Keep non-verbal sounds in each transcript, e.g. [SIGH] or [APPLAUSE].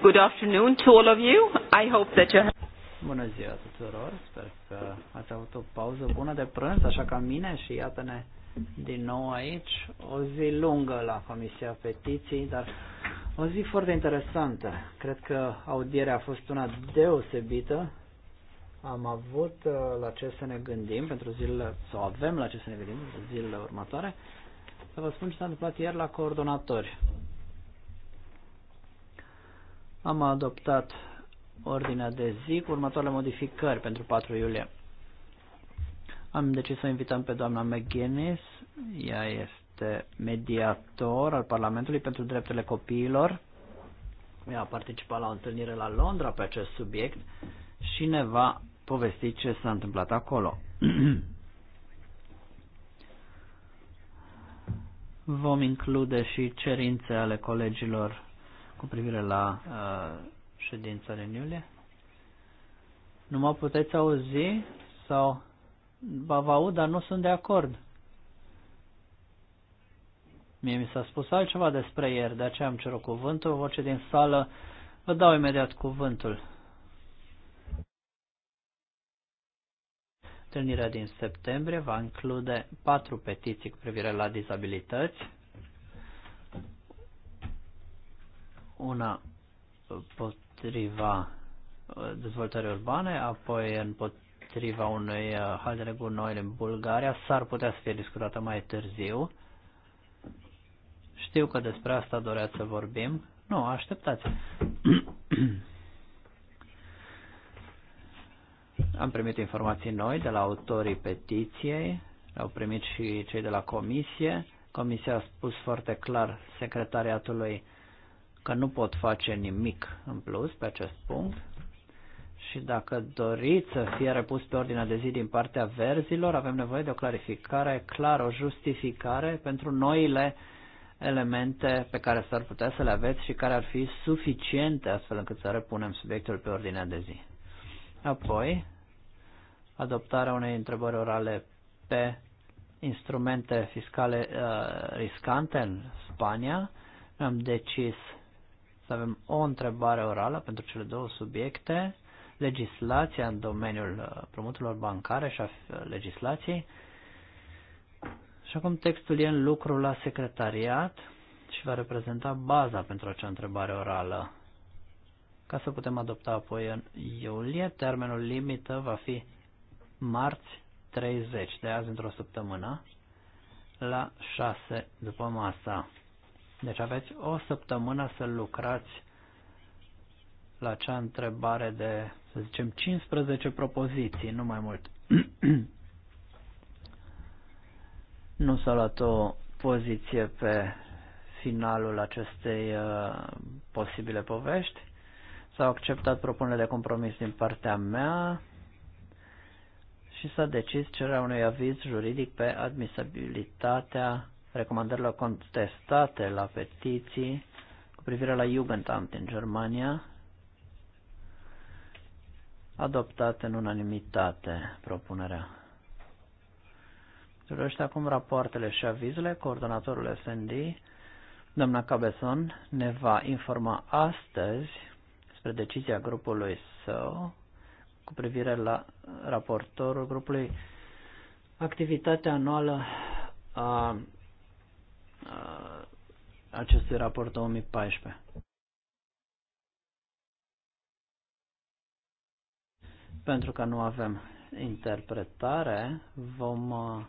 Good afternoon to all of you. I hope that you have... Bună ziua tuturor, sper că ați avut o pauză bună de prânz, așa ca mine și iată-ne din nou aici. O zi lungă la Comisia Petiții, dar o zi foarte interesantă. Cred că audierea a fost una deosebită. Am avut uh, la ce să ne gândim pentru zilele, sau avem la ce să ne gândim pentru zilele următoare. Să vă spun ce s-a întâmplat ieri la coordonatori. Am adoptat ordinea de zi cu următoarele modificări pentru 4 iulie. Am decis să invităm pe doamna McGuinness, ea este mediator al Parlamentului pentru drepturile copiilor. Ea a participat la o întâlnire la Londra pe acest subiect și ne va povesti ce s-a întâmplat acolo. [CLEARS THROAT] Vom include și cerințe ale colegilor cu privire la uh, ședința din iulie. Nu mă puteți auzi sau vă aud, dar nu sunt de acord. Mie mi s-a spus altceva despre ieri, de aceea am cerut cuvântul, voce din sală, vă dau imediat cuvântul. Întâlnirea din septembrie va include patru petiții cu privire la dizabilități, Una potriva uh, dezvoltării urbane, apoi împotriva unei uh, haldere cu noi în Bulgaria, s-ar putea să fie discutată mai târziu. Știu că despre asta doreați să vorbim. Nu, așteptați. [CLEARS THROAT] Am primit informații noi de la autorii petiției, au primit și cei de la comisie. Comisia a spus foarte clar secretariatului uh, că nu pot face nimic în plus pe acest punct și dacă doriți să fie repus pe ordinea de zi din partea verzilor, avem nevoie de o clarificare clară, o justificare pentru noile elemente pe care s-ar putea să le aveți și care ar fi suficiente astfel încât să repunem subiectul pe ordinea de zi. Apoi, adoptarea unei întrebări orale pe instrumente fiscale uh, riscante în Spania. Am decis să avem o întrebare orală pentru cele două subiecte, legislația în domeniul uh, promoturilor bancare și a uh, legislației. Și acum textul e în lucru la secretariat și va reprezenta baza pentru acea întrebare orală. Ca să putem adopta apoi în iulie, termenul limită va fi marți 30, de azi într-o săptămână, la 6 după masa. Deci aveți o săptămână să lucrați la acea întrebare de, să zicem, 15 propoziții, nu mai mult. [CLEARS THROAT] nu s-a luat o poziție pe finalul acestei uh, posibile povești. S-au acceptat propunerile de compromis din partea mea și s-a decis cererea unui aviz juridic pe admisibilitatea recomandărilor contestate la petiții cu privire la Jugendamt în Germania, adoptate în unanimitate propunerea. Dorește acum rapoartele și avizele. Coordonatorul SND, doamna Cabeson, ne va informa astăzi despre decizia grupului său cu privire la raportorul grupului activitatea anuală a Uh, acestui raport 2014. Pentru că nu avem interpretare, vom uh,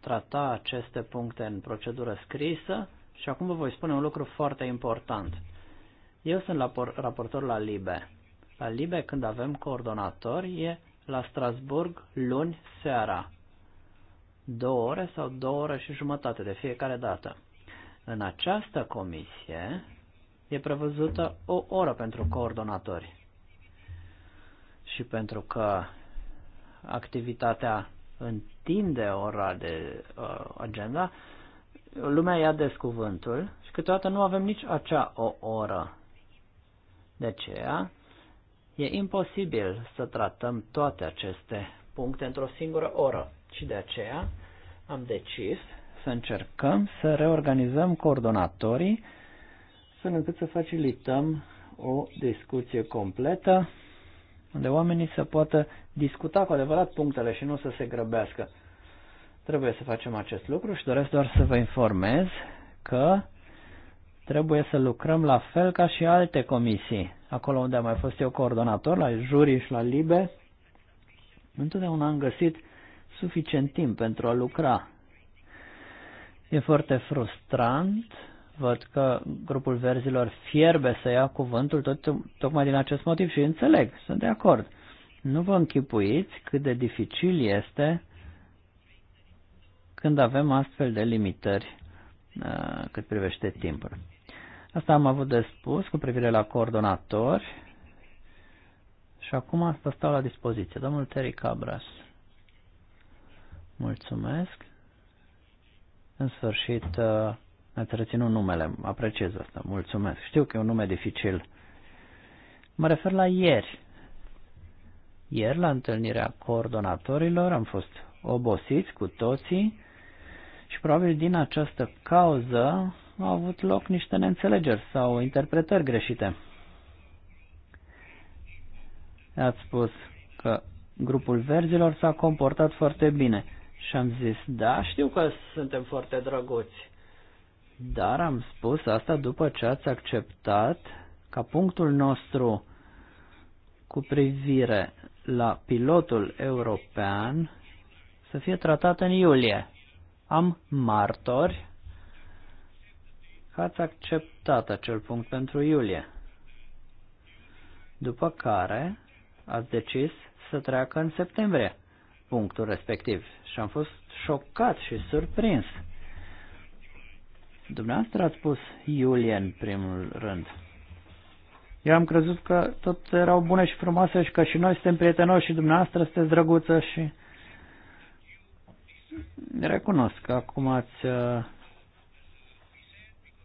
trata aceste puncte în procedură scrisă și acum vă voi spune un lucru foarte important. Eu sunt raportor la LIBE. La LIBE, când avem coordonatori, e la Strasburg luni seara două ore sau două ore și jumătate de fiecare dată. În această comisie e prevăzută o oră pentru coordonatori. Și pentru că activitatea întinde ora de uh, agenda, lumea ia des cuvântul și câteodată nu avem nici acea o oră. De aceea e imposibil să tratăm toate aceste puncte într-o singură oră. Și de aceea am decis să încercăm să reorganizăm coordonatorii să încât să facilităm o discuție completă unde oamenii să poată discuta cu adevărat punctele și nu să se grăbească. Trebuie să facem acest lucru și doresc doar să vă informez că trebuie să lucrăm la fel ca și alte comisii. Acolo unde am mai fost eu coordonator, la juri și la libe, întotdeauna am găsit suficient timp pentru a lucra. E foarte frustrant, văd că grupul verzilor fierbe să ia cuvântul tot, tocmai din acest motiv și înțeleg, sunt de acord. Nu vă închipuiți cât de dificil este când avem astfel de limitări uh, cât privește timpul. Asta am avut de spus cu privire la coordonatori și acum asta stau la dispoziție. Domnul Terry Cabras. Mulțumesc. În sfârșit, uh, ați reținut numele. Apreciez asta. Mulțumesc. Știu că e un nume dificil. Mă refer la ieri. Ieri, la întâlnirea coordonatorilor, am fost obosiți cu toții și probabil din această cauză au avut loc niște neînțelegeri sau interpretări greșite. Ați spus că grupul verzilor s-a comportat foarte bine. Și am zis, da, știu că suntem foarte drăguți, dar am spus asta după ce ați acceptat ca punctul nostru cu privire la pilotul european să fie tratat în iulie. Am martori că ați acceptat acel punct pentru iulie. După care ați decis să treacă în septembrie punctul respectiv și am fost șocat și surprins. Dumneavoastră ați spus iulie în primul rând. Eu am crezut că tot erau bune și frumoase și că și noi suntem prietenoși și dumneavoastră sunteți drăguță și... Recunosc că acum ați uh,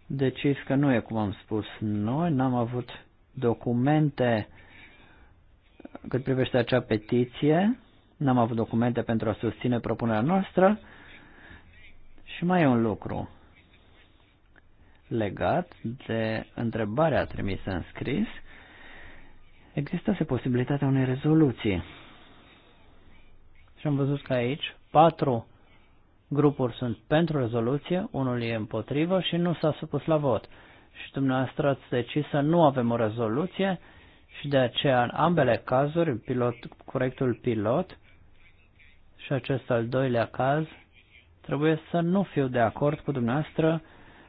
decis că nu e cum am spus noi, n-am avut documente cât privește acea petiție, n-am avut documente pentru a susține propunerea noastră. Și mai e un lucru legat de întrebarea trimisă în scris. Existase posibilitatea unei rezoluții. Și am văzut că aici patru grupuri sunt pentru rezoluție, unul e împotrivă și nu s-a supus la vot. Și dumneavoastră ați decis să nu avem o rezoluție și de aceea în ambele cazuri, pilot, corectul pilot și acest al doilea caz, trebuie să nu fiu de acord cu dumneavoastră,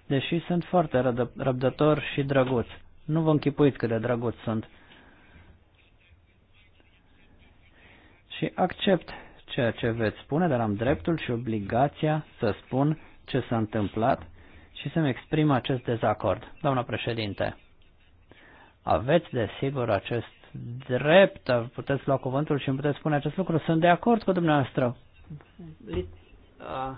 deși sunt foarte răbdător și drăguț. Nu vă închipuiți cât de drăguț sunt. Și accept ceea ce veți spune, dar am dreptul și obligația să spun ce s-a întâmplat și să-mi exprim acest dezacord. Doamna președinte, aveți desigur acest drept, puteți lua cuvântul și îmi puteți spune acest lucru, sunt de acord cu dumneavoastră. uh,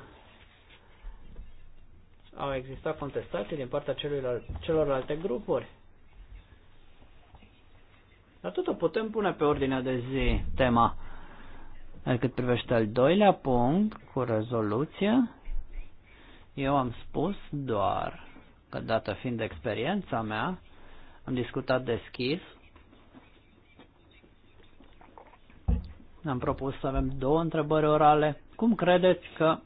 au existat contestații din partea celuilalt, celorlalte grupuri. Dar tot o putem pune pe ordinea de zi tema. Adică cât privește al doilea punct cu rezoluție, eu am spus doar că, dată fiind experiența mea, am discutat deschis Am propus să avem două întrebări orale. Cum credeți că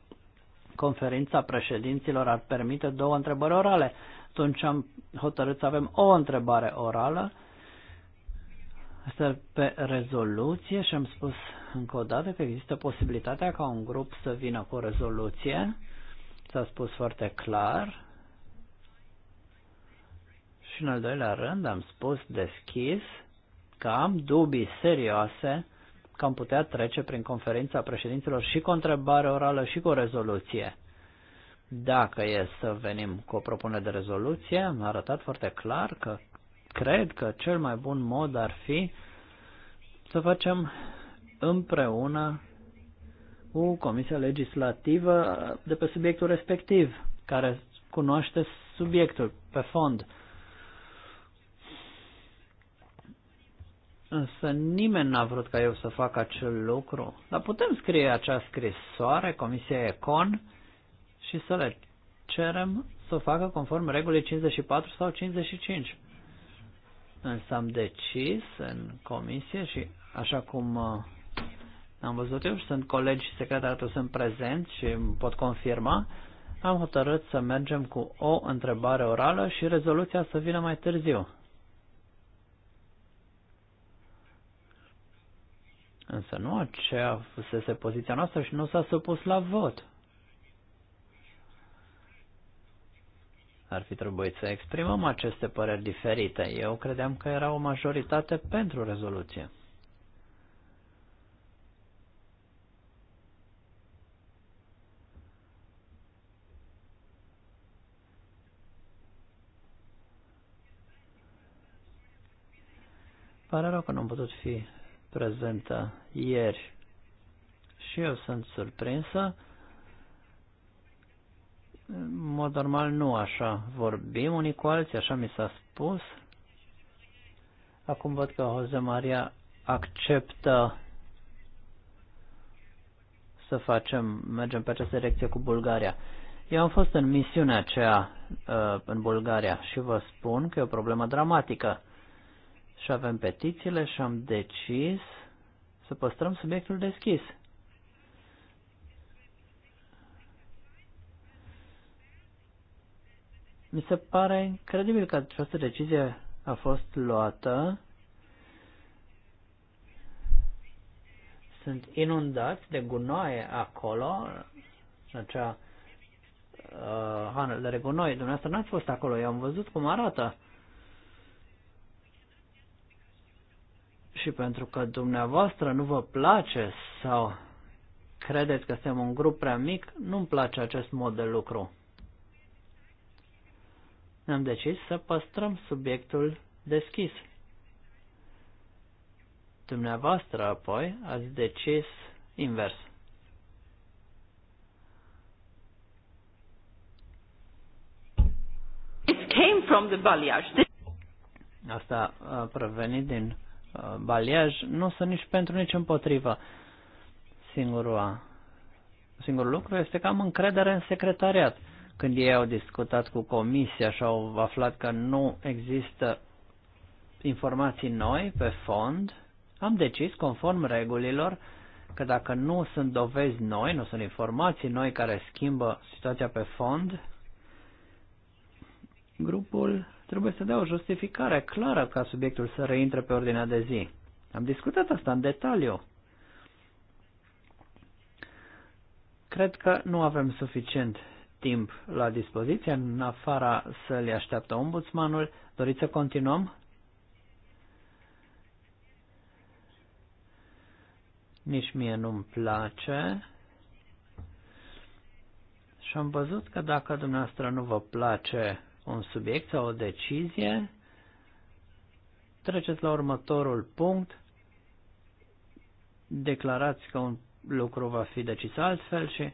conferința președinților ar permite două întrebări orale? Atunci am hotărât să avem o întrebare orală. Asta pe rezoluție și am spus încă o dată că există posibilitatea ca un grup să vină cu o rezoluție. S-a spus foarte clar. Și în al doilea rând am spus deschis că am dubii serioase că am putea trece prin conferința președinților și cu o întrebare orală și cu o rezoluție. Dacă e să venim cu o propunere de rezoluție, am arătat foarte clar că cred că cel mai bun mod ar fi să facem împreună cu Comisia Legislativă de pe subiectul respectiv, care cunoaște subiectul pe fond. Însă nimeni n-a vrut ca eu să fac acel lucru. Dar putem scrie acea scrisoare Comisia Econ și să le cerem să o facă conform regulii 54 sau 55. Însă am decis în comisie și așa cum uh, am văzut eu și sunt colegi și secretariatul sunt prezenți și pot confirma, am hotărât să mergem cu o întrebare orală și rezoluția să vină mai târziu. Însă nu aceea fusese poziția noastră și nu s-a supus la vot. Ar fi trebuit să exprimăm aceste păreri diferite. Eu credeam că era o majoritate pentru rezoluție. Pare rău că nu am putut fi prezentă ieri și eu sunt surprinsă. În mod normal nu așa vorbim unii cu alții, așa mi s-a spus. Acum văd că Jose Maria acceptă să facem, mergem pe această direcție cu Bulgaria. Eu am fost în misiunea aceea uh, în Bulgaria și vă spun că e o problemă dramatică și avem petițiile și am decis să păstrăm subiectul deschis. Mi se pare incredibil că această decizie a fost luată. Sunt inundați de gunoaie acolo, în acea uh, hană de gunoi. Dumneavoastră n-ați fost acolo, eu am văzut cum arată. și pentru că dumneavoastră nu vă place sau credeți că suntem un grup prea mic, nu-mi place acest mod de lucru. Ne-am decis să păstrăm subiectul deschis. Dumneavoastră, apoi, ați decis invers. It came from the Asta a provenit din Uh, baliaj, nu sunt nici pentru, nici împotrivă. Singurul, singurul lucru este că am încredere în secretariat. Când ei au discutat cu comisia și au aflat că nu există informații noi pe fond, am decis, conform regulilor, că dacă nu sunt dovezi noi, nu sunt informații noi care schimbă situația pe fond, grupul trebuie să dea o justificare clară ca subiectul să reintre pe ordinea de zi. Am discutat asta în detaliu. Cred că nu avem suficient timp la dispoziție, în afara să le așteaptă ombudsmanul. Doriți să continuăm? Nici mie nu-mi place. Și am văzut că dacă dumneavoastră nu vă place un subiect sau o decizie, treceți la următorul punct, declarați că un lucru va fi decis altfel și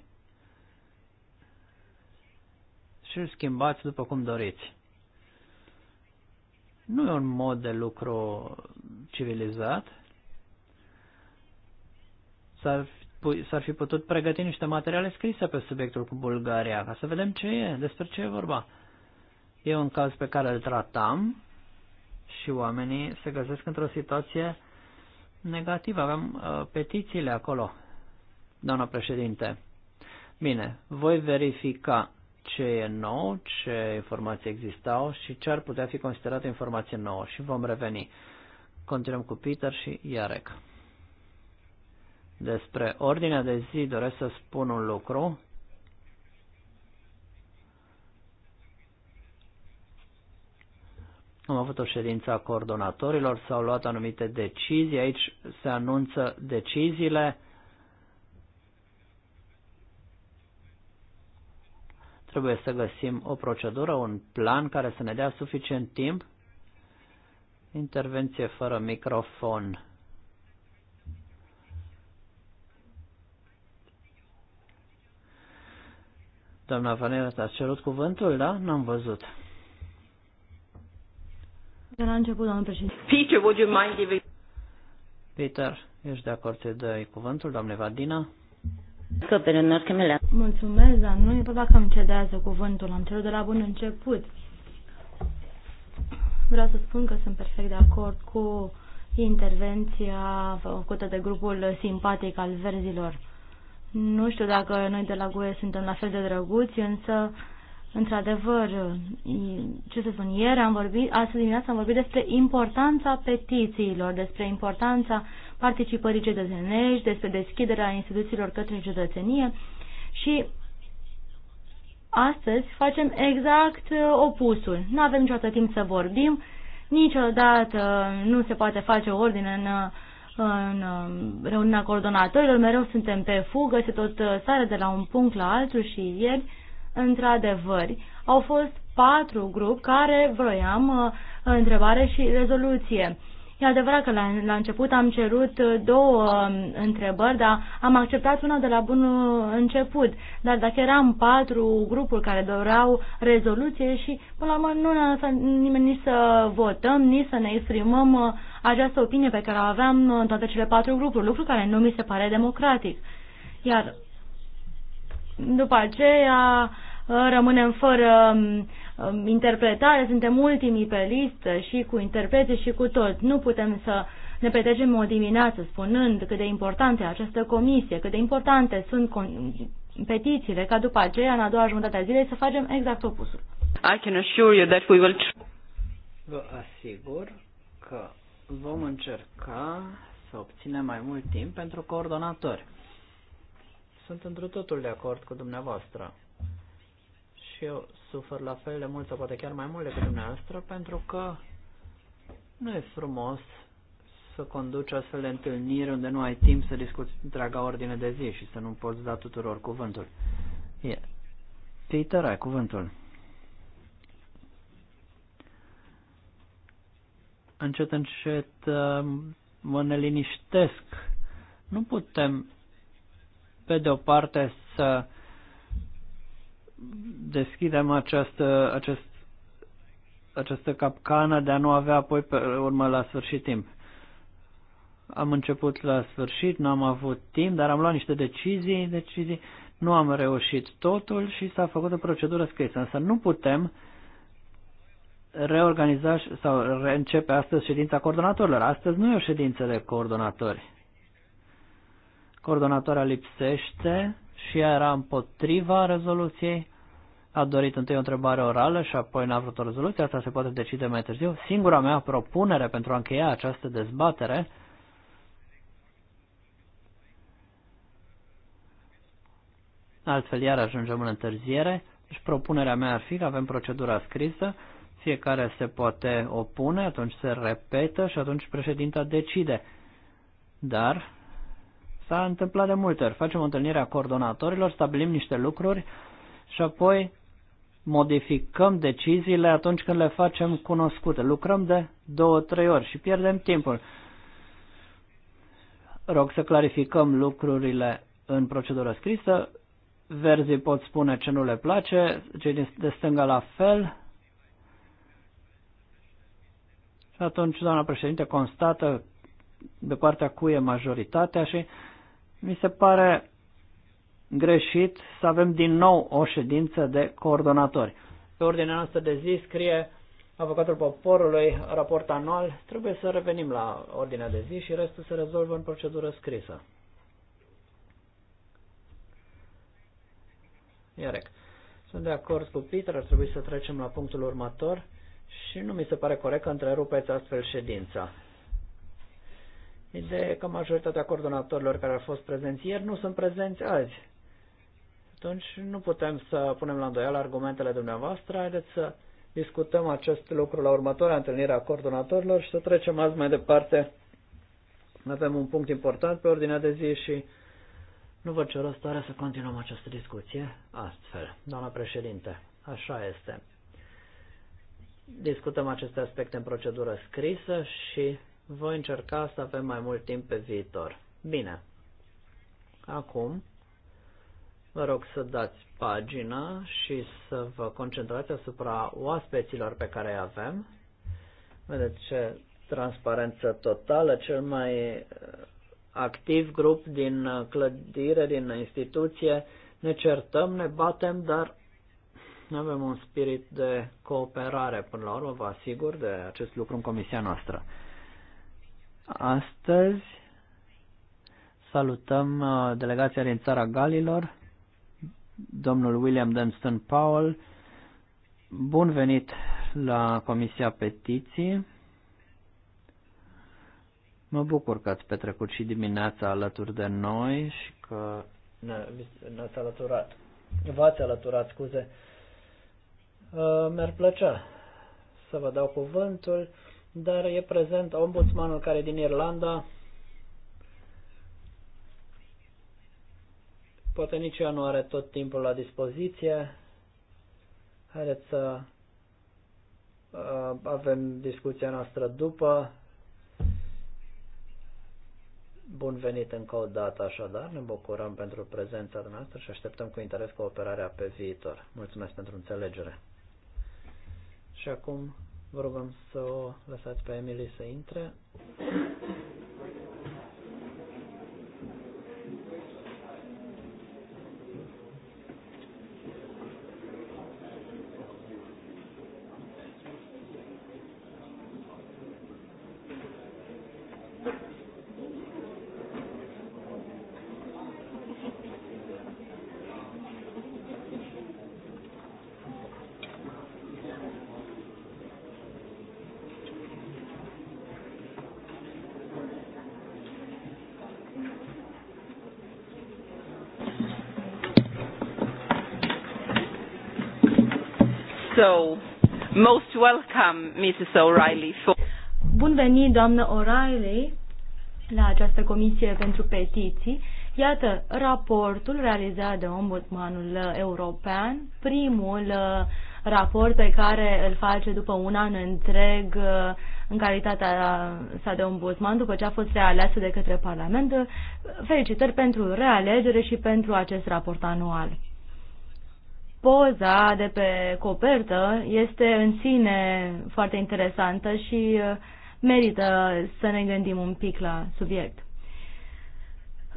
și schimbați după cum doriți. Nu e un mod de lucru civilizat. S-ar s-ar fi putut pregăti niște materiale scrise pe subiectul cu Bulgaria, ca să vedem ce e, despre ce e vorba. E un caz pe care îl tratam și oamenii se găsesc într-o situație negativă. Avem uh, petițiile acolo, doamna președinte. Bine, voi verifica ce e nou, ce informații existau și ce ar putea fi considerată informație nouă și vom reveni. Continuăm cu Peter și Iarec. Despre ordinea de zi doresc să spun un lucru. Am avut o ședință a coordonatorilor, s-au luat anumite decizii, aici se anunță deciziile. Trebuie să găsim o procedură, un plan care să ne dea suficient timp. Intervenție fără microfon. Doamna Vanera, ați cerut cuvântul, da? N-am văzut. De la început, doamnă președinte. Peter, would you mind giving... Peter, ești de acord să dai cuvântul, doamne Vadina? Mulțumesc, dar nu e pe dacă îmi cedează cuvântul, am cerut de la bun început. Vreau să spun că sunt perfect de acord cu intervenția făcută de grupul simpatic al verzilor. Nu știu dacă noi de la GUE suntem la fel de drăguți, însă Într-adevăr, ce să spun, ieri am vorbit, astăzi dimineața am vorbit despre importanța petițiilor, despre importanța participării cetățenești, despre deschiderea instituțiilor către cetățenie și astăzi facem exact uh, opusul. Nu avem niciodată timp să vorbim, niciodată nu se poate face ordine în, uh, în um, reuniunea coordonatorilor, mereu suntem pe fugă, se tot uh, sare de la un punct la altul și ieri Într-adevăr, au fost patru grup care vroiam uh, întrebare și rezoluție. E adevărat că la, la început am cerut uh, două um, întrebări, dar am acceptat una de la bun uh, început. Dar dacă eram patru grupuri care doreau rezoluție și până la urmă nu ne-a lăsat nimeni nici să votăm, nici să ne exprimăm această opinie pe care o aveam toate cele patru grupuri, lucru care nu mi se pare democratic. Iar după aceea uh, rămânem fără um, um, interpretare, suntem ultimii pe listă și cu interprete și cu toți. Nu putem să ne petrecem o dimineață spunând cât de importantă e această comisie, cât de importante sunt petițiile, ca după aceea, în a doua jumătate a zilei, să facem exact opusul. I can assure you that we will... Vă asigur că vom încerca să obținem mai mult timp pentru coordonatori sunt într totul de acord cu dumneavoastră. Și eu sufăr la fel de mult sau poate chiar mai mult decât dumneavoastră pentru că nu e frumos să conduci astfel de întâlniri unde nu ai timp să discuți întreaga ordine de zi și să nu poți da tuturor cuvântul. E. Peter, ai cuvântul. Încet, încet uh, mă neliniștesc. Nu putem pe de o parte să deschidem această, acest, această capcană de a nu avea apoi pe urmă la sfârșit timp. Am început la sfârșit, nu am avut timp, dar am luat niște decizii, decizii, nu am reușit totul și s-a făcut o procedură scrisă. Însă nu putem reorganiza sau reîncepe astăzi ședința coordonatorilor. Astăzi nu e o ședință de coordonatori coordonatoarea lipsește și ea era împotriva rezoluției, a dorit întâi o întrebare orală și apoi n-a vrut o rezoluție, asta se poate decide mai târziu. Singura mea propunere pentru a încheia această dezbatere altfel iar ajungem în întârziere. Deci propunerea mea ar fi că avem procedura scrisă, fiecare se poate opune, atunci se repetă și atunci președinta decide. Dar S-a întâmplat de multe ori. Facem o întâlnire a coordonatorilor, stabilim niște lucruri și apoi modificăm deciziile atunci când le facem cunoscute. Lucrăm de două, trei ori și pierdem timpul. Rog să clarificăm lucrurile în procedură scrisă. Verzii pot spune ce nu le place, cei de stânga la fel. Și atunci doamna președinte constată de partea cuie majoritatea și mi se pare greșit să avem din nou o ședință de coordonatori. Pe ordinea noastră de zi scrie avocatul poporului, raport anual, trebuie să revenim la ordinea de zi și restul se rezolvă în procedură scrisă. Iarec. Sunt de acord cu Peter, ar trebui să trecem la punctul următor și nu mi se pare corect că întrerupeți astfel ședința. Ideea că majoritatea coordonatorilor care au fost prezenți ieri nu sunt prezenți azi. Atunci nu putem să punem la îndoială argumentele dumneavoastră. Haideți să discutăm acest lucru la următoarea întâlnire a coordonatorilor și să trecem azi mai departe. Avem un punct important pe ordinea de zi și nu văd ce rost are să continuăm această discuție astfel. Doamna președinte, așa este. Discutăm aceste aspecte în procedură scrisă și voi încerca să avem mai mult timp pe viitor. Bine. Acum, vă rog să dați pagina și să vă concentrați asupra oaspeților pe care îi avem. Vedeți ce transparență totală, cel mai uh, activ grup din uh, clădire, din instituție. Ne certăm, ne batem, dar avem un spirit de cooperare până la urmă, vă asigur de acest lucru în comisia noastră. Astăzi salutăm uh, delegația din țara Galilor, domnul William Dunstan Powell. Bun venit la Comisia Petiții. Mă bucur că ați petrecut și dimineața alături de noi și că ne-ați alăturat. V-ați alăturat, scuze. Uh, mi-ar plăcea să vă dau cuvântul dar e prezent ombudsmanul care din Irlanda, poate nici ea nu are tot timpul la dispoziție. Haideți să uh, avem discuția noastră după. Bun venit încă o dată, așadar, ne bucurăm pentru prezența noastră și așteptăm cu interes cooperarea pe viitor. Mulțumesc pentru înțelegere. Și acum Vă rugăm să o lăsați pe Emily să intre. So, most welcome, Mrs. O'Reilly. For... Bun venit, doamnă O'Reilly, la această comisie pentru petiții. Iată, raportul realizat de Ombudsmanul European, primul uh, raport pe care îl face după un an întreg uh, în calitatea sa de ombudsman, după ce a fost realeasă de către Parlament. Felicitări pentru realegere și pentru acest raport anual poza de pe copertă este în sine foarte interesantă și uh, merită să ne gândim un pic la subiect.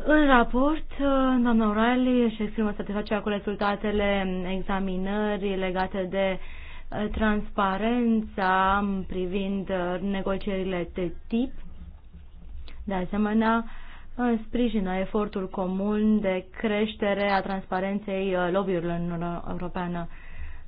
În raport, uh, doamna O'Reilly își exprimă satisfacția cu rezultatele examinării legate de uh, transparența privind negocierile de tip. De asemenea, sprijină efortul comun de creștere a transparenței uh, lobby-urilor în Uniunea Europeană.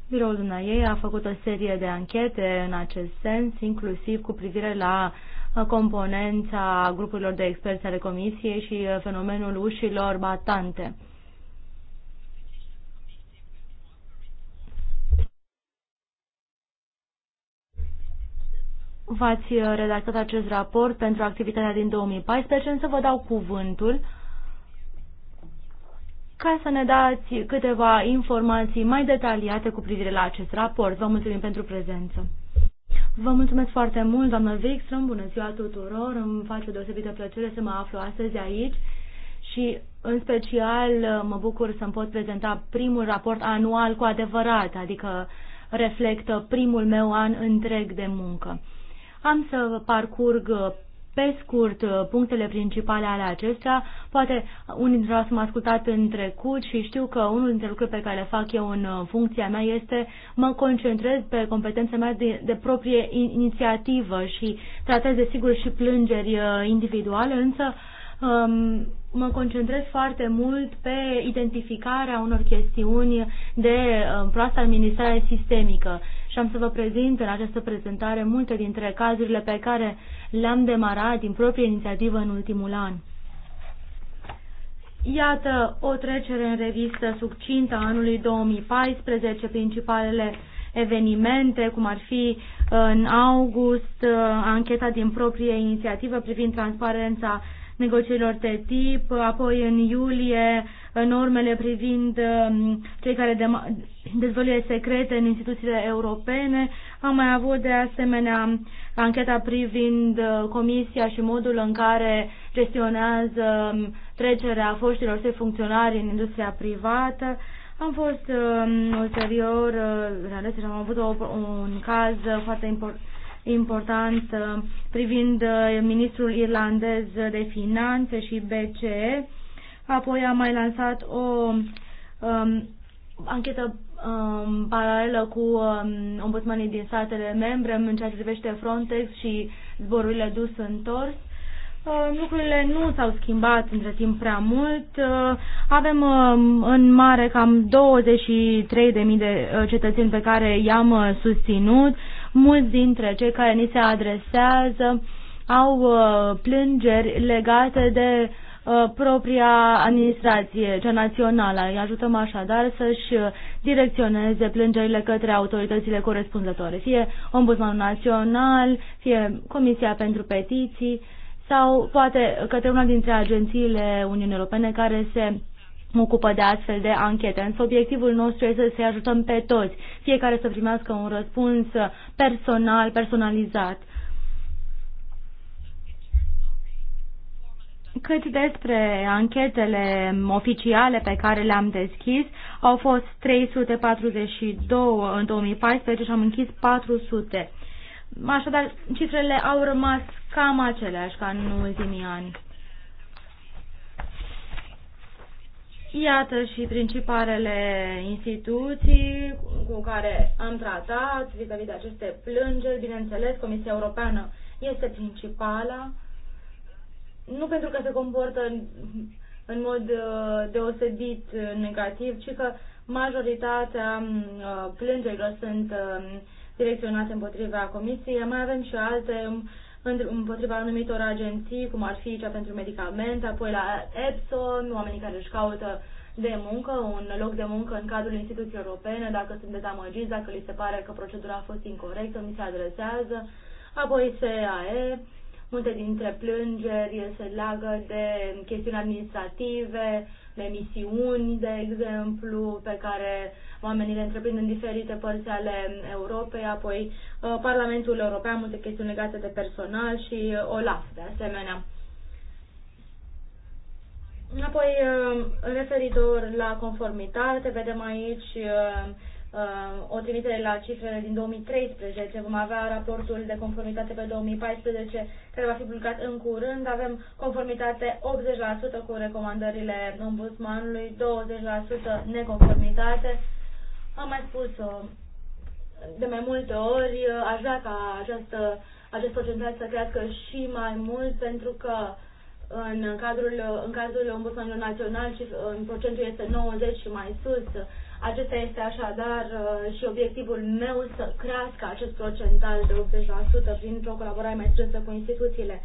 Biroul ei a făcut o serie de anchete în acest sens, inclusiv cu privire la uh, componența grupurilor de experți ale Comisiei și uh, fenomenul ușilor batante. v-ați uh, redactat acest raport pentru activitatea din 2014, însă vă dau cuvântul ca să ne dați câteva informații mai detaliate cu privire la acest raport. Vă mulțumim pentru prezență. Vă mulțumesc foarte mult, doamnă Wikström, bună ziua tuturor, îmi face o deosebită plăcere să mă aflu astăzi aici și în special mă bucur să-mi pot prezenta primul raport anual cu adevărat, adică reflectă primul meu an întreg de muncă. Am să parcurg uh, pe scurt uh, punctele principale ale acestea. Poate unii dintre voi m-a ascultat în trecut și știu că unul dintre lucrurile pe care le fac eu în uh, funcția mea este mă concentrez pe competența mea de, de proprie inițiativă și tratez desigur și plângeri individuale, însă um, mă concentrez foarte mult pe identificarea unor chestiuni de um, proastă administrare sistemică și am să vă prezint în această prezentare multe dintre cazurile pe care le-am demarat din proprie inițiativă în ultimul an. Iată o trecere în revistă succintă a anului 2014, principalele evenimente, cum ar fi în august uh, ancheta din proprie inițiativă privind transparența negocierilor TIP, apoi în iulie normele privind um, cei care dezvăluie secrete în instituțiile europene. Am mai avut de asemenea ancheta privind uh, comisia și modul în care gestionează um, trecerea foștilor săi funcționari în industria privată. Am fost uh, ulterior, uh, am avut o, un caz foarte important important uh, privind uh, ministrul irlandez de finanțe și BCE. Apoi am mai lansat o um, anchetă um, paralelă cu um, ombudsmanii din statele membre în ceea ce privește Frontex și zborurile dus întors. Uh, lucrurile nu s-au schimbat între timp prea mult. avem um, în mare cam 23.000 de cetățeni pe care i-am susținut mulți dintre cei care ni se adresează au uh, plângeri legate de uh, propria administrație, cea națională. Îi ajutăm așadar să-și uh, direcționeze plângerile către autoritățile corespunzătoare, fie Ombudsmanul Național, fie Comisia pentru Petiții sau poate către una dintre agențiile Uniunii Europene care se ocupă de astfel de anchete. Însă obiectivul nostru este să-i ajutăm pe toți, fiecare să primească un răspuns personal, personalizat. Cât despre anchetele oficiale pe care le-am deschis, au fost 342 în 2014 și am închis 400. Așadar, cifrele au rămas cam aceleași ca în ultimii ani. Iată și principalele instituții cu care am tratat vis-a-vis -vis de aceste plângeri. Bineînțeles, Comisia Europeană este principala, nu pentru că se comportă în mod uh, deosebit uh, negativ, ci că majoritatea uh, plângerilor sunt direcționate împotriva Comisiei. Mai avem și alte um, împotriva anumitor agenții, cum ar fi cea pentru medicamente, apoi la Epson, oamenii care își caută de muncă, un loc de muncă în cadrul instituției europene, dacă sunt dezamăgiți, dacă li se pare că procedura a fost incorrectă, mi se adresează, apoi SAE, multe dintre plângeri se leagă de chestiuni administrative, de misiuni, de exemplu, pe care oamenii le întreprind în diferite părți ale Europei, apoi uh, Parlamentul European, multe chestiuni legate de personal și uh, OLAF, de asemenea. Apoi, uh, referitor la conformitate, vedem aici o trimitere la cifrele din 2013. Vom avea raportul de conformitate pe 2014 care va fi publicat în curând. Avem conformitate 80% cu recomandările ombudsmanului, 20% neconformitate am mai spus-o uh, de mai multe ori, uh, aș vrea ca această, acest procentaj să crească și mai mult pentru că în cadrul, în cadrul ombudsmanului național și uh, în procentul este 90 și mai sus. Acesta este așadar și obiectivul meu să crească acest procentaj de 80% printr-o colaborare mai strânsă cu instituțiile.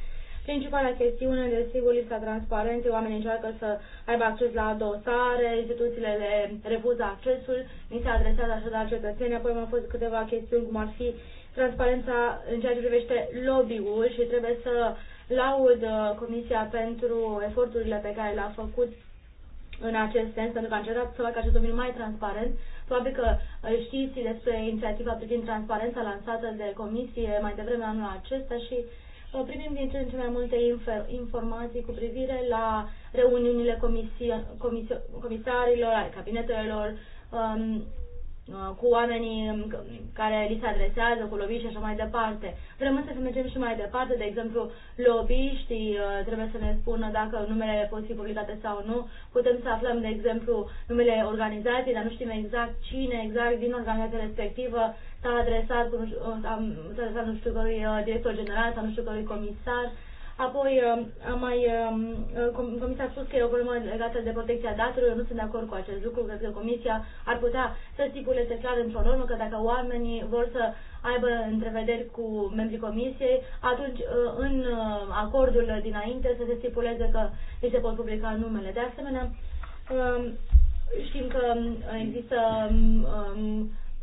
Principala chestiune, desigur, lipsa transparenței, oamenii încearcă să aibă acces la dosare, instituțiile le refuză accesul, mi se adresează așadar cetățenii, apoi au fost câteva chestiuni, cum ar fi transparența în ceea ce privește lobby-ul și trebuie să laud uh, Comisia pentru eforturile pe care le-a făcut în acest sens, pentru că a încercat să facă acest domeniu mai transparent. Probabil că uh, știți despre inițiativa privind transparența lansată de comisie mai devreme anul acesta și uh, primim din ce în ce mai multe informații cu privire la reuniunile comisarilor, ale cabinetelor, um, cu oamenii um, care li se adresează, cu lobbyiști și așa mai departe. Vrem însă să mergem și mai departe, de exemplu, lobbyiștii uh, trebuie să ne spună dacă numele pot fi publicate sau nu. Putem să aflăm, de exemplu, numele organizației, dar nu știm exact cine exact din organizația respectivă s-a adresat, cu, s-a adresat nu știu cărui uh, director general sau nu știu cărui comisar. Apoi uh, am mai, um, uh, comisia a spus că e o problemă legată de protecția datelor, eu nu sunt de acord cu acest lucru, cred că comisia ar putea să stipuleze clar într-o normă că dacă oamenii vor să aibă întrevederi cu membrii comisiei, atunci în acordul dinainte să se stipuleze că ei se pot publica numele. De asemenea, um, știm că um, există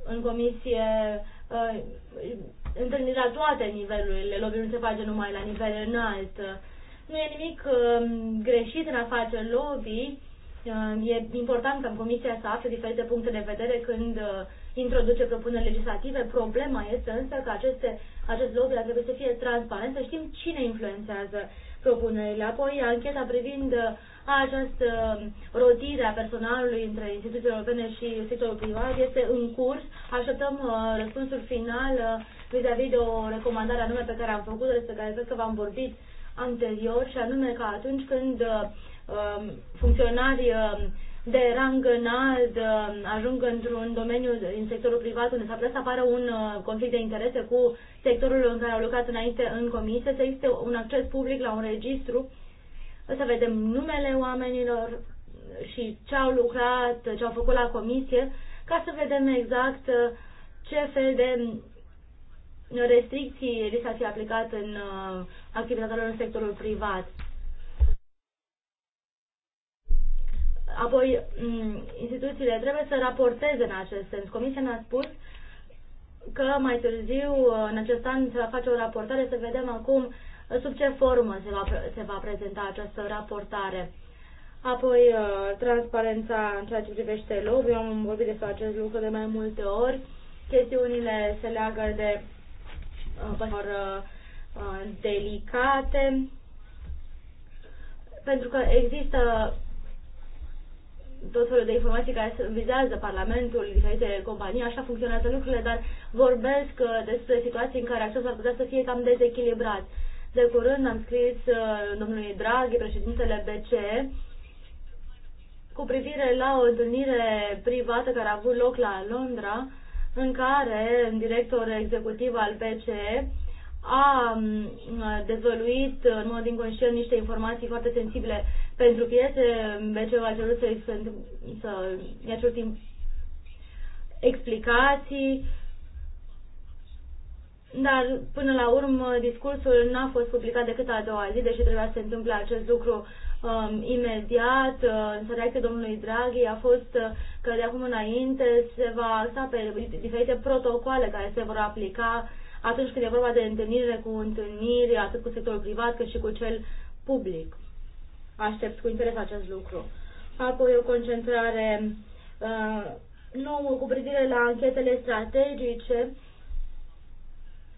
în comisie uh, întâlniri la toate nivelurile, lobby-ul nu se face numai la nivel înalt. Nu e nimic um, greșit în a face lobby, uh, e important ca comisia să afle diferite puncte de vedere când uh, introduce propuneri legislative. Problema este însă că aceste, acest lobby ar trebui să fie transparent, să știm cine influențează propunerile. Apoi, ancheta privind uh, această uh, rotire a personalului între instituțiile europene și sectorul privat este în curs. Așteptăm uh, răspunsul final uh, vis-a-vis -vis de o recomandare anume pe care am făcut-o, despre care cred că v-am vorbit anterior, și anume că atunci când um, funcționari de rang înalt ajung într-un domeniu din sectorul privat unde s a putea să apară un conflict de interese cu sectorul în care au lucrat înainte în comisie, să existe un acces public la un registru să vedem numele oamenilor și ce au lucrat, ce au făcut la comisie, ca să vedem exact uh, ce fel de restricții li s-ar fi aplicat în uh, activitatea lor în sectorul privat. Apoi, mm, instituțiile trebuie să raporteze în acest sens. Comisia ne-a spus că mai târziu, uh, în acest an, se va face o raportare să vedem acum sub ce formă se va, se va prezenta această raportare. Apoi, uh, transparența în ceea ce privește lobby, am vorbit despre acest lucru de mai multe ori. Chestiunile se leagă de uh, uh, uh delicate, pentru că există tot felul de informații care vizează Parlamentul, diferite companii, așa funcționează lucrurile, dar vorbesc despre situații în care acesta ar putea să fie cam dezechilibrat. De curând am scris uh, domnului Draghi, președintele BCE, cu privire la o întâlnire privată care a avut loc la Londra, în care un director executiv al BCE a um, dezvăluit în mod inconștient niște informații foarte sensibile pentru piețe. bce a cerut să, să, să i cerut explicații dar până la urmă discursul n-a fost publicat decât a doua zi, deși trebuia să se întâmple acest lucru um, imediat. Uh, însă reacția domnului Draghi a fost uh, că de acum înainte se va axa pe diferite protocoale care se vor aplica atunci când e vorba de întâlnire cu întâlniri, atât cu sectorul privat cât și cu cel public. Aștept cu interes acest lucru. Apoi o concentrare uh, nouă cu privire la anchetele strategice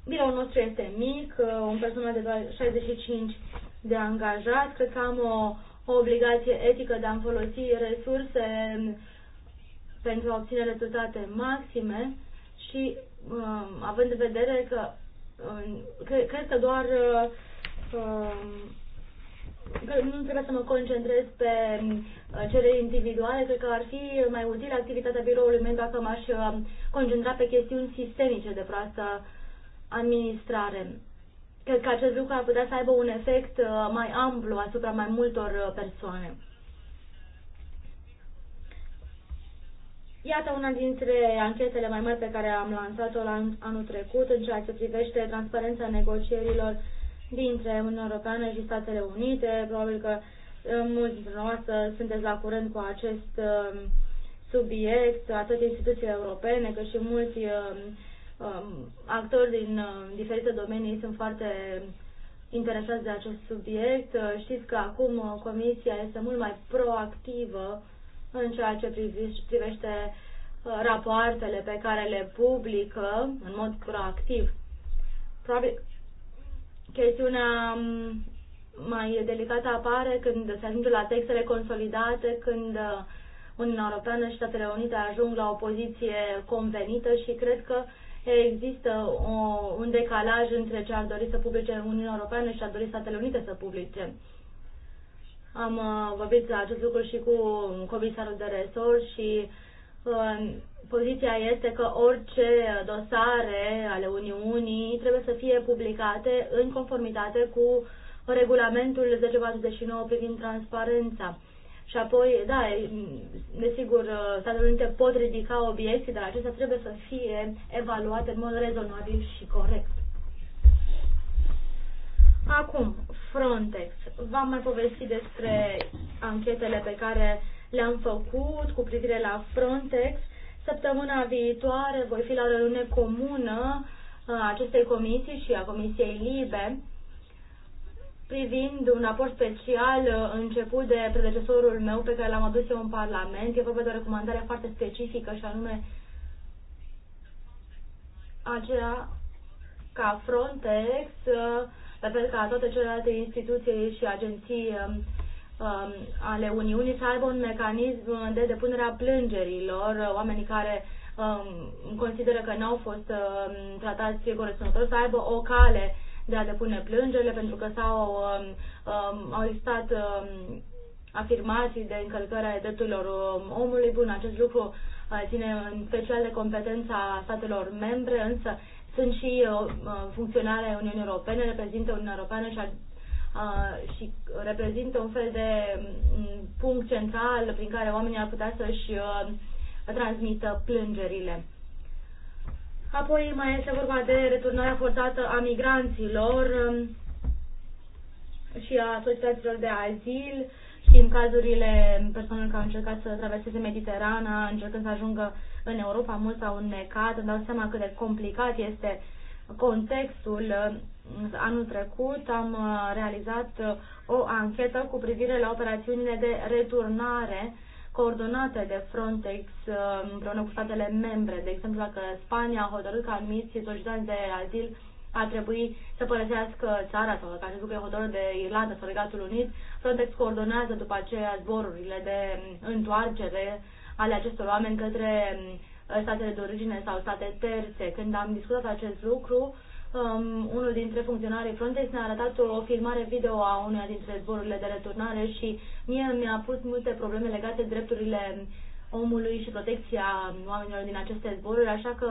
biroul nostru este mic, uh, un personal de doar 65 de angajați, cred că am o, o obligație etică de a-mi folosi resurse pentru a obține rezultate maxime și um, având în vedere că um, cre- cred că doar uh, um, că nu trebuie să mă concentrez pe um, cele individuale, cred că ar fi mai util activitatea biroului meu dacă m-aș um, concentra pe chestiuni sistemice de proastă administrare. Cred că acest lucru ar putea să aibă un efect uh, mai amplu asupra mai multor uh, persoane. Iată una dintre anchetele mai mari pe care am lansat-o la anul trecut în ceea ce privește transparența negocierilor dintre Uniunea Europeană și Statele Unite. Probabil că uh, mulți dintre noastre sunteți la curent cu acest subiect, atât instituțiile europene cât și mulți Um, actori din um, diferite domenii sunt foarte interesați de acest subiect. Uh, știți că acum uh, Comisia este mult mai proactivă în ceea ce privește, uh, rapoartele pe care le publică în mod proactiv. Probabil chestiunea um, mai delicată apare când se ajunge la textele consolidate, când Uniunea Europeană și Statele Unite ajung la o poziție convenită și cred că uh, există o, un decalaj între ce ar dori să publice Uniunea Europeană și ce ar dori Statele Unite să publice. Am uh, vorbit acest lucru și cu comisarul de resort și uh, poziția este că orice dosare ale Uniunii trebuie să fie publicate în conformitate cu regulamentul 1049 privind transparența. Și apoi, da, desigur, Statele Unite pot ridica obiecții, dar acestea trebuie să fie evaluate în mod rezonabil și corect. Acum, Frontex. V-am mai povestit despre anchetele pe care le-am făcut cu privire la Frontex. Săptămâna viitoare voi fi la o reuniune comună a acestei comisii și a Comisiei Libe privind un raport special uh, început de predecesorul meu pe care l-am adus eu în Parlament. E vorba de o recomandare foarte specifică și anume aceea ca Frontex, uh, la fel ca toate celelalte instituții și agenții um, um, ale Uniunii să aibă un mecanism de depunere a plângerilor, uh, oamenii care um, consideră că n-au fost tratați corespunzător să aibă o cale de a depune plângele pentru că s-au um, um, au existat um, afirmații de încălcare ale drepturilor um, omului. Bun, acest lucru uh, ține în special de competența statelor membre, însă sunt și uh, uh, funcționare ale Uniunii Europene, reprezintă Uniunea Europeană și, a, și reprezintă un fel de um, punct central prin care oamenii ar putea să-și transmită plângerile. Apoi mai este vorba de returnarea forțată a migranților um, și a societăților de azil. Știm cazurile persoanelor care au încercat să traverseze Mediterana, încercând să ajungă în Europa, mulți au necat, îmi dau seama cât de complicat este contextul. Anul trecut am uh, realizat uh, o anchetă cu privire la operațiunile de returnare coordonate de Frontex uh, împreună cu statele membre. De exemplu, dacă Spania a hotărât că anumiți solicitanți de azil ar trebui să părăsească țara sau dacă așa că e hotărât de Irlanda sau Regatul Unit, Frontex coordonează după aceea zborurile de întoarcere ale acestor oameni către um, statele de origine sau state terțe. Când am discutat acest lucru, uh, um, unul dintre funcționarii Frontex ne-a arătat o filmare video a unei dintre zborurile de returnare și mie mi-a pus multe probleme legate de drepturile omului și protecția oamenilor din aceste zboruri, așa că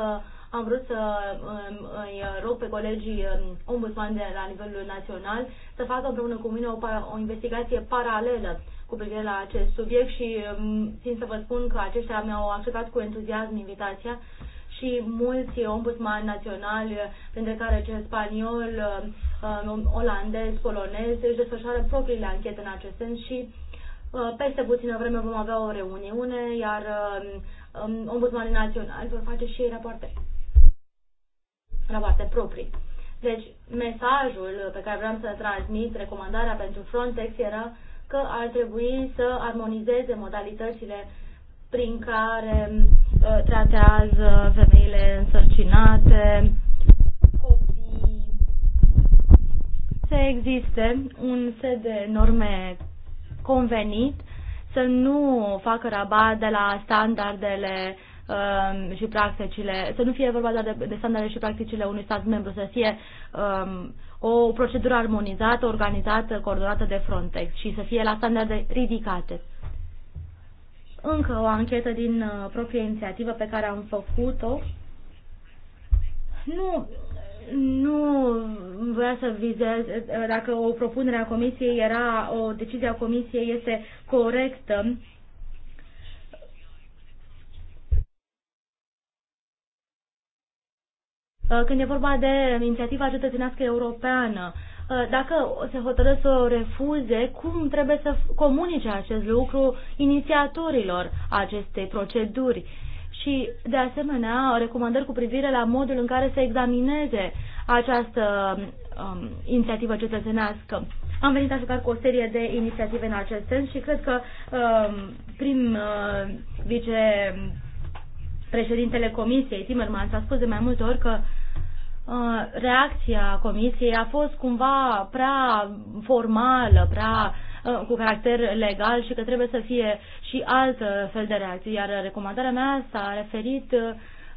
am vrut să um, îi rog pe colegii um, ombudsman de la nivelul național să facă împreună cu mine o, o investigație paralelă cu privire la acest subiect și um, țin să vă spun că aceștia mi-au acceptat cu entuziasm invitația și mulți ombudsmani naționali, printre care cel spaniol, um, um, olandez, polonez, își desfășoară propriile anchete în acest sens și uh, peste puțină vreme vom avea o reuniune, iar um, ombudsmanii naționali vor face și rapoarte, rapoarte proprii. Deci, mesajul pe care vreau să transmit, recomandarea pentru Frontex era că ar trebui să armonizeze modalitățile prin care Uh, tratează femeile însărcinate, copii. Să existe un set de norme convenit, să nu facă rabat de la standardele um, și practicile, să nu fie vorba doar de, de standarde și practicile unui stat membru, să fie um, o procedură armonizată, organizată, coordonată de Frontex și să fie la standarde ridicate încă o anchetă din uh, proprie inițiativă pe care am făcut-o. Nu, nu vreau să vizez uh, dacă o propunere a comisiei era, o decizie a comisiei este corectă. Uh, când e vorba de inițiativa cetățenească europeană, Ă, dacă se hotără să o refuze, cum trebuie să comunice acest lucru inițiatorilor acestei proceduri și, de asemenea, recomandări cu privire la modul în care se examineze această um, inițiativă cetățenească. Am venit așadar cu o serie de inițiative în acest sens și cred că um, prim uh, vicepreședintele Comisiei, Timmermans, a spus de mai multe ori că uh, Uh, reacția comisiei a fost cumva prea formală, prea uh, cu caracter legal și că trebuie să fie și alt uh, fel de reacție. Iar recomandarea mea s-a referit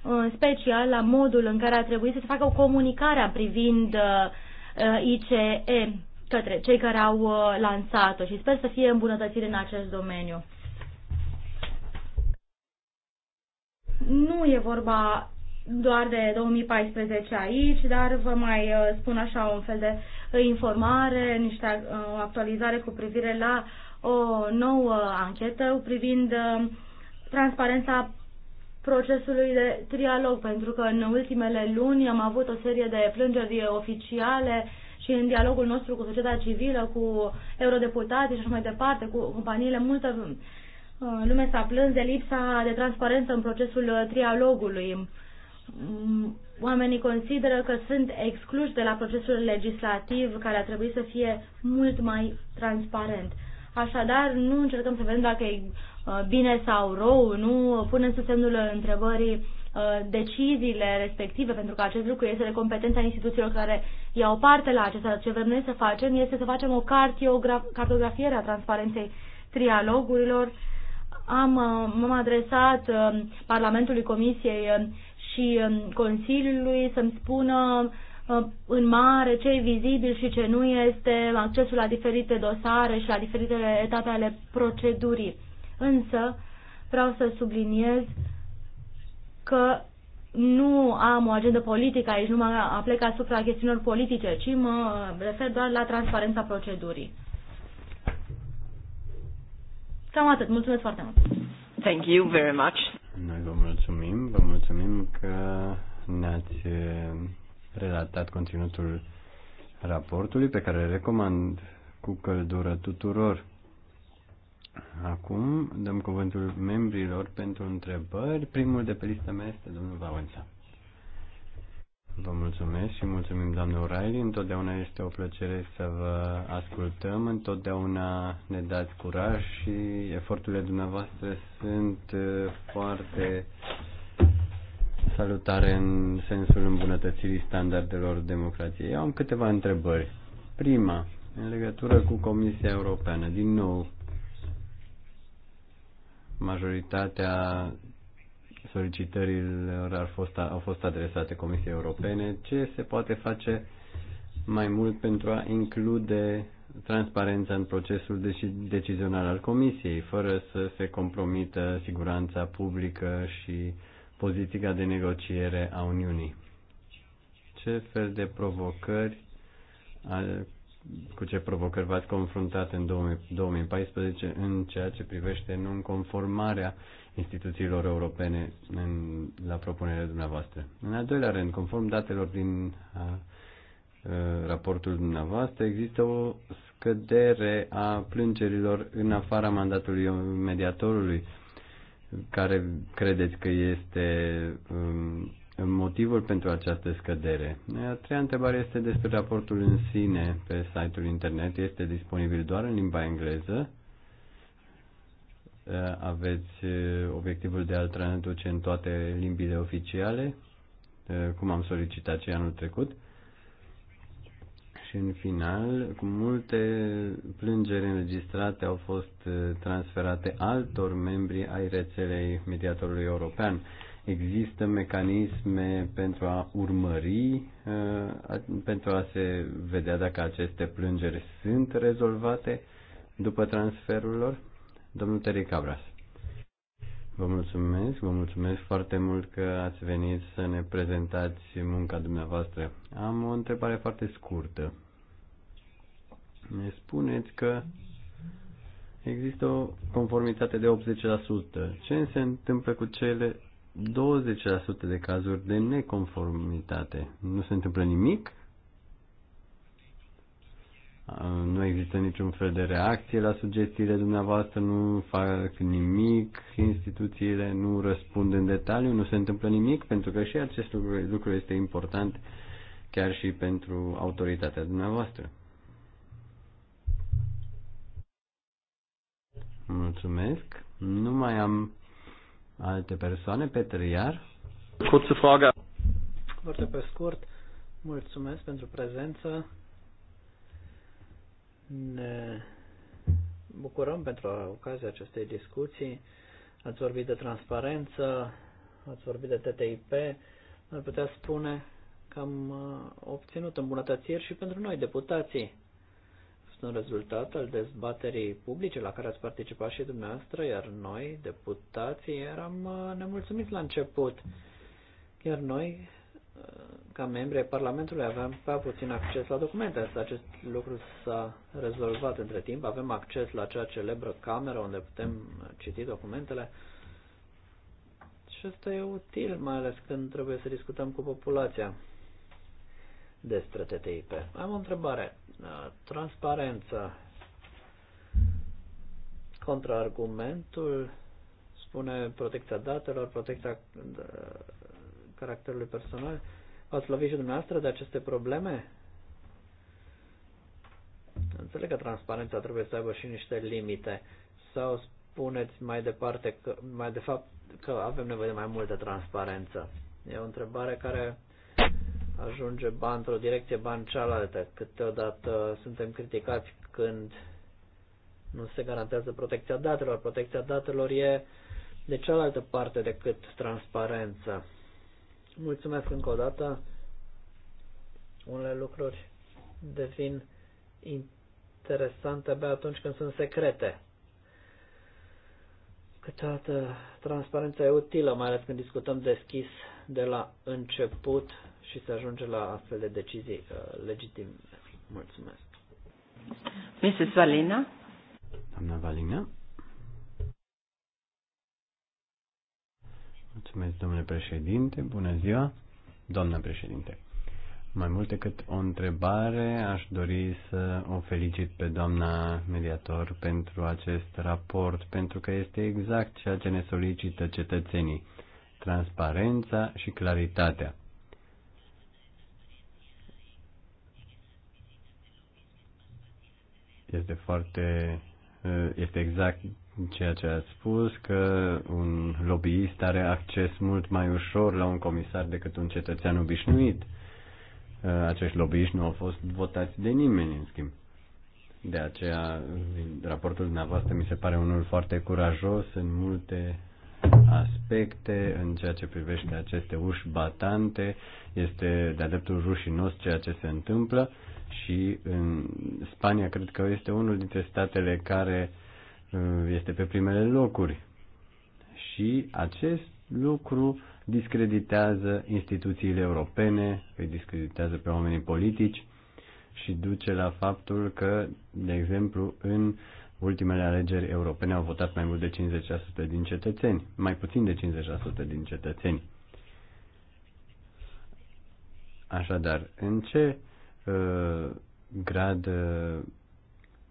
în special la modul în care a trebuit să se facă o comunicare privind ICE către cei care au lansat-o și sper să fie îmbunătățire în acest domeniu. Nu e vorba doar de 2014 aici, dar vă mai uh, spun așa un fel de informare, niște, o uh, actualizare cu privire la o nouă anchetă privind uh, transparența procesului de trialog, pentru că în ultimele luni am avut o serie de plângeri oficiale și în dialogul nostru cu societatea civilă, cu eurodeputații și așa mai departe, cu companiile, multă lume s-a plâns de lipsa de transparență în procesul trialogului Mm, oamenii consideră că sunt excluși de la procesul legislativ care ar trebui să fie mult mai transparent. Așadar, nu încercăm să vedem dacă e uh, bine sau rău, nu punem sub semnul întrebării uh, deciziile respective, pentru că acest lucru este de competența instituțiilor care iau parte la acesta. Ce vrem noi să facem este să facem o cartografiere a transparenței trialogurilor. Am, uh, m-am adresat Parlamentului Comisiei și um, Consiliului să-mi spună uh, în mare ce e vizibil și ce nu este accesul la diferite dosare și la diferitele etape ale procedurii. Însă vreau să subliniez că nu am o agendă politică aici, nu mă aplec asupra chestiunilor politice, ci mă refer doar la transparența procedurii. Cam atât. Mulțumesc foarte mult. Thank you very much. Noi vă mulțumim. Vă mulțumim că ne-ați eh, relatat conținutul raportului pe care îl recomand cu căldură tuturor. Acum dăm cuvântul membrilor pentru întrebări. Primul de pe lista mea este domnul Valența. Vă mulțumesc și mulțumim, doamnă O'Reilly. Întotdeauna este o plăcere să vă ascultăm, întotdeauna ne dați curaj și eforturile dumneavoastră sunt eh, foarte uh, salutare în sensul îmbunătățirii standardelor democrației. Eu am câteva întrebări. Prima, în legătură cu Comisia Europeană, din nou, majoritatea solicitărilor ar fost, au fost adresate Comisiei Europene. Ce se poate face mai mult pentru a include transparența în procesul deci-, decizional al Comisiei, fără să se compromită siguranța publică și uh, poziția de negociere a Uniunii. Ce fel de provocări, cu ce provocări v-ați confruntat în 2014 în ceea ce privește nonconformarea instituțiilor europene în, la propunerea dumneavoastră? În al doilea rând, conform datelor din a, a, raportul dumneavoastră, există o scădere a plângerilor în afara mandatului mediatorului care credeți că este um, motivul pentru această scădere? A treia întrebare este despre raportul în sine pe site-ul internet. Este disponibil doar în limba engleză? Aveți obiectivul de a-l traduce în toate limbile oficiale, cum am solicitat și anul trecut? Și în final, cu multe plângeri înregistrate au fost uh, transferate altor membri ai rețelei mediatorului european. Există mecanisme pentru a urmări, uh, pentru a se vedea dacă aceste plângeri sunt rezolvate după transferul lor? Domnul Terry Cabras. Vă mulțumesc, vă mulțumesc foarte mult că ați venit să ne prezentați munca dumneavoastră. Am o întrebare foarte scurtă ne spuneți că există o conformitate de 80%. Ce se întâmplă cu cele 20% de cazuri de neconformitate? Nu se întâmplă nimic? Nu există niciun fel de reacție la sugestiile dumneavoastră, nu fac nimic, instituțiile nu răspund în detaliu, nu se întâmplă nimic, pentru că și acest lucru, lucru este important chiar și pentru autoritatea dumneavoastră. Mulțumesc. Nu mai am alte persoane. Petr, Iar. Curță fraga. Foarte pe scurt, mulțumesc pentru prezență. Ne bucurăm pentru ocazia acestei discuții. Ați vorbit de transparență, ați vorbit de TTIP. Ar putea spune că am uh, obținut îmbunătățiri și pentru noi, deputații sunt un rezultat al dezbaterii publice la care ați participat și dumneavoastră, iar noi, deputații, eram uh, nemulțumiți la început. Iar noi, uh, ca membri ai Parlamentului, aveam prea puțin acces la documente. Asta acest lucru s-a rezolvat între timp. Avem acces la acea celebră cameră unde putem citi documentele. Și asta e util, mai ales când trebuie să discutăm cu populația despre TTIP. Am o întrebare. Uh, transparența Contraargumentul spune protecția datelor, protecția uh, caracterului personal. V-ați lovit și dumneavoastră de aceste probleme? Înțeleg că transparența trebuie să aibă și niște limite. Sau spuneți mai departe, că, mai de fapt, că avem nevoie de mai multă transparență. E o întrebare care ajunge bani într-o direcție, bani cealaltă. Câteodată suntem criticați când nu se garantează protecția datelor. Protecția datelor e de cealaltă parte decât transparența. Mulțumesc încă o dată. Unele lucruri devin interesante abia atunci când sunt secrete. Câteodată transparența e utilă, mai ales când discutăm deschis de la început și se ajunge la astfel de decizii uh, legitime. Mulțumesc. Mrs. Valina? Doamna Valina? Mulțumesc, domnule președinte. Bună ziua, doamna președinte. Mai mult decât o întrebare, aș dori să o felicit pe doamna mediator pentru acest raport, pentru că este exact ceea ce ne solicită cetățenii, transparența și claritatea. Este foarte uh, este exact ceea ce a spus, că un lobbyist are acces mult mai ușor la un comisar decât un cetățean obișnuit. Uh, acești lobbyiști nu au fost votați de nimeni, în schimb. De aceea, raportul dumneavoastră mi se pare unul foarte curajos în multe aspecte în ceea ce privește aceste uși batante. Este de-a dreptul rușinos ceea ce se întâmplă și în Spania cred că este unul dintre statele care uh, este pe primele locuri. Și acest lucru discreditează instituțiile europene, îi discreditează pe oamenii politici și duce la faptul că, de exemplu, în ultimele alegeri europene au votat mai mult de 50% din cetățeni, mai puțin de 50% din cetățeni. Așadar, în ce Uh, grad uh,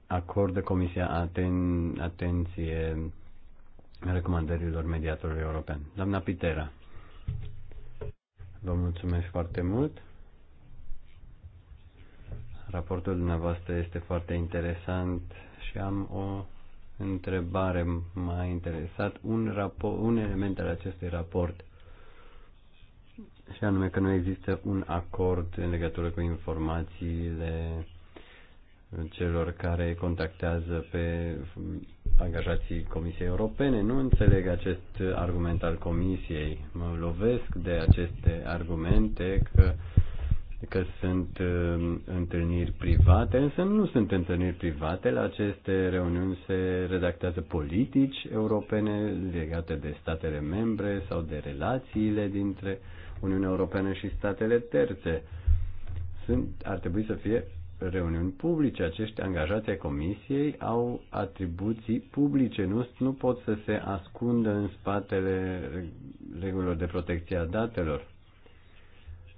acordă Comisia aten- atenție recomandărilor mediatorului european. Doamna Pitera, vă mulțumesc foarte mult. Raportul dumneavoastră este foarte interesant și am o întrebare. mai interesat un, rapor, un element al acestui raport și anume că nu există un acord în legătură cu informațiile celor care contactează pe angajații Comisiei Europene. Nu înțeleg acest argument al Comisiei. Mă lovesc de aceste argumente că, că sunt uh, întâlniri private, însă nu sunt întâlniri private. La aceste reuniuni se redactează politici europene legate de statele membre sau de relațiile dintre uh, Uniunea Europeană și statele terțe. Sunt, ar trebui să fie reuniuni publice. Acești angajați ai comisiei au atribuții publice, nu, nu pot să se ascundă în spatele regulilor de protecție a datelor.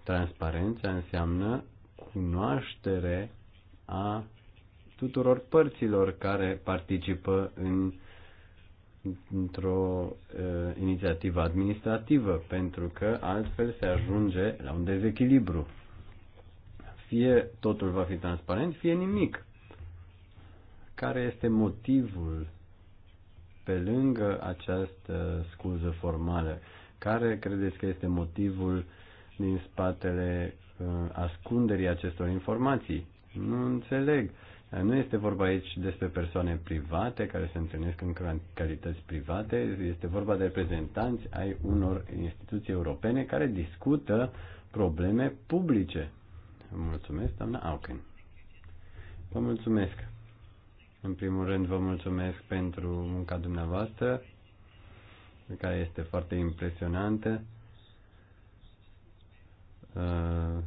Transparența înseamnă cunoaștere a tuturor părților care participă în într-o uh, inițiativă administrativă, pentru că altfel se ajunge la un dezechilibru. Fie totul va fi transparent, fie nimic. Care este motivul pe lângă această scuză formală? Care credeți că este motivul din spatele uh, ascunderii acestor informații? Nu înțeleg. Uh, nu este vorba aici despre persoane private care se întâlnesc în calități private, este vorba de reprezentanți ai unor instituții europene care discută probleme publice. Mulțumesc, doamna Auken. Vă mulțumesc. În primul rând, vă mulțumesc pentru munca dumneavoastră, care este foarte impresionantă. Uh,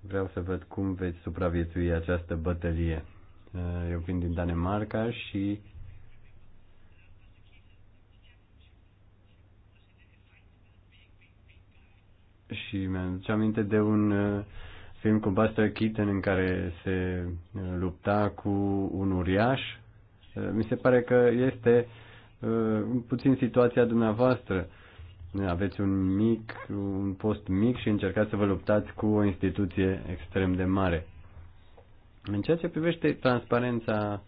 vreau să văd cum veți supraviețui această bătălie. Eh, eu vin din Danemarca și și mi-am aminte de un eh, film cu Buster Keaton în care se eh, lupta cu un uriaș. Mi se pare că este puțin situația dumneavoastră. Aveți un mic, un post mic și încercați să vă luptați cu o instituție extrem de mare. În ceea ce privește transparența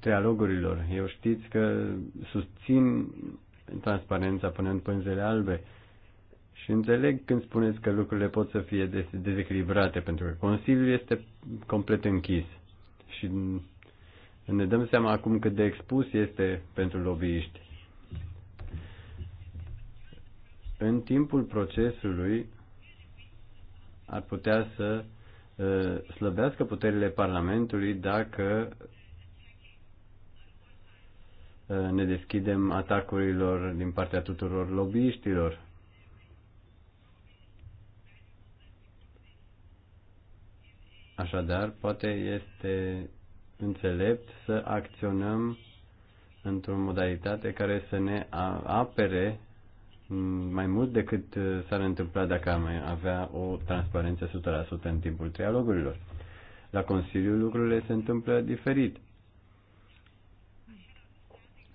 trialogurilor, eu știți că susțin transparența punând pânzele albe și înțeleg când spuneți că lucrurile pot să fie dezechilibrate, pentru că Consiliul este complet închis și ne dăm seama acum cât de expus este pentru lobbyiști. În timpul procesului ar putea să Uh, slăbească puterile Parlamentului dacă uh, ne deschidem atacurilor din partea tuturor lobbyiștilor. Așadar, poate este înțelept să acționăm într-o modalitate care să ne apere mai mult decât uh, s-ar întâmpla dacă am avea o transparență 100% în timpul trialogurilor. La Consiliu lucrurile se întâmplă diferit.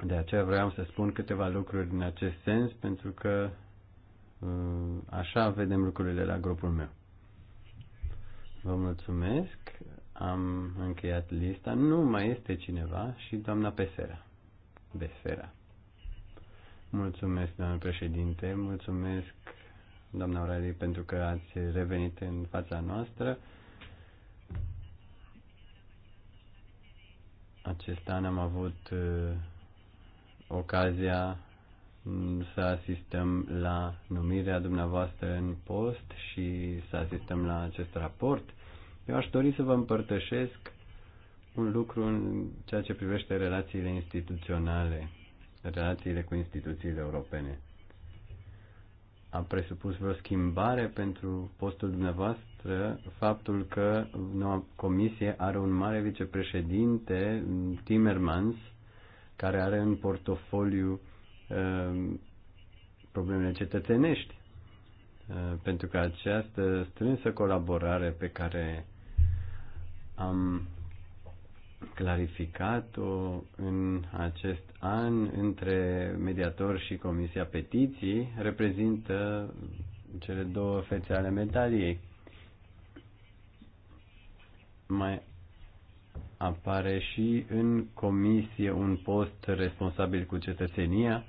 De aceea vreau să spun câteva lucruri în acest sens, pentru că uh, așa vedem lucrurile la grupul meu. Vă mulțumesc, am încheiat lista, nu mai este cineva și doamna Pesera. Pesera. Mulțumesc, doamnă președinte, mulțumesc, doamna Aureli, pentru că ați revenit în fața noastră. Acest an am avut uh, ocazia să asistăm la numirea dumneavoastră în post și să asistăm la acest raport. Eu aș dori să vă împărtășesc un lucru în ceea ce privește relațiile instituționale relațiile cu instituțiile europene. A presupus vreo schimbare pentru postul dumneavoastră faptul că noua comisie are un mare vicepreședinte, Timmermans, care are în portofoliu uh, problemele cetățenești. Uh, pentru că această strânsă colaborare pe care am clarificat-o în acest an între mediator și Comisia Petiții reprezintă cele două fețe ale medaliei. Mai apare și în comisie un post responsabil cu cetățenia.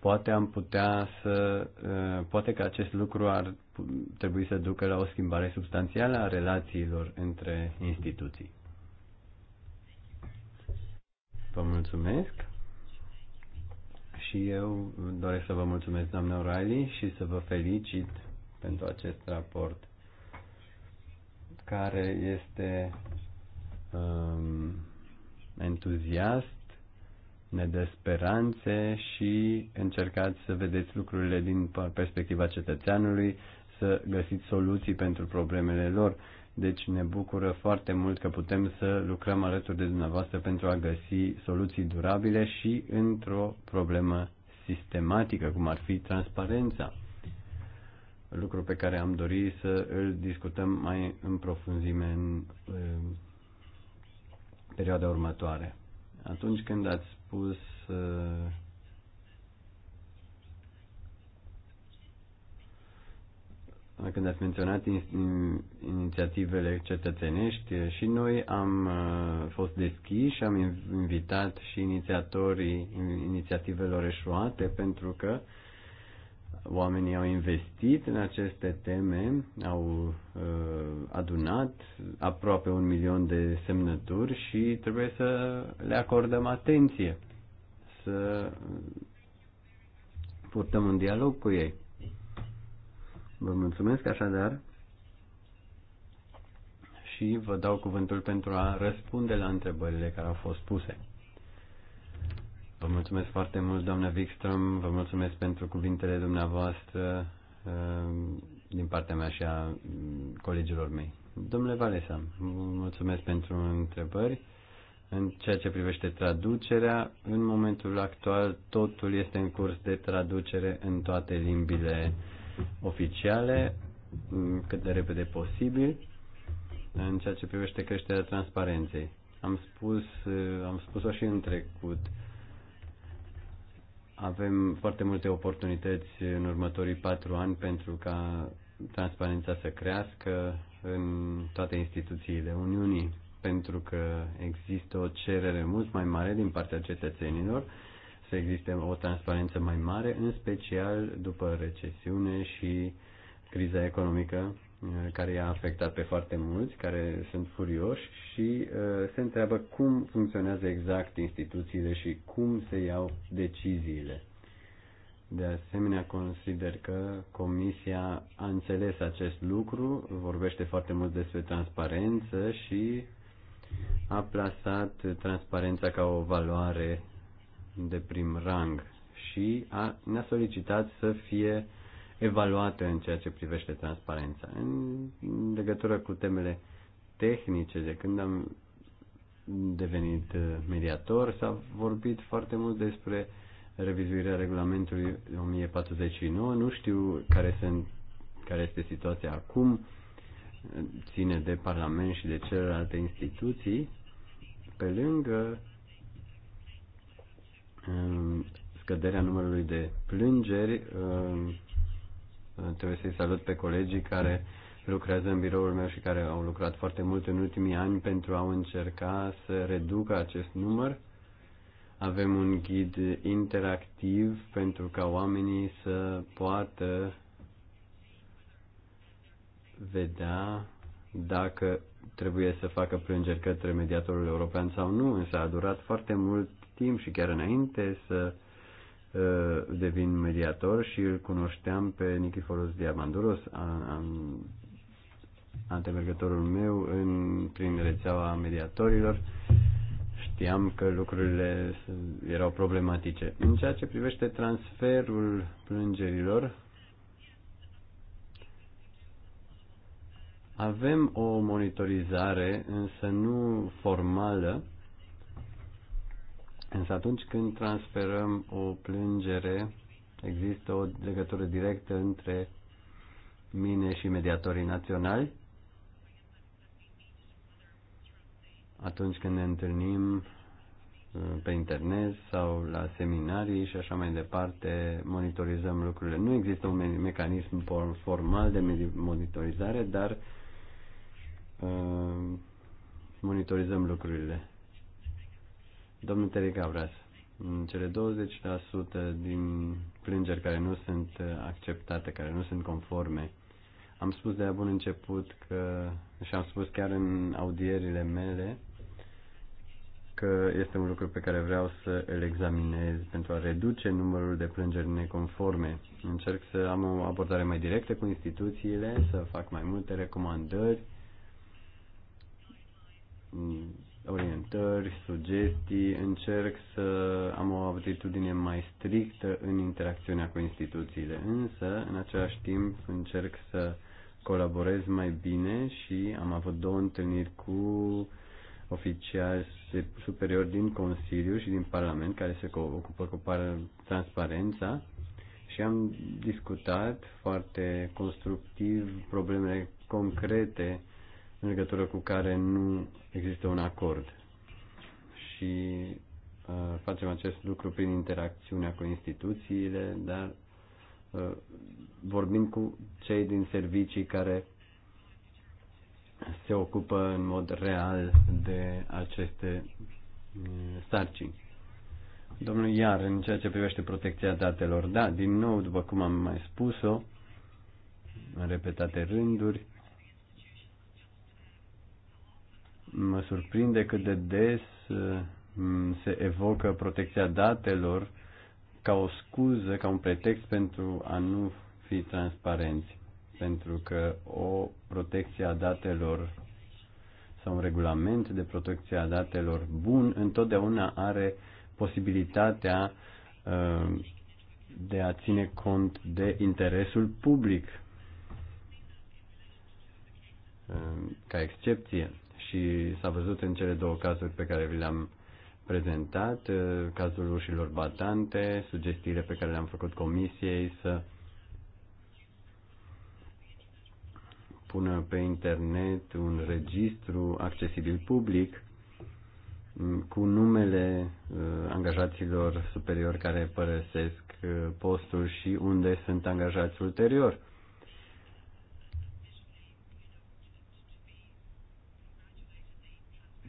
Poate am putea să, eh, poate că acest lucru ar trebui să ducă la o schimbare substanțială a relațiilor între instituții. Vă mulțumesc. Și eu doresc să vă mulțumesc, doamna O'Reilly, și să vă felicit pentru acest raport, care este um, entuziast, ne dă speranțe și încercați să vedeți lucrurile din perspectiva cetățeanului, să găsiți soluții pentru problemele lor. Deci ne bucură foarte mult că putem să lucrăm alături de dumneavoastră pentru a găsi soluții durabile și într-o problemă sistematică, cum ar fi transparența. Lucru pe care am dorit să îl discutăm mai în profunzime în perioada următoare. Atunci când ați spus uh, când ați menționat inițiativele cetățenești, și noi am uh, fost deschiși, am invitat și inițiatorii inițiativelor eșuate, pentru că oamenii au investit în aceste teme, au uh, adunat aproape un milion de semnături și trebuie să le acordăm atenție, să uh, purtăm un dialog cu ei Vă mulțumesc așadar și vă dau cuvântul pentru a răspunde la întrebările care au fost puse. Vă mulțumesc foarte mult, doamnă Wikström, vă mulțumesc pentru cuvintele dumneavoastră ehm, din partea mea și a mm, colegilor mei. Domnule Valesa, vă mulțumesc pentru întrebări. În ceea ce privește traducerea, în momentul actual totul este în curs de traducere în toate limbile uh, oficiale mm, cât de repede posibil în ceea ce privește creșterea transparenței. Am spus, eh, am spus-o și în trecut. Avem foarte multe oportunități în următorii patru ani pentru ca transparența să crească în toate instituțiile Uniunii, pentru că există o cerere mult mai mare din partea cetățenilor să existe o transparență mai mare, în special după recesiune și criza economică uh, care i-a afectat pe foarte mulți, care sunt furioși și uh, se întreabă cum funcționează exact instituțiile și cum se iau deciziile. De asemenea, consider că Comisia a înțeles acest lucru, vorbește foarte mult despre transparență și a plasat transparența ca o valoare de prim rang și a, ne-a solicitat să fie evaluate în ceea ce privește transparența. În legătură cu temele tehnice, de când am devenit uh, mediator, s-a vorbit foarte mult despre revizuirea regulamentului 1049. Nu știu care, sunt, care este situația acum, ține de Parlament și de celelalte instituții. Pe lângă scăderea numărului de plângeri. Um, trebuie să-i salut pe colegii care lucrează în biroul meu și care au lucrat foarte mult în ultimii ani pentru a încerca să reducă acest număr. Avem un ghid interactiv pentru ca oamenii să poată vedea dacă trebuie să facă plângeri către mediatorul european sau nu, însă a durat foarte mult timp și chiar înainte să uh, devin mediator și îl cunoșteam pe Nikiforos Diamanduros, antemergătorul meu în, prin rețeaua mediatorilor. Știam că lucrurile erau problematice. În ceea ce privește transferul plângerilor, avem o monitorizare, însă nu formală, Însă atunci când transferăm o plângere, există o legătură directă între mine și mediatorii naționali. Atunci când ne întâlnim uh, pe internet sau la seminarii și așa mai departe, monitorizăm lucrurile. Nu există un mecanism formal de monitorizare, dar uh, monitorizăm lucrurile. Domnul În cele 20% din plângeri care nu sunt uh, acceptate, care nu sunt conforme, am spus de la bun început că, și am spus chiar în audierile mele, că este un lucru pe care vreau să îl examinez pentru a reduce numărul de plângeri neconforme. Încerc să am o abordare mai directă cu instituțiile, să fac mai multe recomandări orientări, sugestii, încerc să am o atitudine mai strictă în interacțiunea cu instituțiile, însă, în același timp, încerc să colaborez mai bine și am avut două întâlniri cu oficiali superiori din Consiliu și din Parlament care se ocupă cu transparența și am discutat foarte constructiv problemele concrete în legătură cu care nu există un acord. Și uh, facem acest lucru prin interacțiunea cu instituțiile, dar uh, vorbim cu cei din servicii care se ocupă în mod real de aceste uh, sarcini. Domnul Iar, în ceea ce privește protecția datelor, da, din nou, după cum am mai spus-o, în repetate rânduri, mă surprinde cât de des uh, se evocă protecția datelor ca o scuză, ca un pretext pentru a nu fi transparenți. Pentru că o protecție a datelor sau un regulament de protecție a datelor bun întotdeauna are posibilitatea uh, de a ține cont de interesul public uh, ca excepție și s-a văzut în cele două cazuri pe care vi le-am prezentat, uh, cazul ușilor batante, sugestiile pe care le-am făcut comisiei să pună pe internet un registru accesibil public mm, cu numele uh, angajaților superiori care părăsesc uh, postul și unde sunt angajați ulterior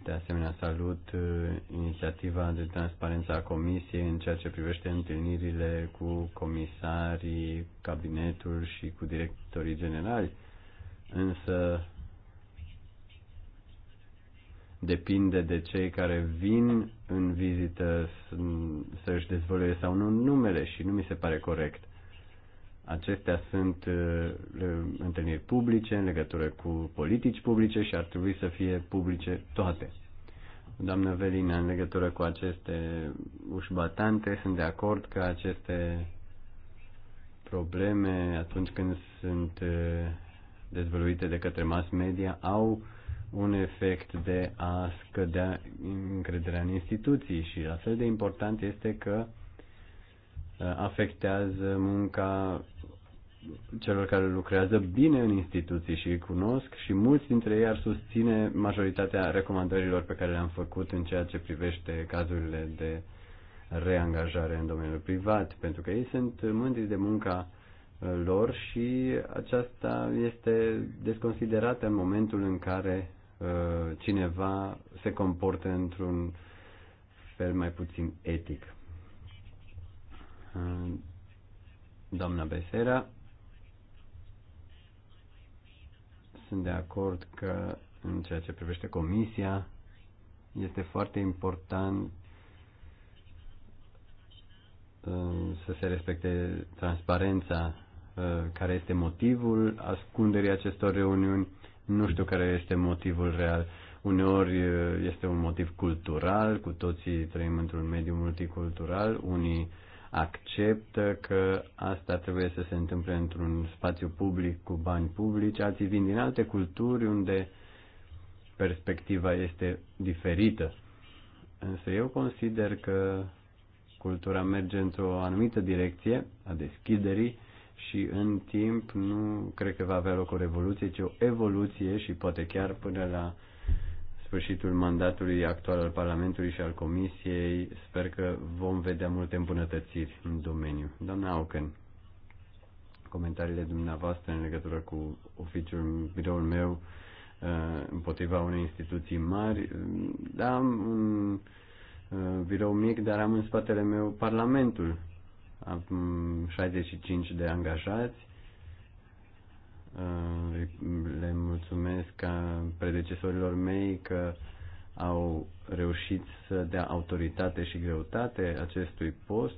De asemenea, salut uh, inițiativa de transparență a Comisiei în ceea ce privește întâlnirile cu comisarii, cabinetul și cu directorii generali. Însă depinde de cei care vin în vizită să-și dezvăluie sau nu numele și nu mi se pare corect. Acestea sunt uh, întâlniri publice în legătură cu politici publice și ar trebui să fie publice toate. Doamnă Velina, în legătură cu aceste ușbatante, sunt de acord că aceste probleme, atunci când sunt uh, dezvăluite de către mass media, au un efect de a scădea încrederea în instituții și la fel de important este că uh, afectează munca celor care lucrează bine în instituții și îi cunosc și mulți dintre ei ar susține majoritatea recomandărilor pe care le-am făcut în ceea ce privește cazurile de reangajare în domeniul privat, pentru că ei sunt mândri de munca uh, lor și aceasta este desconsiderată în momentul în care uh, cineva se comportă într-un fel mai puțin etic. Uh, doamna Besera Sunt de acord că în ceea ce privește comisia este foarte important uh, să se respecte transparența uh, care este motivul ascunderii acestor reuniuni. Nu știu care este motivul real. Uneori uh, este un motiv cultural, cu toții trăim într-un mediu multicultural, unii uh, acceptă că asta trebuie să se întâmple într-un spațiu public cu bani publici, alții vin din alte culturi unde perspectiva este diferită. Însă eu consider că cultura merge într-o anumită direcție a deschiderii și în timp nu cred că va avea loc o revoluție, ci o evoluție și poate chiar până la sfârșitul mandatului actual al Parlamentului și al Comisiei, sper că vom vedea multe îmbunătățiri în domeniu. Doamna Auken, comentariile dumneavoastră în legătură cu oficiul, biroul meu uh, împotriva unei instituții mari. Da, am un uh, birou mic, dar am în spatele meu Parlamentul. Am 65 mm, de angajați le mulțumesc ca predecesorilor mei că au reușit să dea autoritate și greutate acestui post,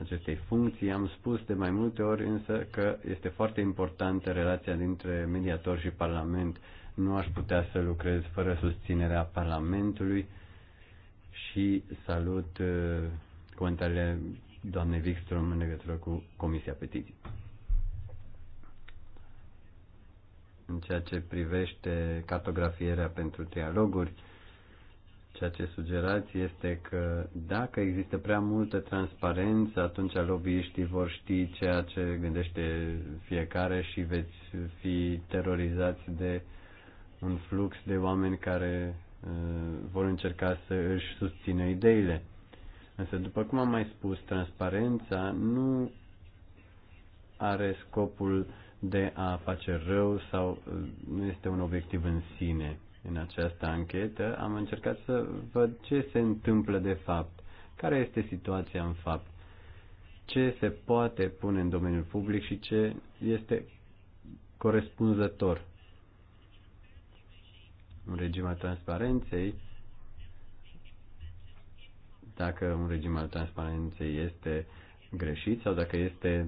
acestei funcții. Am spus de mai multe ori însă că este foarte importantă relația dintre mediator și Parlament. Nu aș putea să lucrez fără susținerea Parlamentului și salut uh, comentariile doamnei Wikström în legătură cu Comisia Petiții. în ceea ce privește cartografierea pentru trialoguri. Ceea ce sugerați este că dacă există prea multă transparență, atunci lobbyiștii vor ști ceea ce gândește fiecare și veți fi terorizați de un flux de oameni care uh, vor încerca să își susțină ideile. Însă, după cum am mai spus, transparența nu are scopul de a face rău sau nu este un obiectiv în sine. În această anchetă am încercat să văd ce se întâmplă de fapt, care este situația în fapt, ce se poate pune în domeniul public și ce este corespunzător. Un regim al transparenței, dacă un regim al transparenței este greșit sau dacă este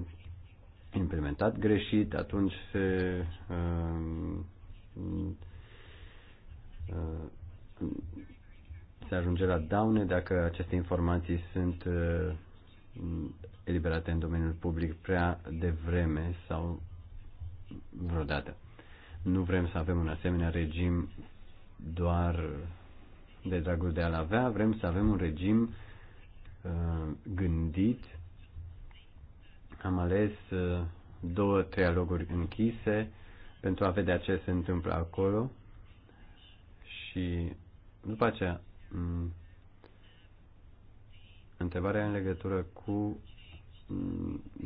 implementat greșit, atunci se uh, uh, se ajunge la daune dacă aceste informații sunt uh, eliberate în domeniul public prea devreme sau vreodată. Nu vrem să avem un asemenea regim doar de dragul de a-l avea, vrem să avem un regim uh, gândit am ales uh, două trialoguri închise pentru a vedea ce se întâmplă acolo și după aceea întrebarea în legătură cu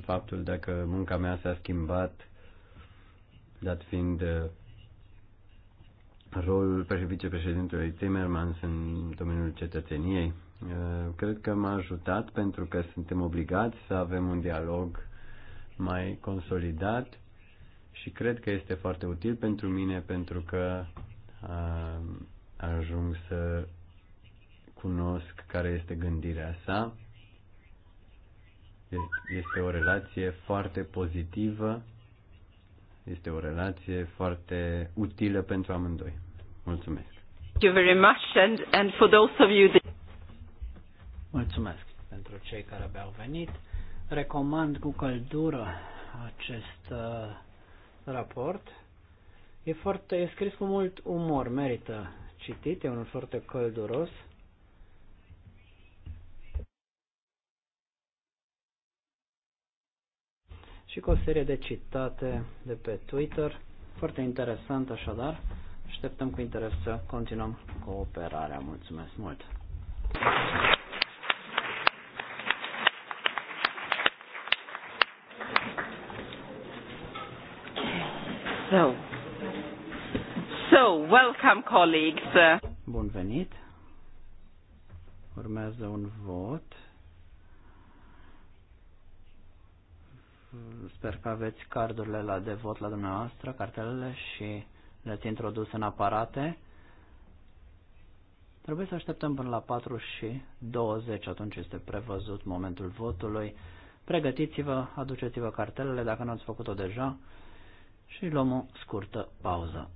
faptul dacă munca mea s-a schimbat dat fiind uh, rolul vicepreședintelui Timmermans în domeniul cetățeniei Eh, cred că m-a ajutat pentru că suntem obligați să avem un dialog mai consolidat și cred că este foarte util pentru mine pentru că eh, ajung să cunosc care este gândirea sa. Este o relație foarte pozitivă, este o relație foarte utilă pentru amândoi. Mulțumesc. Thank you very much and, and for those of you that... Mulțumesc pentru cei care abia au venit. Recomand cu căldură acest uh, raport. E, foarte, e scris cu mult umor, merită citit, e unul foarte călduros. și cu o serie de citate de pe Twitter. Foarte interesant așadar. Așteptăm cu interes să continuăm cooperarea. Mulțumesc mult! So, so welcome colleagues. Bun venit. Urmează un vot. Sper că aveți cardurile la de vot la dumneavoastră, cartelele și le-ați introdus în aparate. Trebuie să așteptăm până la 4 și 20, atunci este prevăzut momentul votului. Pregătiți-vă, aduceți-vă cartelele dacă nu ați făcut-o deja și luăm o scurtă pauză.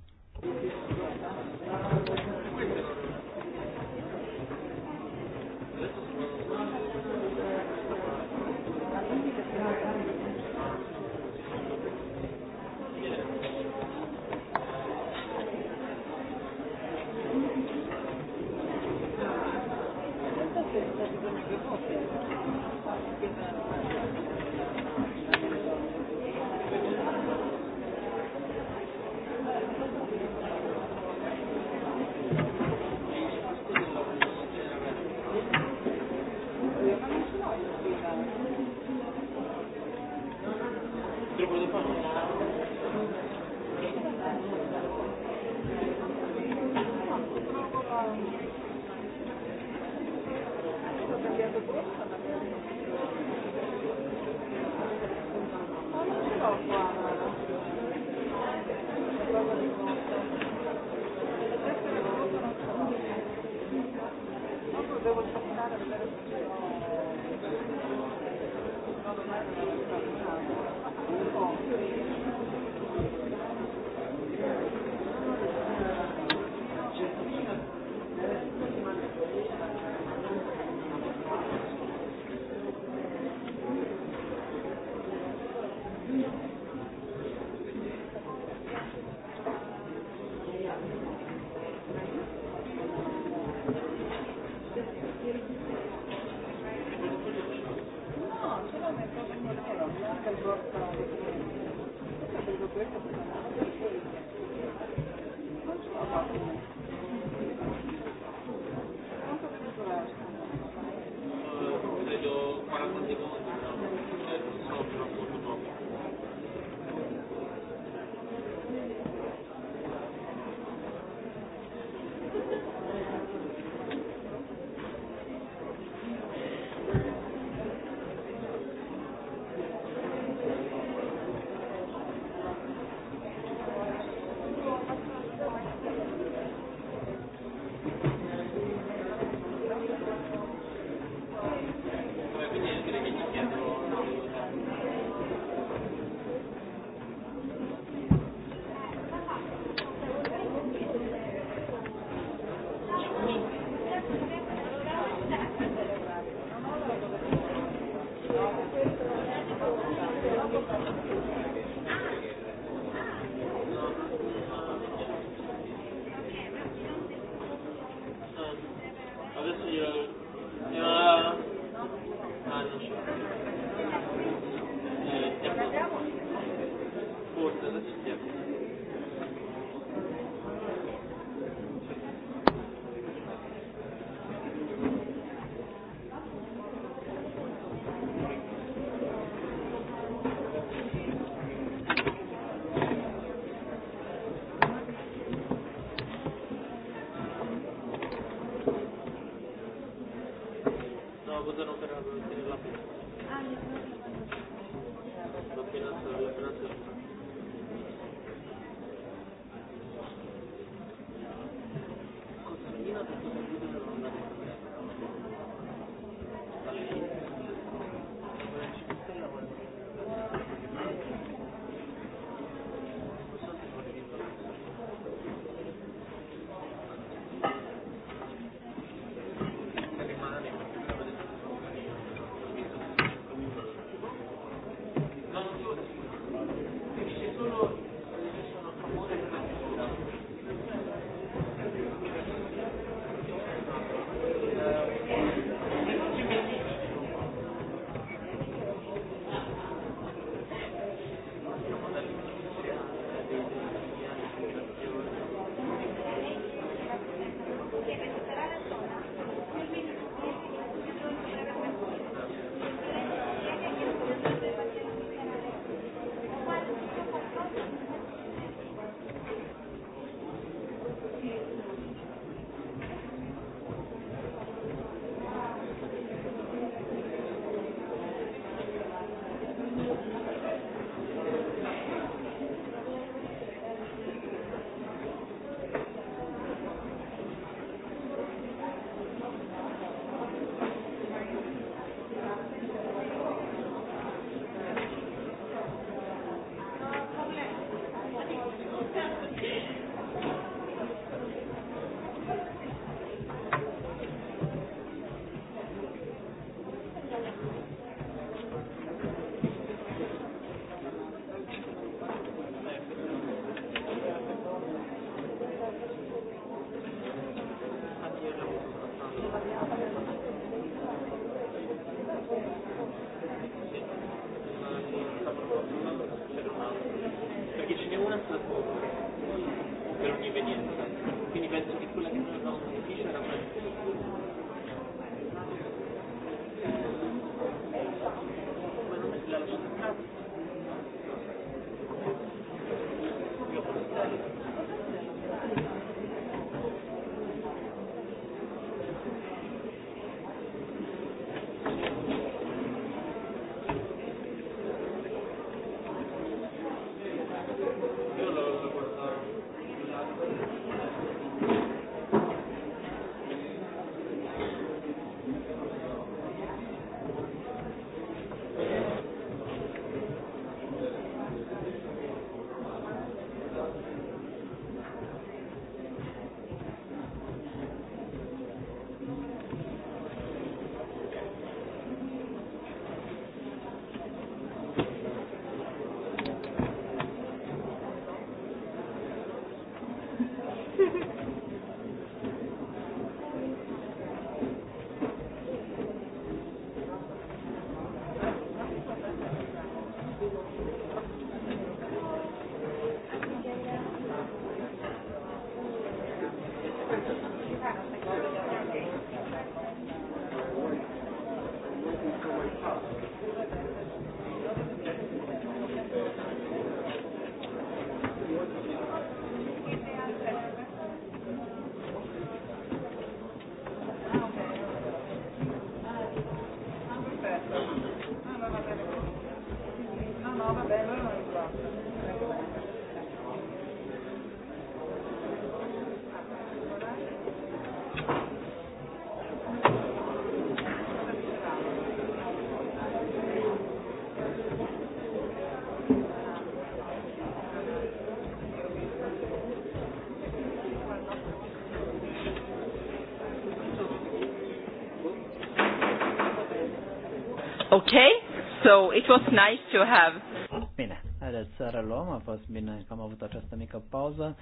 So it was nice to have. Bine, haideți să reluăm, a fost bine că am avut această mică pauză.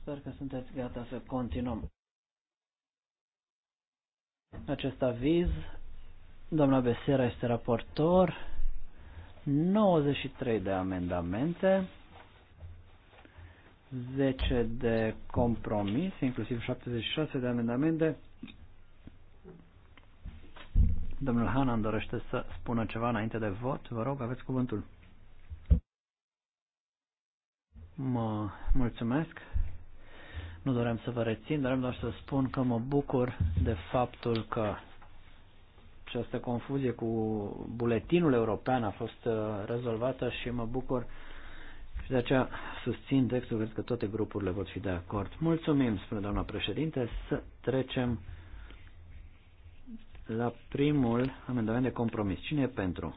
Sper că sunteți gata să continuăm. Acest aviz, doamna Besera este raportor, 93 de amendamente, 10 de compromis, inclusiv 76 de amendamente, Domnul Hanan dorește să spună ceva înainte de vot. Vă rog, aveți cuvântul. Mă mulțumesc. Nu dorem să vă rețin, dorem doar să spun că mă bucur de faptul că această confuzie cu buletinul european a fost uh, rezolvată și mă bucur și de aceea susțin textul, cred că toate grupurile vor fi de acord. Mulțumim, spune doamna președinte, să trecem la primul amendament de compromis. Cine e pentru?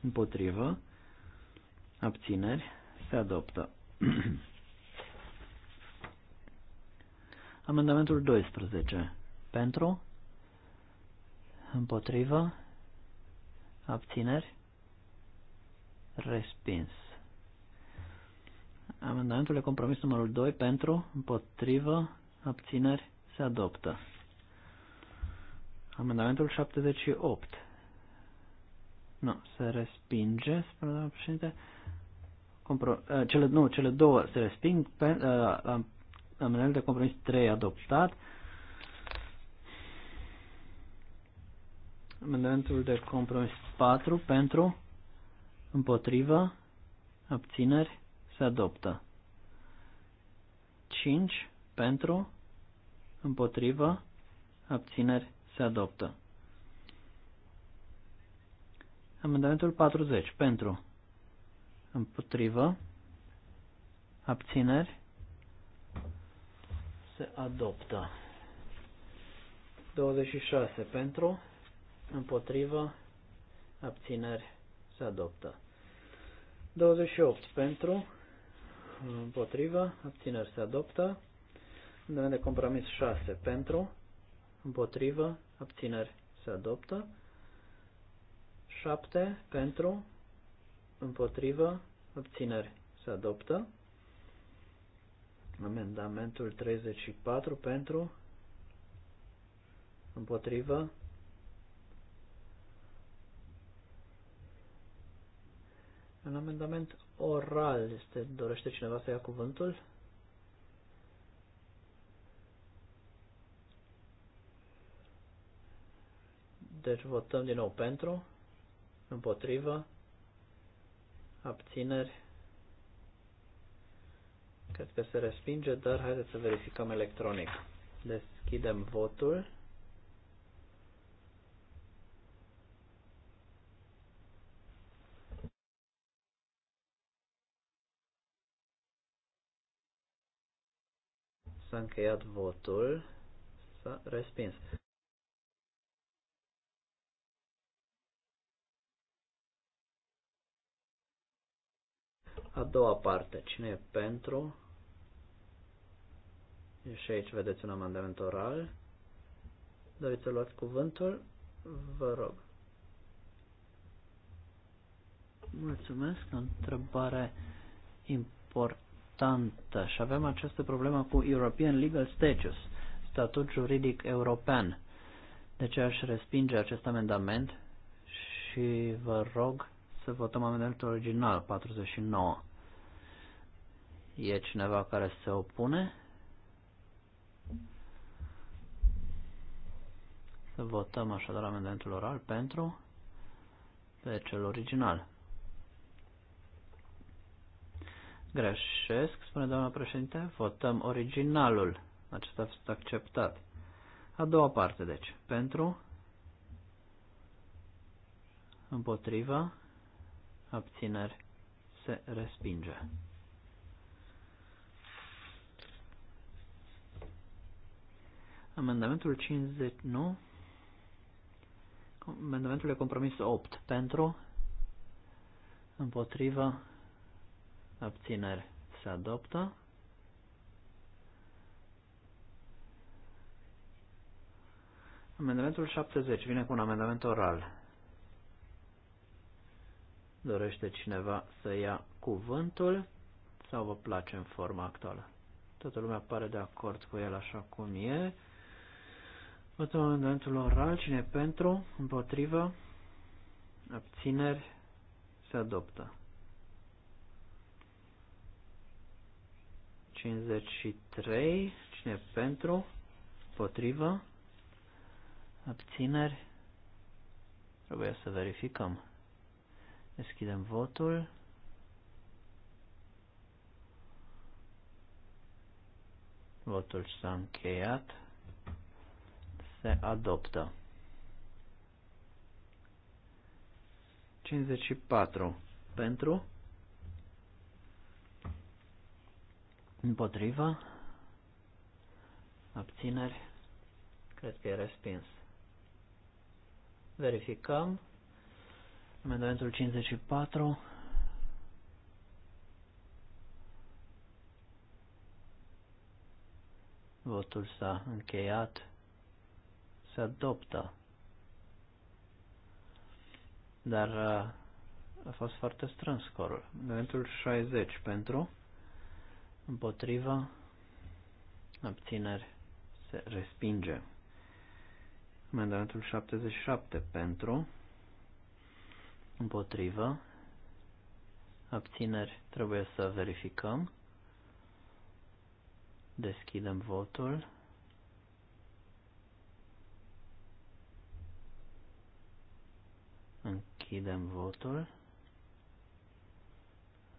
Împotrivă. Abțineri. Se adoptă. [CLEARS THROAT] Amendamentul 12. Pentru? Împotrivă? Abțineri? Respins. Amendamentul de compromis numărul 2. Pentru? Împotrivă? Abțineri? Se adoptă. Amendamentul 78. Nu, se respinge, spune doamna președinte. Compro- uh, cele, nu, cele două se resping. Pe, uh, la amendamentul de compromis 3 adoptat. Amendamentul de compromis 4 pentru, împotrivă abțineri, se adoptă. 5 pentru, împotrivă abțineri, se adoptă. Amendamentul 40. Pentru. Împotrivă. Abțineri. Se adoptă. 26. Pentru. Împotrivă. Abțineri. Se adoptă. 28. Pentru. Împotrivă. Abțineri. Se adoptă. Amendament de compromis 6. Pentru împotrivă, abțineri se adoptă. 7 pentru, împotrivă, abțineri se adoptă. Amendamentul 34 pentru, împotrivă, Un amendament oral este, dorește cineva să ia cuvântul? Deci votăm din nou pentru, împotrivă, abțineri. Cred că se respinge, dar haideți să verificăm electronic. Deschidem votul. S-a încheiat votul. S-a respins. A doua parte, cine e pentru? Și aici vedeți un amendament oral. Doriți să luați cuvântul? Vă rog. Mulțumesc, o întrebare importantă. Și avem această problemă cu European Legal Status, statut juridic european. De ce aș respinge acest amendament și vă rog să votăm amendamentul original, 49. E cineva care se opune? Să votăm așadar amendamentul oral pentru pe cel original. Greșesc, spune doamna președinte, votăm originalul. Acesta a fost acceptat. A doua parte, deci, pentru, împotriva, abțineri, se respinge. Amendamentul 59, Amendamentul de compromis 8, pentru, împotriva, abțineri, se adoptă. Amendamentul 70 vine cu un amendament oral. Dorește cineva să ia cuvântul sau vă place în forma actuală? Toată lumea pare de acord cu el așa cum e. Votăm amendamentul oral. Cine e pentru? Împotrivă? Abțineri? Se adoptă. 53. Cine e pentru? Împotrivă? Abțineri? Trebuie să verificăm. Deschidem votul. Votul s-a încheiat. Se adoptă. 54. Pentru. Împotriva. Abțineri. Cred că e respins. Verificăm. Amendamentul 54. Votul s-a încheiat. Se adoptă. Dar uh, a fost foarte strâns scorul. Amendamentul 60 pentru, împotriva, abțineri, se respinge. Amendamentul 77 pentru, împotrivă, abțineri trebuie să verificăm, deschidem votul, închidem votul,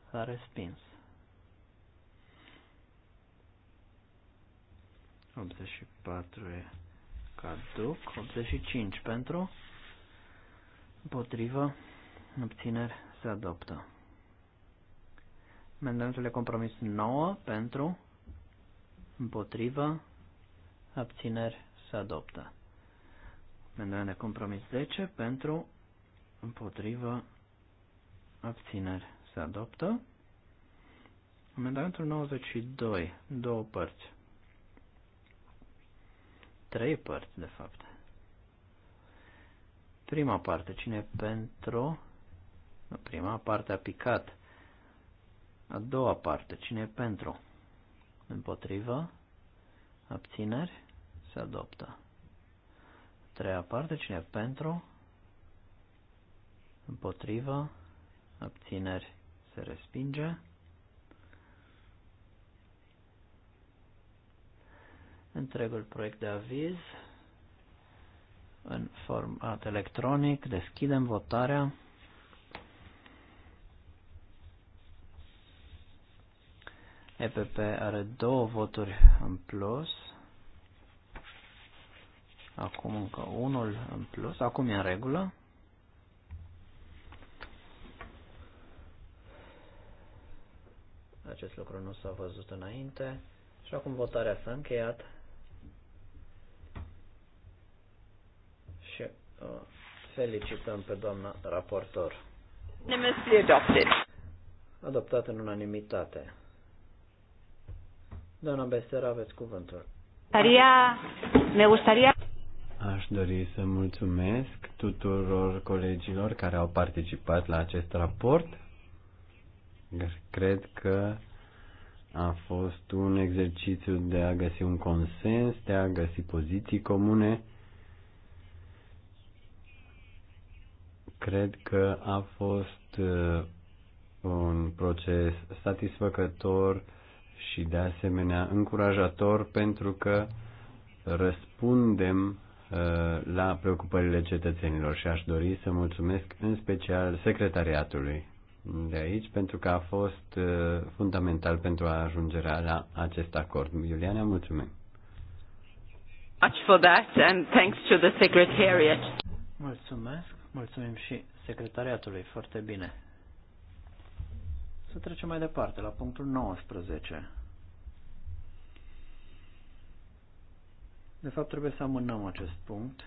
s-a respins. 84 e caduc, 85 pentru, împotrivă, obțineri se adoptă. Amendamentul de compromis 9 pentru, împotrivă, abțineri, se adoptă. Amendament de compromis 10 pentru, împotrivă, abțineri, se adoptă. Amendamentul 92, două părți. Trei părți, de fapt. Prima parte, cine e pentru, Prima parte a picat. A doua parte, cine e pentru? Împotrivă? Abțineri? Se adoptă. A treia parte, cine e pentru? Împotrivă? Abțineri? Se respinge. Întregul proiect de aviz în format electronic. Deschidem votarea. EPP are două voturi în plus. Acum încă unul în plus. Acum e în regulă. Acest lucru nu s-a văzut înainte. Și acum votarea s-a încheiat. Și uh, felicităm pe doamna raportor. Adoptat în unanimitate. Doamna Bester, aveți cuvântul. Taria, ne gustaria... Aș dori să mulțumesc tuturor colegilor care au participat la acest raport. Deci, cred că a fost un exercițiu de a găsi un consens, de a găsi poziții comune. Cred că a fost uh, un proces satisfăcător și de asemenea încurajator pentru că răspundem uh, la preocupările cetățenilor și aș dori să mulțumesc în special secretariatului de aici pentru că a fost uh, fundamental pentru a ajungerea la acest acord. Iuliana, mulțumim. Much for that and thanks to the secretariat. Mulțumesc, mulțumim și secretariatului, foarte bine. Să trecem mai departe, la punctul 19. De fapt, trebuie să amânăm acest punct.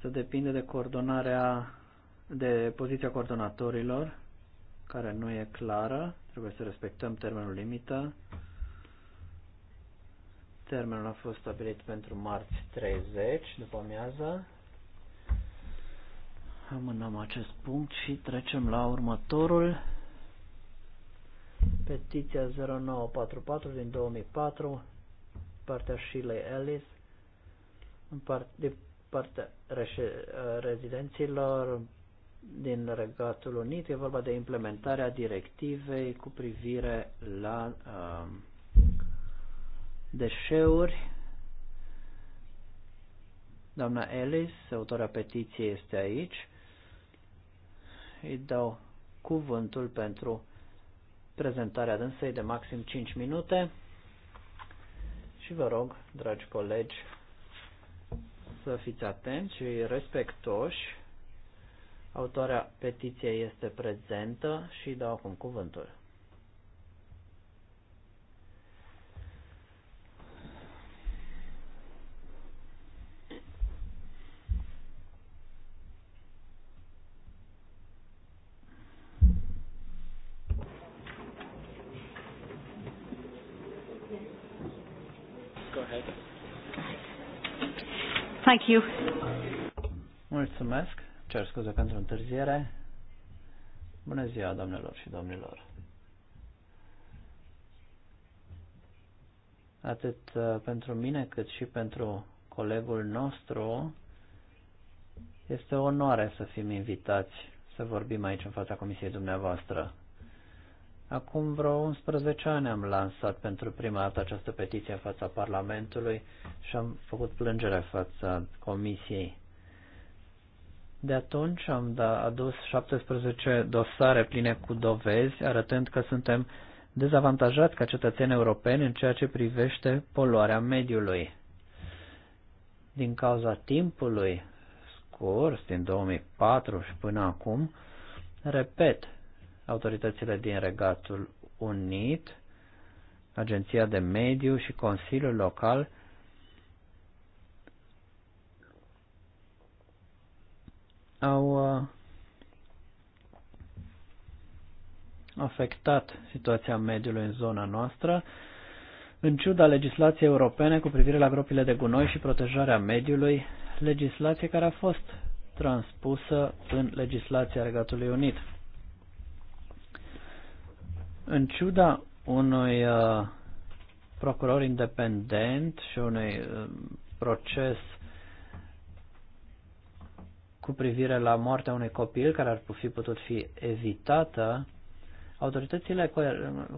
Să depinde de coordonarea, de poziția coordonatorilor, care nu e clară. Trebuie să respectăm termenul limită. Termenul a fost stabilit pentru marți 30, după amiază. Amânăm acest punct și trecem la următorul. Petiția 0944 din 2004, partea Shirley Ellis, în part, de partea rezidenților din Regatul Unit. E vorba de implementarea directivei cu privire la uh, deșeuri. Doamna Ellis, autora petiției, este aici îi dau cuvântul pentru prezentarea dânsei de maxim 5 minute și vă rog, dragi colegi, să fiți atenți și respectoși. Autoarea petiției este prezentă și dau acum cuvântul. Thank you. Mulțumesc. Cer scuze pentru întârziere. Bună ziua, doamnelor și domnilor. Atât uh, pentru mine cât și pentru colegul nostru este o onoare să fim invitați să vorbim aici în fața comisiei dumneavoastră. Acum vreo 11 ani am lansat pentru prima dată această petiție în fața Parlamentului și am făcut plângere fața Comisiei. De atunci am da, adus 17 dosare pline cu dovezi, arătând că suntem dezavantajați ca cetățeni europeni în ceea ce privește poluarea mediului. Din cauza timpului scurs din 2004 și până acum, repet, autoritățile din Regatul Unit, Agenția de Mediu și Consiliul Local au uh, afectat situația mediului în zona noastră, în ciuda legislației europene cu privire la gropile de gunoi și protejarea mediului, legislație care a fost transpusă în legislația Regatului Unit. În ciuda unui uh, procuror independent și unui uh, proces cu privire la moartea unui copil care ar fi putut fi evitată, autoritățile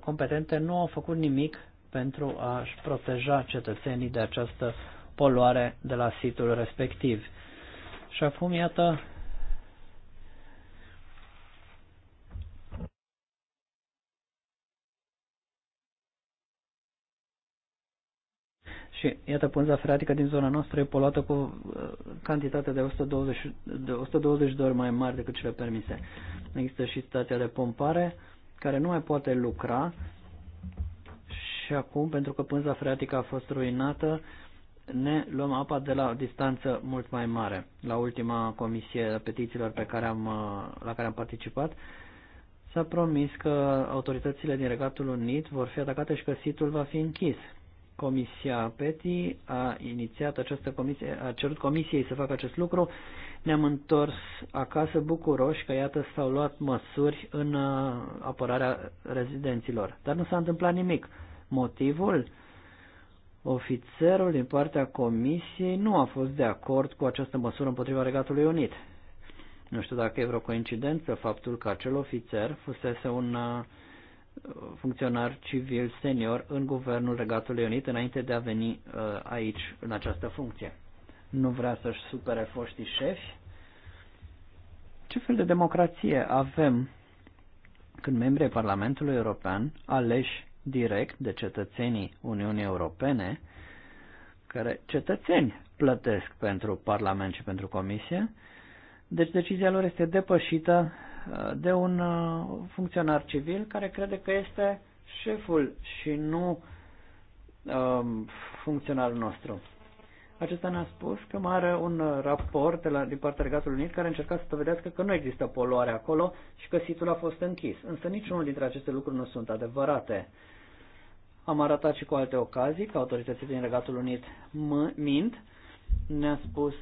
competente nu au făcut nimic pentru a-și proteja cetățenii de această poluare de la situl respectiv. Și acum, iată, Și iată pânza freatică din zona noastră e poluată cu uh, cantitate cantitatea de 120, de 120 de ori mai mari decât cele permise. Există și stația de pompare care nu mai poate lucra și acum, pentru că pânza freatică a fost ruinată, ne luăm apa de la o distanță mult mai mare. La ultima comisie a petițiilor pe care am, uh, la care am participat, s-a promis că autoritățile din Regatul Unit vor fi atacate și că situl va fi închis. Comisia PETI a inițiat această comisie, a cerut comisiei să facă acest lucru. Ne-am întors acasă bucuroși că iată s-au luat măsuri în uh, apărarea rezidenților. Dar nu s-a întâmplat nimic. Motivul? Ofițerul din partea comisiei nu a fost de acord cu această măsură împotriva Regatului Unit. Nu știu dacă e vreo coincidență faptul că acel ofițer fusese un uh, funcționar civil senior în Guvernul Regatului Unit înainte de a veni uh, aici în această funcție. Nu vrea să-și supere foștii șefi. Ce fel de democrație avem când membrii Parlamentului European aleși direct de cetățenii Uniunii Europene, care cetățeni plătesc pentru Parlament și pentru Comisie, deci decizia lor este depășită de un uh, funcționar civil care crede că este șeful și nu um, funcționarul nostru. Acesta ne-a spus că mai are un raport de la, din partea Regatului Unit care încerca să dovedească că nu există poluare acolo și că situl a fost închis. Însă niciunul dintre aceste lucruri nu sunt adevărate. Am arătat și cu alte ocazii că autoritățile din Regatul Unit mint, ne-a spus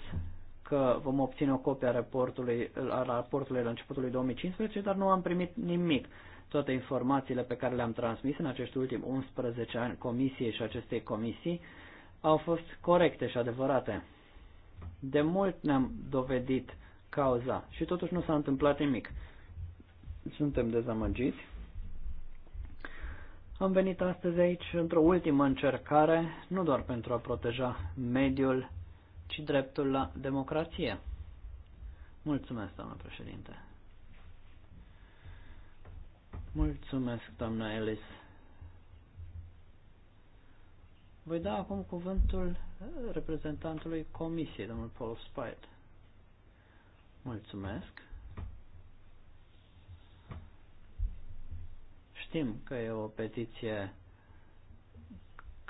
că vom obține o copie a raportului, a raportului la începutul 2015, dar nu am primit nimic. Toate informațiile pe care le-am transmis în acești ultimi 11 ani comisiei și acestei comisii au fost corecte și adevărate. De mult ne-am dovedit cauza și totuși nu s-a întâmplat nimic. Suntem dezamăgiți. Am venit astăzi aici într-o ultimă încercare, nu doar pentru a proteja mediul ci dreptul la democrație. Mulțumesc, doamnă președinte. Mulțumesc, doamnă Ellis. Voi da acum cuvântul reprezentantului Comisiei, domnul Paul Spite. Mulțumesc. Știm că e o petiție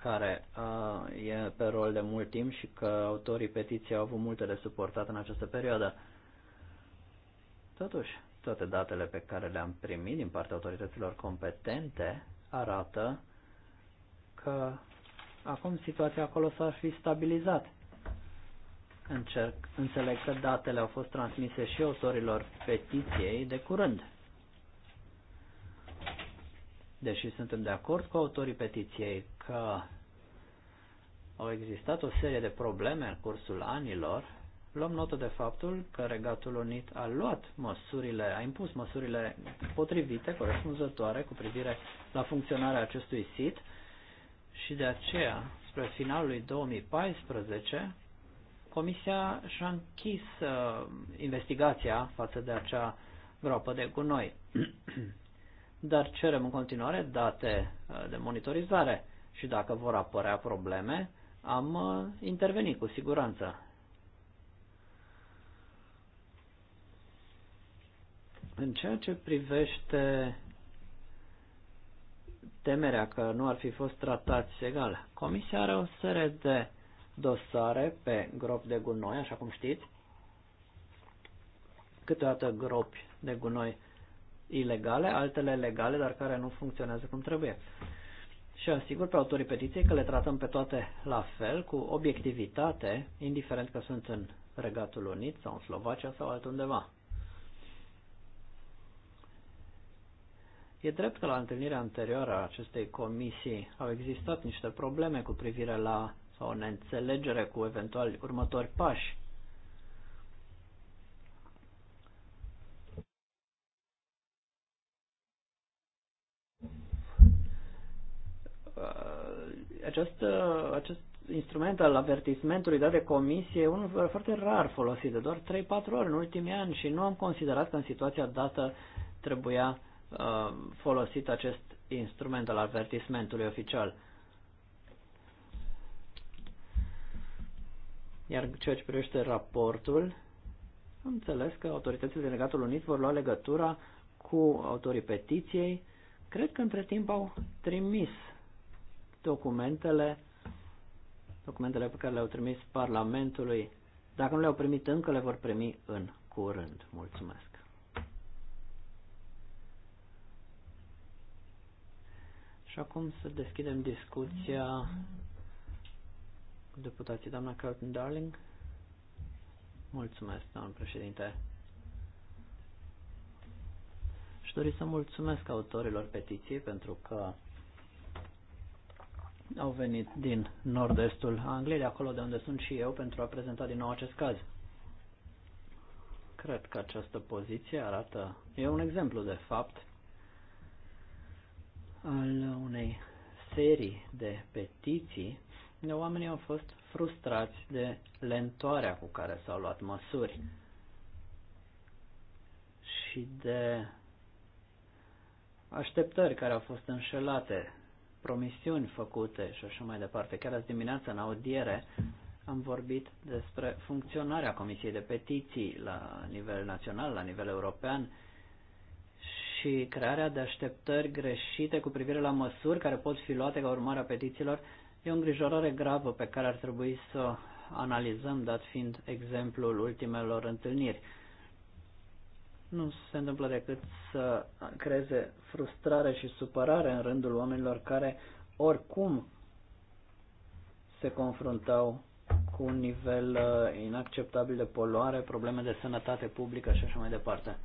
care uh, e pe rol de mult timp și că autorii petiției au avut multe de suportat în această perioadă. Totuși, toate datele pe care le-am primit din partea autorităților competente arată că acum situația acolo s-ar fi stabilizat. Încerc, înțeleg că datele au fost transmise și autorilor petiției de curând deși suntem de acord cu autorii petiției că au existat o serie de probleme în cursul anilor, luăm notă de faptul că Regatul Unit a luat măsurile, a impus măsurile potrivite, corespunzătoare cu privire la funcționarea acestui sit și de aceea, spre finalul lui 2014, Comisia și-a închis uh, investigația față de acea groapă de gunoi. [CLEARS THROAT] dar cerem în continuare date uh, de monitorizare și dacă vor apărea probleme, am uh, intervenit cu siguranță. În ceea ce privește temerea că nu ar fi fost tratați egal, Comisia are o serie de dosare pe gropi de gunoi, așa cum știți, câteodată gropi de gunoi ilegale, altele legale, dar care nu funcționează cum trebuie. Și asigur pe autorii petiției că le tratăm pe toate la fel, cu obiectivitate, indiferent că sunt în Regatul Unit sau în Slovacia sau altundeva. E drept că la întâlnirea anterioară a acestei comisii au existat niște probleme cu privire la sau o neînțelegere cu eventuali următori pași. Uh, acest, uh, acest instrument al avertismentului dat de comisie e unul foarte rar folosit, de doar 3-4 ori în ultimii ani și nu am considerat că în situația dată trebuia uh, folosit acest instrument al avertismentului oficial. Iar ceea ce privește raportul, am înțeles că autoritățile din Regatul Unit vor lua legătura cu autorii petiției. Cred că între timp au trimis documentele, documentele pe care le-au trimis Parlamentului. Dacă nu le-au primit încă, le vor primi în curând. Mulțumesc! Și acum să deschidem discuția cu deputații, doamna Carlton Darling. Mulțumesc, doamnă președinte. Și doresc să mulțumesc autorilor petiției pentru că au venit din nord-estul Angliei, de acolo de unde sunt și eu, pentru a prezenta din nou acest caz. Cred că această poziție arată, e un exemplu de fapt al unei serii de petiții de oamenii au fost frustrați de lentoarea cu care s-au luat măsuri și de așteptări care au fost înșelate promisiuni făcute și așa mai departe. Chiar azi dimineață, în audiere, am vorbit despre funcționarea Comisiei de Petiții la nivel național, la nivel european și crearea de așteptări greșite cu privire la măsuri care pot fi luate ca urmare a petițiilor e o îngrijorare gravă pe care ar trebui să o analizăm, dat fiind exemplul ultimelor întâlniri nu se întâmplă decât să creeze frustrare și supărare în rândul oamenilor care oricum se confruntau cu un nivel uh, inacceptabil de poluare, probleme de sănătate publică și așa mai departe.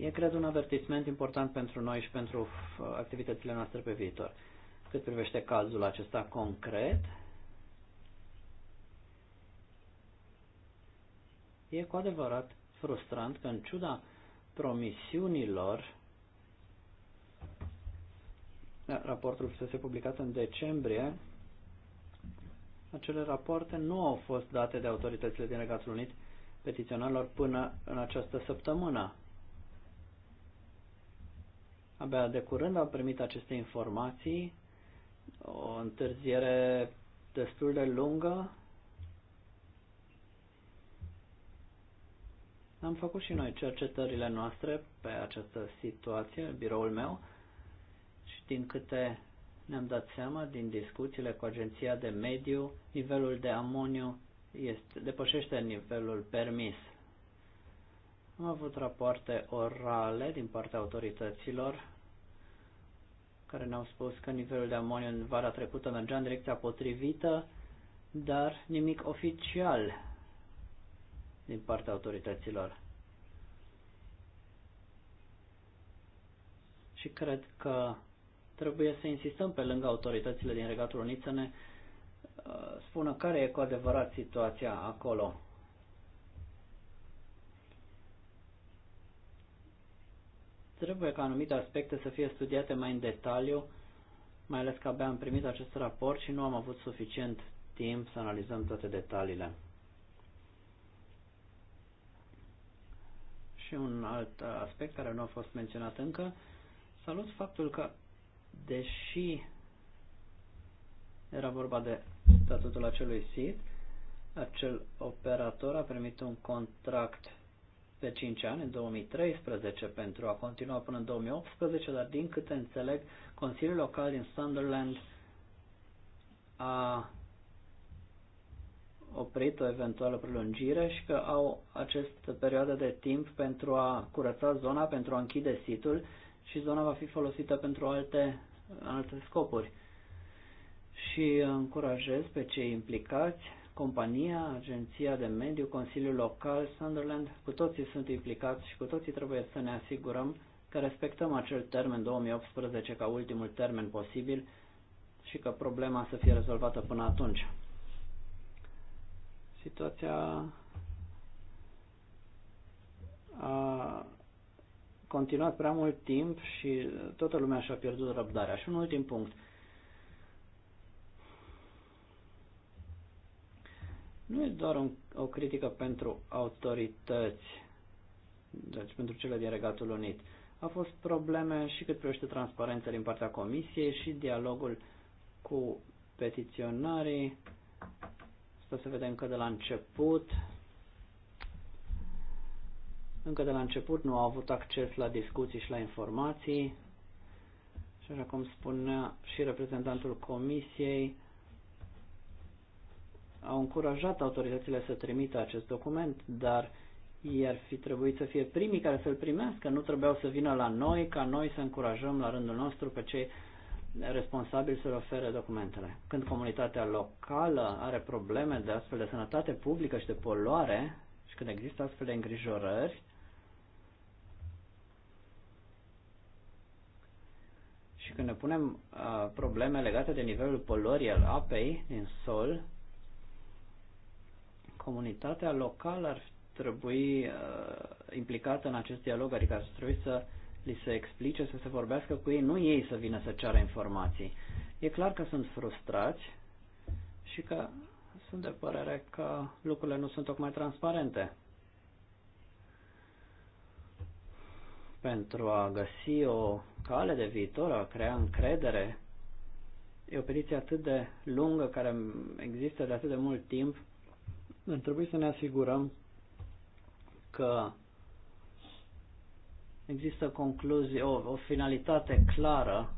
E, cred, un avertisment important pentru noi și pentru uh, activitățile noastre pe viitor. Cât privește cazul acesta concret, E cu adevărat frustrant că în ciuda promisiunilor, raportul fusese publicat în decembrie, acele rapoarte nu au fost date de autoritățile din Regatul Unit petiționarilor până în această săptămână. Abia de curând au primit aceste informații, o întârziere destul de lungă, Am făcut și noi cercetările noastre pe această situație, biroul meu, și din câte ne-am dat seama din discuțiile cu agenția de mediu, nivelul de amoniu este, depășește nivelul permis. Am avut rapoarte orale din partea autorităților care ne-au spus că nivelul de amoniu în vara trecută mergea în direcția potrivită, dar nimic oficial din partea autorităților. Și cred că trebuie să insistăm pe lângă autoritățile din Regatul Unit să ne uh, spună care e cu adevărat situația acolo. Trebuie ca anumite aspecte să fie studiate mai în detaliu, mai ales că abia am primit acest raport și nu am avut suficient timp să analizăm toate detaliile. Și un alt aspect care nu a fost menționat încă, salut faptul că, deși era vorba de statutul acelui SID, acel operator a primit un contract pe 5 ani, în 2013, pentru a continua până în 2018, dar din câte înțeleg, Consiliul Local din Sunderland a oprit o eventuală prelungire și că au această perioadă de timp pentru a curăța zona, pentru a închide situl și zona va fi folosită pentru alte, alte scopuri. Și încurajez pe cei implicați, compania, agenția de mediu, Consiliul Local, Sunderland, cu toții sunt implicați și cu toții trebuie să ne asigurăm că respectăm acel termen 2018 ca ultimul termen posibil și că problema să fie rezolvată până atunci situația a continuat prea mult timp și toată lumea și-a pierdut răbdarea. Și un ultim punct. Nu e doar un, o critică pentru autorități, deci pentru cele din Regatul Unit. A fost probleme și cât privește transparența din partea Comisiei și dialogul cu petiționarii Asta se vede încă de la început. Încă de la început nu au avut acces la discuții și la informații. Și așa cum spunea și reprezentantul comisiei, au încurajat autoritățile să trimită acest document, dar ei ar fi trebuit să fie primii care să-l primească, nu trebuiau să vină la noi ca noi să încurajăm la rândul nostru pe cei responsabil să le ofere documentele. Când comunitatea locală are probleme de astfel de sănătate publică și de poluare și când există astfel de îngrijorări, și când ne punem uh, probleme legate de nivelul poluării al apei din sol, comunitatea locală ar trebui uh, implicată în acest dialog, adică ar trebui să uh, li se explice, să se vorbească cu ei, nu ei să vină să ceară informații. E clar că sunt frustrați și că sunt de părere că lucrurile nu sunt tocmai transparente. Pentru a găsi o cale de viitor, a crea încredere, e o petiție atât de lungă care există de atât de mult timp, trebuie să ne asigurăm că există concluzii, o, o finalitate clară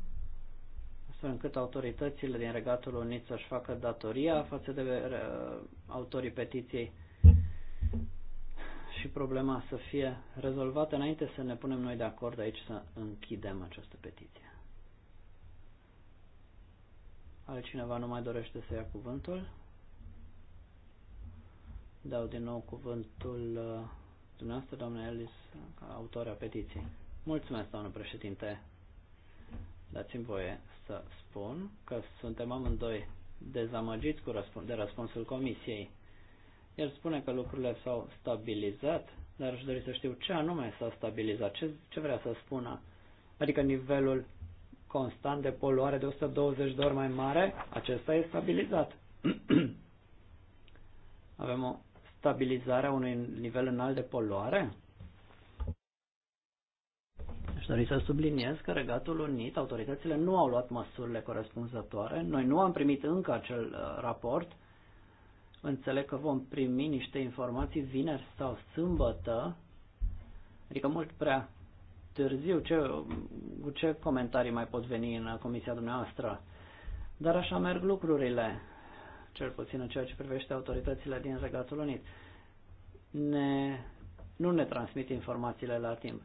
astfel încât autoritățile din Regatul Unit să-și facă datoria față de uh, autorii petiției și problema să fie rezolvată înainte să ne punem noi de acord aici să închidem această petiție. Altcineva nu mai dorește să ia cuvântul? Dau din nou cuvântul uh, Dumneavoastră, doamna Ellis, ca autoarea petiției. Mulțumesc, doamnă președinte. Dați-mi voie să spun că suntem amândoi dezamăgiți cu răspuns, de răspunsul comisiei. El spune că lucrurile s-au stabilizat, dar aș dori să știu ce anume s-a stabilizat, ce, ce vrea să spună. Adică nivelul constant de poluare de 120 de ori mai mare, acesta e stabilizat. [CLEARS THROAT] Avem o stabilizarea unui nivel înalt de poluare? Aș dori să subliniez că Regatul Unit, autoritățile nu au luat măsurile corespunzătoare. Noi nu am primit încă acel uh, raport. Înțeleg că vom primi niște informații vineri sau sâmbătă, adică mult prea târziu. Ce, cu ce comentarii mai pot veni în uh, comisia dumneavoastră? Dar așa merg lucrurile cel puțin în ceea ce privește autoritățile din Regatul Unit. Ne, nu ne transmit informațiile la timp.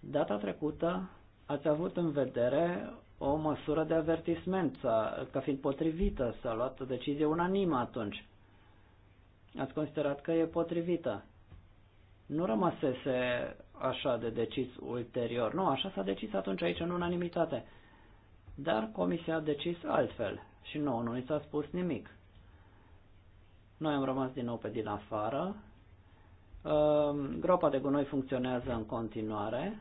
Data trecută ați avut în vedere o măsură de avertisment ca fiind potrivită, s-a luat o decizie unanimă atunci. Ați considerat că e potrivită. Nu rămăsese așa de decis ulterior. Nu, așa s-a decis atunci aici în unanimitate. Dar comisia a decis altfel și nouă nu ni s-a spus nimic. Noi am rămas din nou pe din afară. Ehm, groapa de gunoi funcționează în continuare.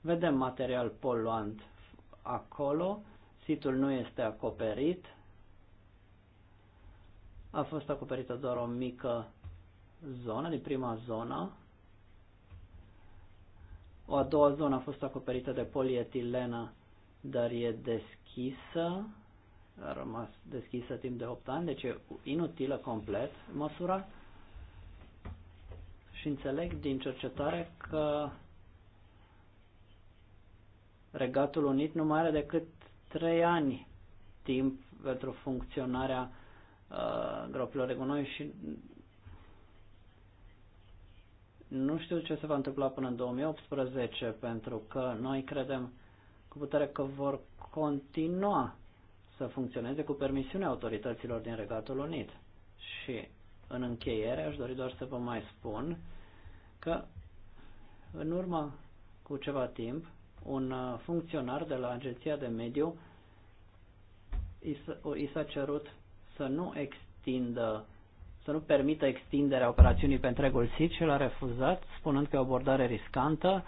Vedem material poluant acolo. Situl nu este acoperit. A fost acoperită doar o mică zonă, din prima zonă. O a doua zonă a fost acoperită de polietilenă, dar e deschisă a rămas deschisă timp de 8 ani, deci e inutilă complet măsura. Și înțeleg din cercetare că Regatul Unit nu mai are decât 3 ani timp pentru funcționarea uh, gropilor de gunoi și nu știu ce se va întâmpla până în 2018 pentru că noi credem cu putere că vor continua să funcționeze cu permisiunea autorităților din Regatul Unit. Și în încheiere aș dori doar să vă mai spun că în urmă cu ceva timp un uh, funcționar de la Agenția de Mediu i s-a cerut să nu extindă să nu permită extinderea operațiunii pe întregul sit și l-a refuzat, spunând că e o abordare riscantă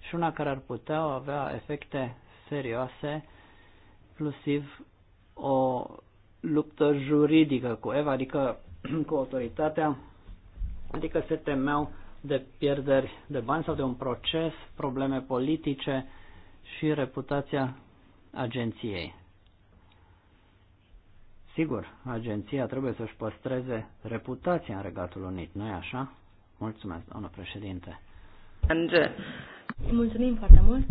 și una care ar putea avea efecte serioase, inclusiv o luptă juridică cu Eva, adică [CLEARS THROAT] cu autoritatea, adică se temeau de pierderi de bani sau de un proces, probleme politice și reputația agenției. Sigur, agenția trebuie să-și păstreze reputația în Regatul Unit, nu-i așa? Mulțumesc, doamnă președinte. Ange. Mulțumim foarte mult.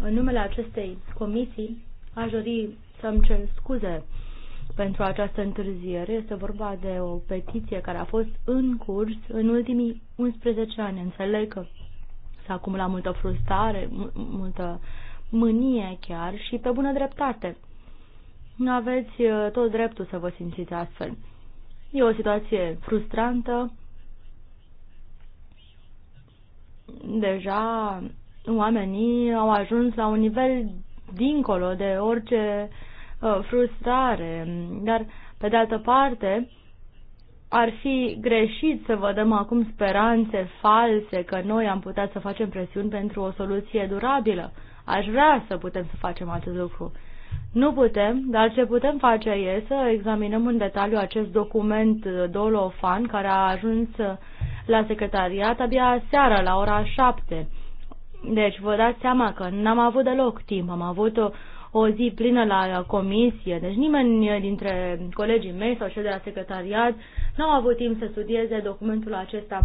În numele acestei comisii aș dori să-mi cer scuze pentru această întârziere. Este vorba de o petiție care a fost în curs în ultimii 11 ani. Înțeleg că s-a acumulat multă frustrare, multă mânie chiar și pe bună dreptate. Aveți uh, tot dreptul să vă simțiți astfel. E o situație frustrantă. Deja oamenii au ajuns la un nivel dincolo de orice uh, Uh, frustrare, dar pe de altă parte ar fi greșit să vă dăm acum speranțe false că noi am putea să facem presiuni pentru o soluție durabilă. Aș vrea să putem să facem acest lucru. Nu putem, dar ce putem face e să examinăm în detaliu acest document uh, Dolofan care a ajuns uh, la secretariat abia seara, la ora 7. Deci vă dați seama că n-am avut deloc timp, am avut o, o zi plină la comisie, deci nimeni dintre colegii mei sau cei de la secretariat nu au avut timp să studieze documentul acesta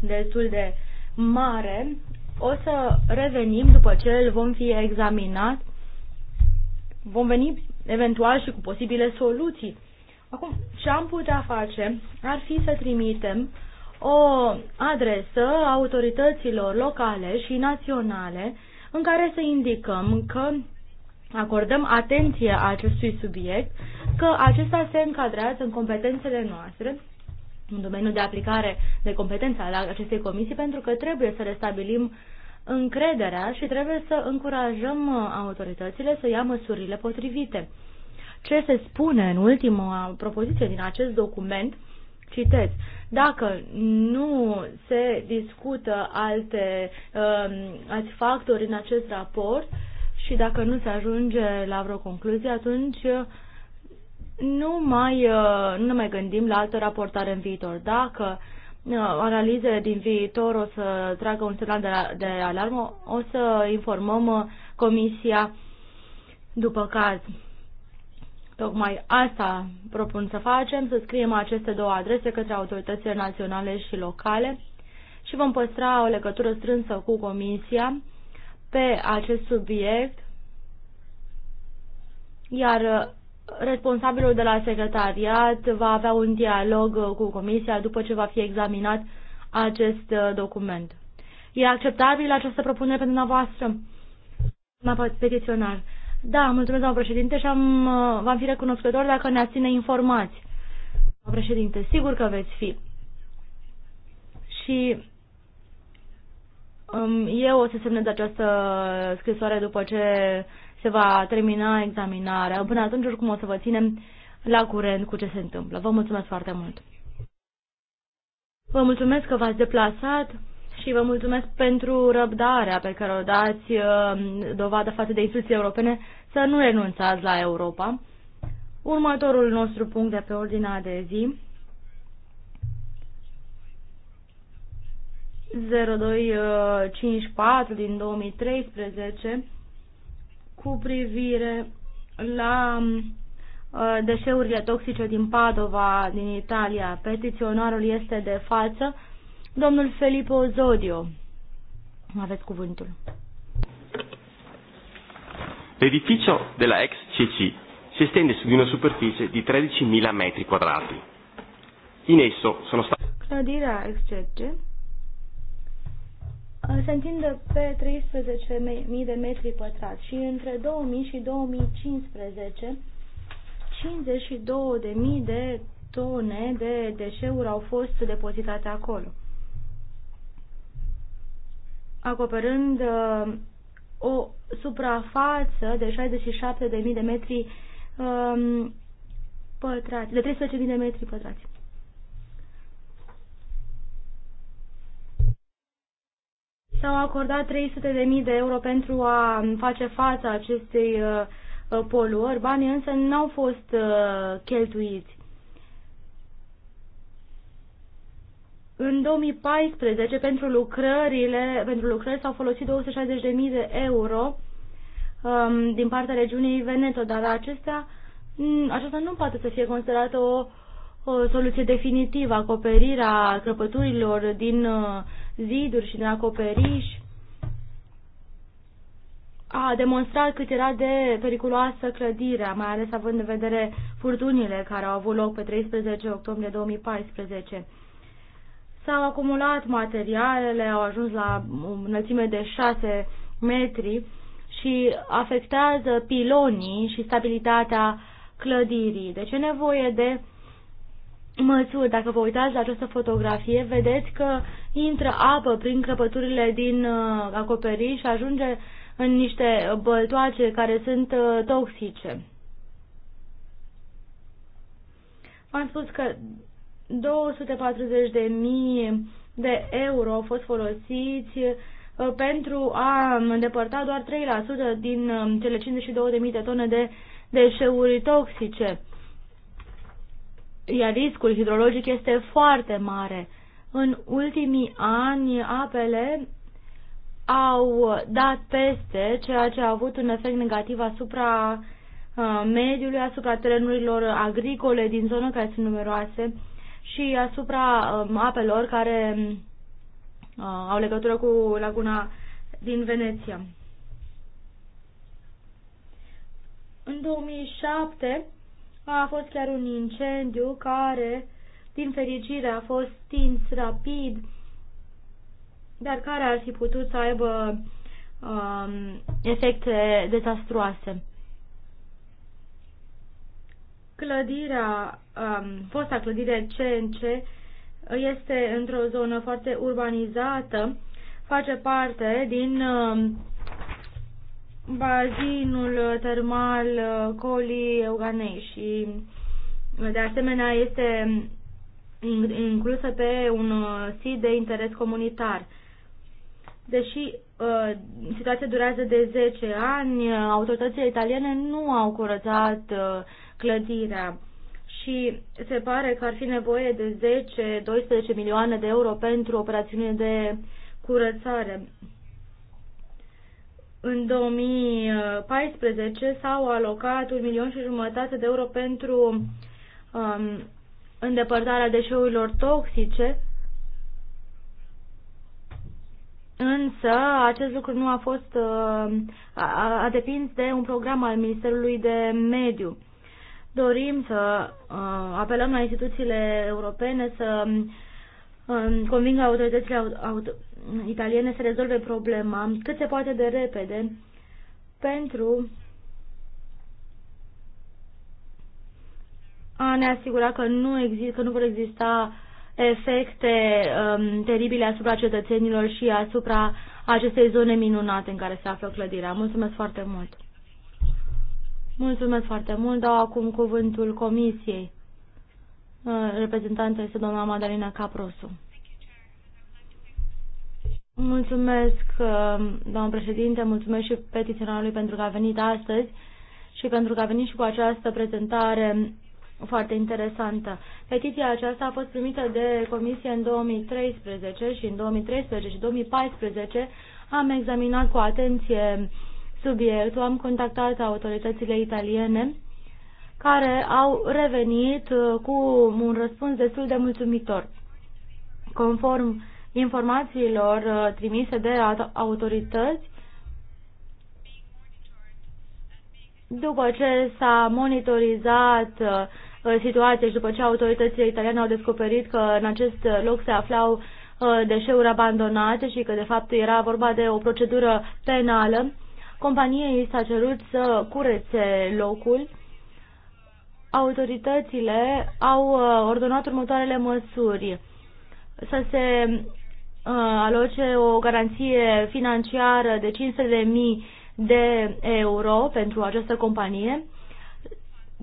destul de mare. O să revenim după ce îl vom fi examinat. Vom veni eventual și cu posibile soluții. Acum, ce am putea face ar fi să trimitem o adresă autorităților locale și naționale în care să indicăm că acordăm atenție acestui subiect, că acesta se încadrează în competențele noastre, în domeniul de aplicare de competența al acestei comisii, pentru că trebuie să restabilim încrederea și trebuie să încurajăm uh, autoritățile să ia măsurile potrivite. Ce se spune în ultima propoziție din acest document, citez, dacă nu se discută alte, uh, alți factori în acest raport, uh, și dacă nu se ajunge la vreo concluzie, atunci nu mai, uh, nu ne mai gândim la altă raportare în viitor. Dacă uh, analizele din viitor o să tragă un semnal de, de alarmă, o să informăm uh, comisia după caz. Tocmai asta propun să facem, să scriem aceste două adrese către autoritățile naționale și locale și vom păstra o legătură strânsă cu comisia pe acest subiect, iar responsabilul de la secretariat va avea un dialog cu comisia după ce va fi examinat acest uh, document. E acceptabil această propunere pentru dumneavoastră? Mă petiționar. Da, mulțumesc, doamna președinte, și am, uh, v-am fi recunoscător dacă ne ține informați. Doamna președinte, sigur că veți fi. Și eu o să semnez această scrisoare după ce se va termina examinarea. Până atunci, oricum, o să vă ținem la curent cu ce se întâmplă. Vă mulțumesc foarte mult! Vă mulțumesc că v-ați deplasat și vă mulțumesc pentru răbdarea pe care o dați um, dovadă față de instituții europene să nu renunțați la Europa. Următorul nostru punct de pe ordinea de zi 0254 uh, din 2013 cu privire la um, uh, deșeurile toxice din Padova, din Italia. Petiționarul este de față, domnul Felipe Zodio. Aveți cuvântul. L'edificio della ex CC si estende su di una superficie di 13.000 metri quadrati. In esso sono stati... Clădirea ex CC Uh, se întinde pe 13.000 de metri pătrați și între 2000 și 2015 52.000 de tone de deșeuri au fost depozitate acolo, acoperând uh, o suprafață de 67.000 de metri um, pătrați, de 13.000 de metri pătrați. S-au acordat 300.000 de euro pentru a face față acestei uh, uh, poluări, banii însă nu au fost uh, cheltuiți. În 2014, pentru lucrările, pentru lucrări s-au folosit 260.000 de euro um, din partea regiunii Veneto, dar acestea, aceasta nu poate să fie considerată o, o soluție definitivă. Acoperirea crăpăturilor din uh, ziduri și din acoperiș a demonstrat cât era de periculoasă clădirea, mai ales având în vedere furtunile care au avut loc pe 13 octombrie 2014. S-au acumulat materialele, au ajuns la o înălțime de 6 metri și afectează pilonii și stabilitatea clădirii. Deci e nevoie de măsuri. Dacă vă uitați la această fotografie, vedeți că intră apă prin crăpăturile din uh, acoperiș și ajunge în niște băltoace care sunt uh, toxice. Am spus că 240.000 de euro au fost folosiți uh, pentru a îndepărta doar 3% din cele 52.000 de tone de deșeuri toxice. Iar riscul hidrologic este foarte mare. În ultimii ani, apele au dat peste, ceea ce a avut un efect negativ asupra uh, mediului, asupra terenurilor agricole din zonă care sunt numeroase și asupra um, apelor care uh, au legătură cu laguna din Veneția. În 2007 a fost chiar un incendiu care din fericire a fost stins rapid, dar care ar fi putut să aibă um, efecte dezastruoase. Clădirea, um, fosta clădire CNC este într-o zonă foarte urbanizată, face parte din um, bazinul termal uh, Coli Euganei și de asemenea este inclusă pe un uh, sit de interes comunitar. Deși uh, situația durează de 10 ani, uh, autoritățile italiene nu au curățat uh, clădirea și se pare că ar fi nevoie de 10-12 milioane de euro pentru operațiune de curățare. În 2014 s-au alocat un milion și jumătate de euro pentru um, îndepărtarea deșeurilor toxice, însă acest lucru nu a fost, uh, a, a depins de un program al Ministerului de Mediu. Dorim să uh, apelăm la instituțiile europene să um, convingă autoritățile aut italiene să rezolve problema cât se poate de repede pentru a ne asigura că nu, exist, că nu vor exista efecte um, teribile asupra cetățenilor și asupra acestei zone minunate în care se află clădirea. Mulțumesc foarte mult! Mulțumesc foarte mult! Dau acum cuvântul Comisiei. Uh, Reprezentanța este doamna Madalina Caprosu. Mulțumesc, uh, doamnă președinte, mulțumesc și petiționarului pentru că a venit astăzi și pentru că a venit și cu această prezentare foarte interesantă. Petiția aceasta a fost primită de comisie în 2013 și în 2013 și 2014 am examinat cu atenție subiectul, am contactat autoritățile italiene care au revenit uh, cu un răspuns destul de mulțumitor. Conform informațiilor uh, trimise de autorități, după ce s-a monitorizat uh, Uh, situație și după ce autoritățile italiane au descoperit că în acest loc se aflau uh, deșeuri abandonate și că de fapt era vorba de o procedură penală, companiei s-a cerut să curețe locul. Autoritățile au uh, ordonat următoarele măsuri. Să se aloce o garanție financiară de 500.000 de euro pentru această companie,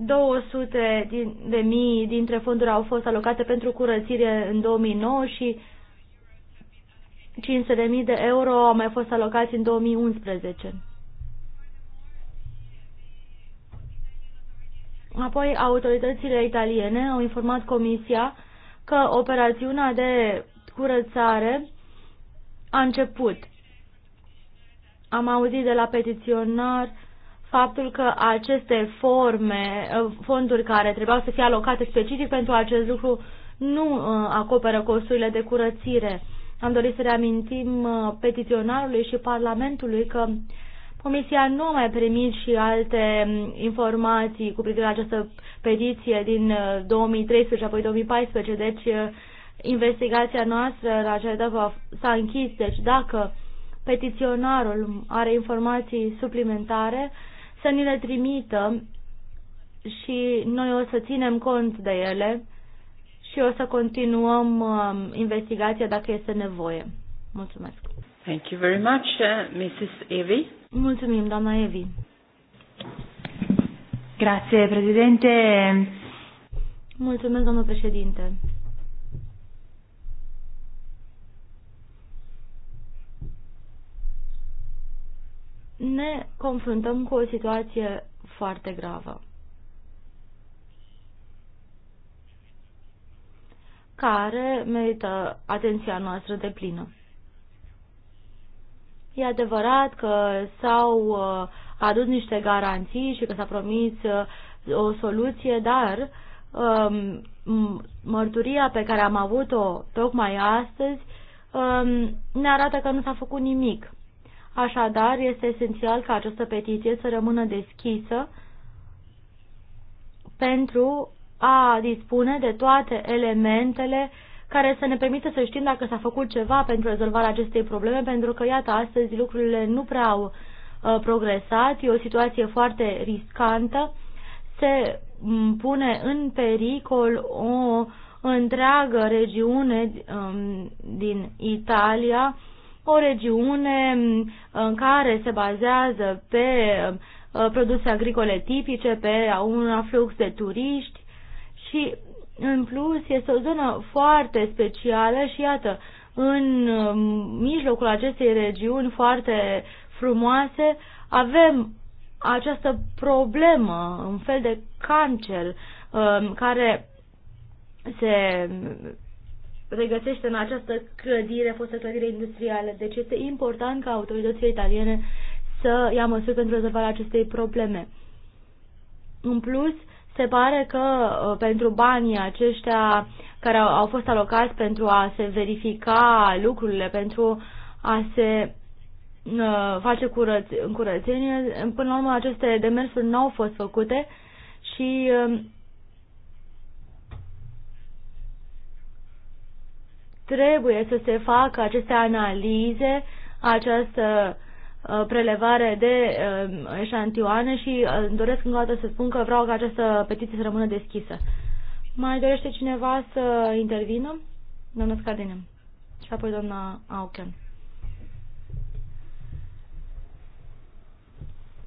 200 de mii dintre fonduri au fost alocate pentru curățire în 2009 și 500 de mii de euro au mai fost alocați în 2011. Apoi, autoritățile italiene au informat Comisia că operațiunea de curățare a început. Am auzit de la petiționar faptul că aceste forme, fonduri care trebuiau să fie alocate specific pentru acest lucru, nu uh, acoperă costurile de curățire. Am dorit să reamintim uh, petiționarului și Parlamentului că Comisia nu a mai primit și alte um, informații cu privire la această petiție din 2013 uh, apoi 2014, deci investigația noastră la CEDAV s-a închis, deci dacă petiționarul are informații suplimentare, să ni le trimită și noi o să ținem cont de ele și o să continuăm um, investigația dacă este nevoie. Mulțumesc. Thank you very much, uh, Mrs. Evi. Mulțumim, doamna Evi. Grazie, președinte. Mulțumesc, domnul președinte. ne confruntăm cu o situație foarte gravă. care merită atenția noastră de plină. E adevărat că s-au uh, adus niște garanții și că s-a promis uh, o soluție, dar um, mărturia pe care am avut-o tocmai astăzi um, ne arată că nu s-a făcut nimic. Așadar, este esențial ca această petiție să rămână deschisă pentru a dispune de toate elementele care să ne permită să știm dacă s-a făcut ceva pentru rezolvarea acestei probleme, pentru că, iată, astăzi lucrurile nu prea au uh, progresat, e o situație foarte riscantă, se pune în pericol o întreagă regiune um, din Italia, o regiune mm, în care se bazează pe uh, produse agricole tipice, pe un aflux de turiști și în plus este o zonă foarte specială și iată, în mm, mijlocul acestei regiuni foarte frumoase avem această problemă, un fel de cancer um, care se regăsește în această clădire, fostă clădire industrială. Deci este important ca autoritățile italiene să ia măsuri pentru rezolvarea acestei probleme. În plus, se pare că uh, pentru banii aceștia care au fost alocați pentru a se verifica lucrurile, pentru a se uh, face curăț, curățenie, până la urmă aceste demersuri nu au fost făcute și uh, trebuie să se facă aceste analize, această ă, prelevare de ă, eșantioane și ă, doresc încă o dată să spun că vreau ca această petiție să rămână deschisă. Mai dorește cineva să intervină? Doamna Scardine și apoi doamna Auken.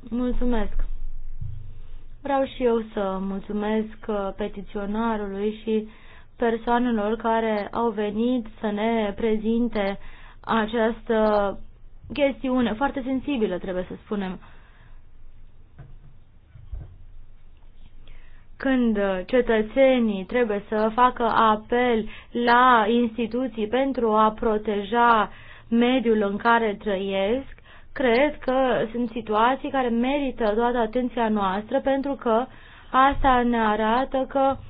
Mulțumesc. Vreau și eu să mulțumesc petiționarului și persoanelor care au venit să ne prezinte această chestiune foarte sensibilă, trebuie să spunem. Când cetățenii trebuie să facă apel la instituții pentru a proteja mediul în care trăiesc, cred că sunt situații care merită toată atenția noastră pentru că asta ne arată că uh,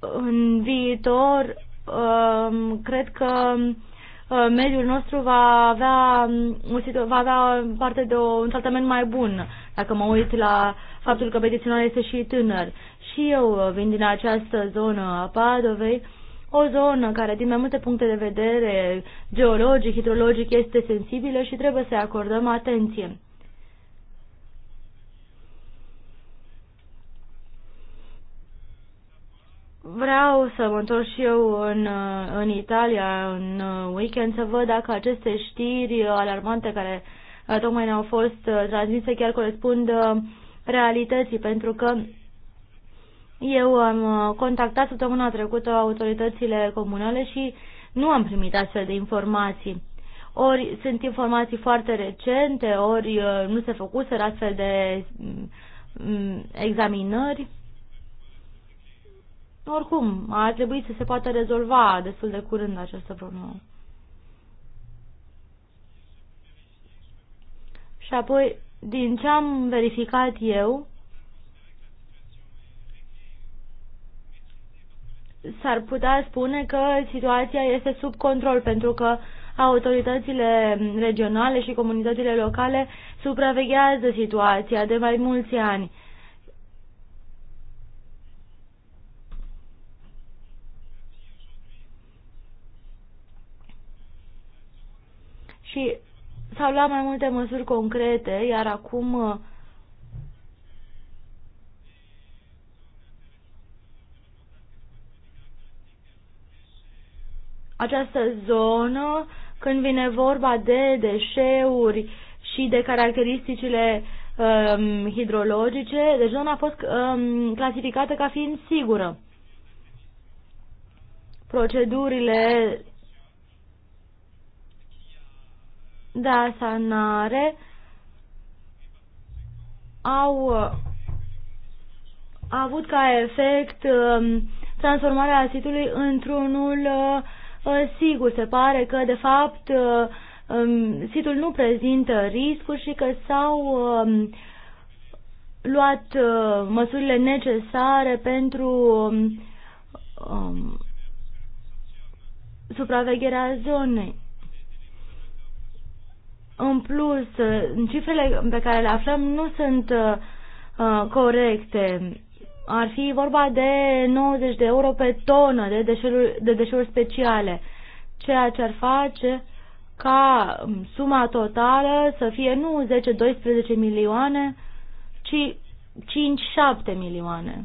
în viitor um, cred că uh, mediul nostru va avea, va avea parte de o, un tratament mai bun, dacă mă uit la faptul că petiționarul este și tânăr. Și eu vin din această zonă a Padovei, o zonă care, din mai multe puncte de vedere, geologic, hidrologic, este sensibilă și trebuie să acordăm atenție. vreau să mă întorc și eu în, în Italia în weekend să văd dacă aceste știri alarmante care tocmai ne-au fost uh, transmise chiar corespund uh, realității, pentru că eu am uh, contactat săptămâna trecută autoritățile comunale și nu am primit astfel de informații. Ori sunt informații foarte recente, ori nu se făcuseră astfel de mm, mm, examinări. Oricum, a trebui să se poată rezolva destul de curând această problemă. Și apoi, din ce am verificat eu, s-ar putea spune că situația este sub control, pentru că autoritățile regionale și comunitățile locale supraveghează situația de mai mulți ani și s-au luat mai multe măsuri concrete, iar acum uh, această zonă, când vine vorba de deșeuri și de caracteristicile um, hidrologice, deci zona a fost um, clasificată ca fiind sigură. Procedurile de asanare au a avut ca efect um, transformarea sitului într-unul uh, sigur. Se pare că, de fapt, uh, um, situl nu prezintă riscuri și că s-au um, luat uh, măsurile necesare pentru um, supravegherea zonei. În plus, cifrele pe care le aflăm nu sunt uh, uh corecte. Ar fi vorba de 90 de euro pe tonă de deșeuri, de deșeuri speciale, ceea ce ar face ca um, suma totală să fie nu 10-12 milioane, ci 5-7 milioane.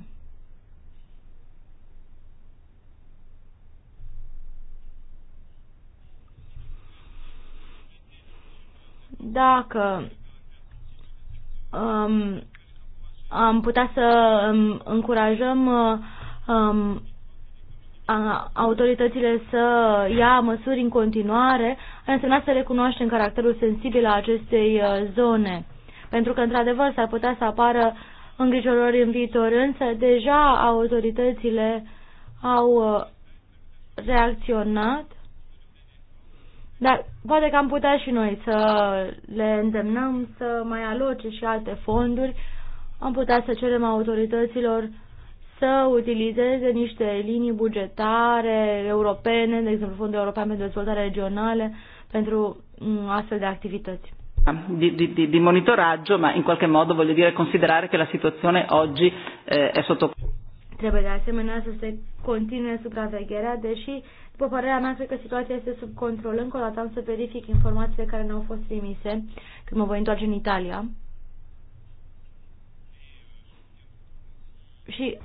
dacă um, am putea să um, încurajăm um, autoritățile să ia măsuri în continuare, ar însemna să recunoaștem caracterul sensibil al acestei uh, zone. Pentru că, într-adevăr, s-ar putea să apară îngrijorări în viitor, însă deja autoritățile au uh, reacționat dar poate că am putea și noi să le îndemnăm să mai aloce și alte fonduri. Am putea să cerem autorităților să utilizeze niște linii bugetare europene, de exemplu Fondul European pentru Dezvoltare Regională, pentru astfel de activități. Di, di, di monitoraggio, ma in qualche modo voglio dire considerare che la situazione oggi eh, è sotto Trebuie de asemenea să se continue supravegherea, deși, după părerea mea, cred că situația este sub control. Încă o dată am să verific informațiile care ne-au fost trimise când mă voi întoarce în Italia. Și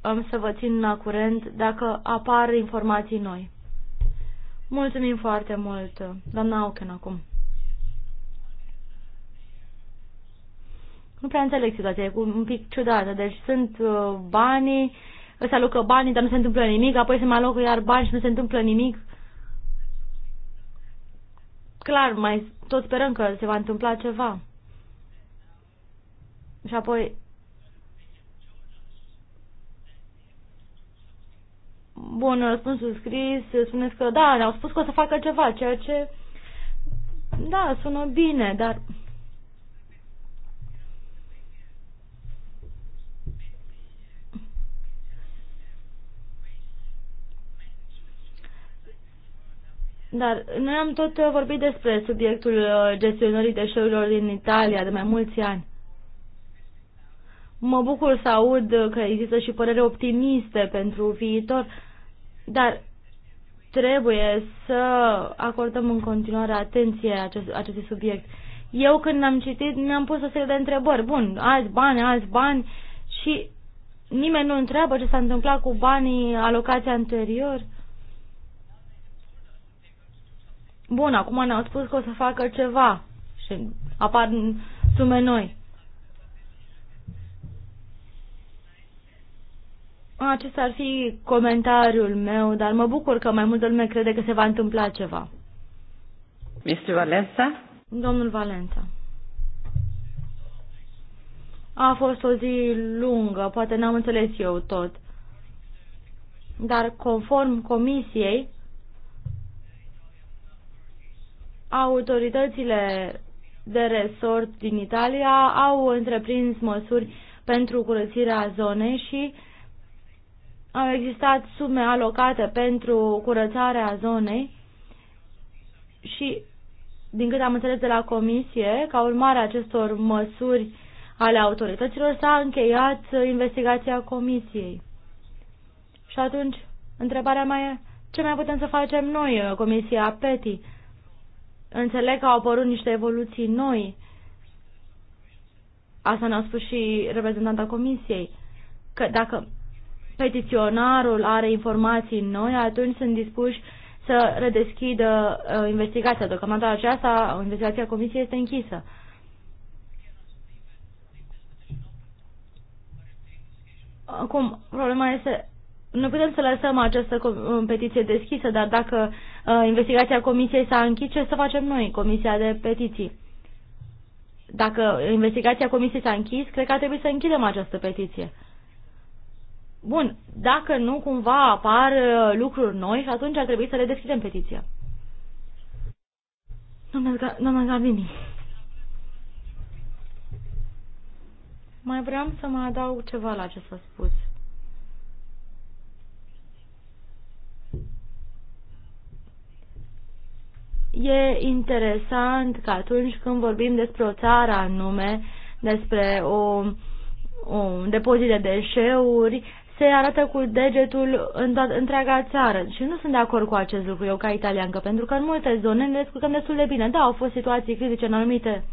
am să vă țin la curent dacă apar informații noi. Mulțumim foarte mult, doamna Auken, acum. Nu prea înțeleg situația, e cu un pic ciudată. Deci sunt uh, banii, se alocă banii, dar nu se întâmplă nimic, apoi se mai alocă iar bani și nu se întâmplă nimic. Clar, mai tot sperăm că se va întâmpla ceva. Și apoi... Bun, răspunsul scris, spuneți că da, ne-au spus că o să facă ceva, ceea ce... Da, sună bine, dar Dar noi am tot uh, vorbit despre subiectul uh, gestionării deșeurilor din Italia de mai mulți ani. Mă bucur să aud uh, că există și părere optimiste pentru viitor, dar trebuie să acordăm în continuare atenție acest, acestui subiect. Eu când am citit mi-am pus o serie de întrebări. Bun, alți bani, alți bani și nimeni nu întreabă ce s-a întâmplat cu banii alocați anterior. Uh, bun, acum ne-au spus că o să facă ceva și apar sume noi. Acesta ar fi comentariul meu, dar mă bucur că mai multă lume crede că se va întâmpla ceva. Mr. Valenza? Domnul Valenza. A fost o zi lungă, poate n-am înțeles eu tot. Dar conform comisiei, autoritățile de resort din Italia au întreprins măsuri pentru curățirea zonei și au existat sume alocate pentru curățarea zonei și, din câte am înțeles de la comisie, ca urmare a acestor măsuri ale autorităților, s-a încheiat investigația comisiei. Și atunci, întrebarea mai e, ce mai putem să facem noi, Comisia PETI? Înțeleg că au apărut niște evoluții noi. Asta ne-a spus și reprezentanta comisiei. Că dacă petiționarul are informații noi, atunci sunt dispuși să redeschidă uh, investigația. Deocamdată aceasta, investigația comisiei este închisă. Acum, problema este nu putem să lăsăm această petiție deschisă, dar dacă uh, investigația comisiei s-a închis, ce să facem noi, comisia de petiții? Dacă investigația comisiei s-a închis, cred că ar trebui să închidem această petiție. Bun, dacă nu, cumva apar uh, lucruri noi și atunci ar trebui să le deschidem petiția. Doamna Gardini. Mai vreau să mă adaug ceva la ce s-a spus. E interesant că atunci când vorbim despre o țară anume, despre o, un depozit de deșeuri, se arată cu degetul în toată întreaga țară. Și nu sunt de acord cu acest lucru eu ca italiancă, pentru că în multe zone ne descurcăm destul de bine. Da, au fost situații critice în anumite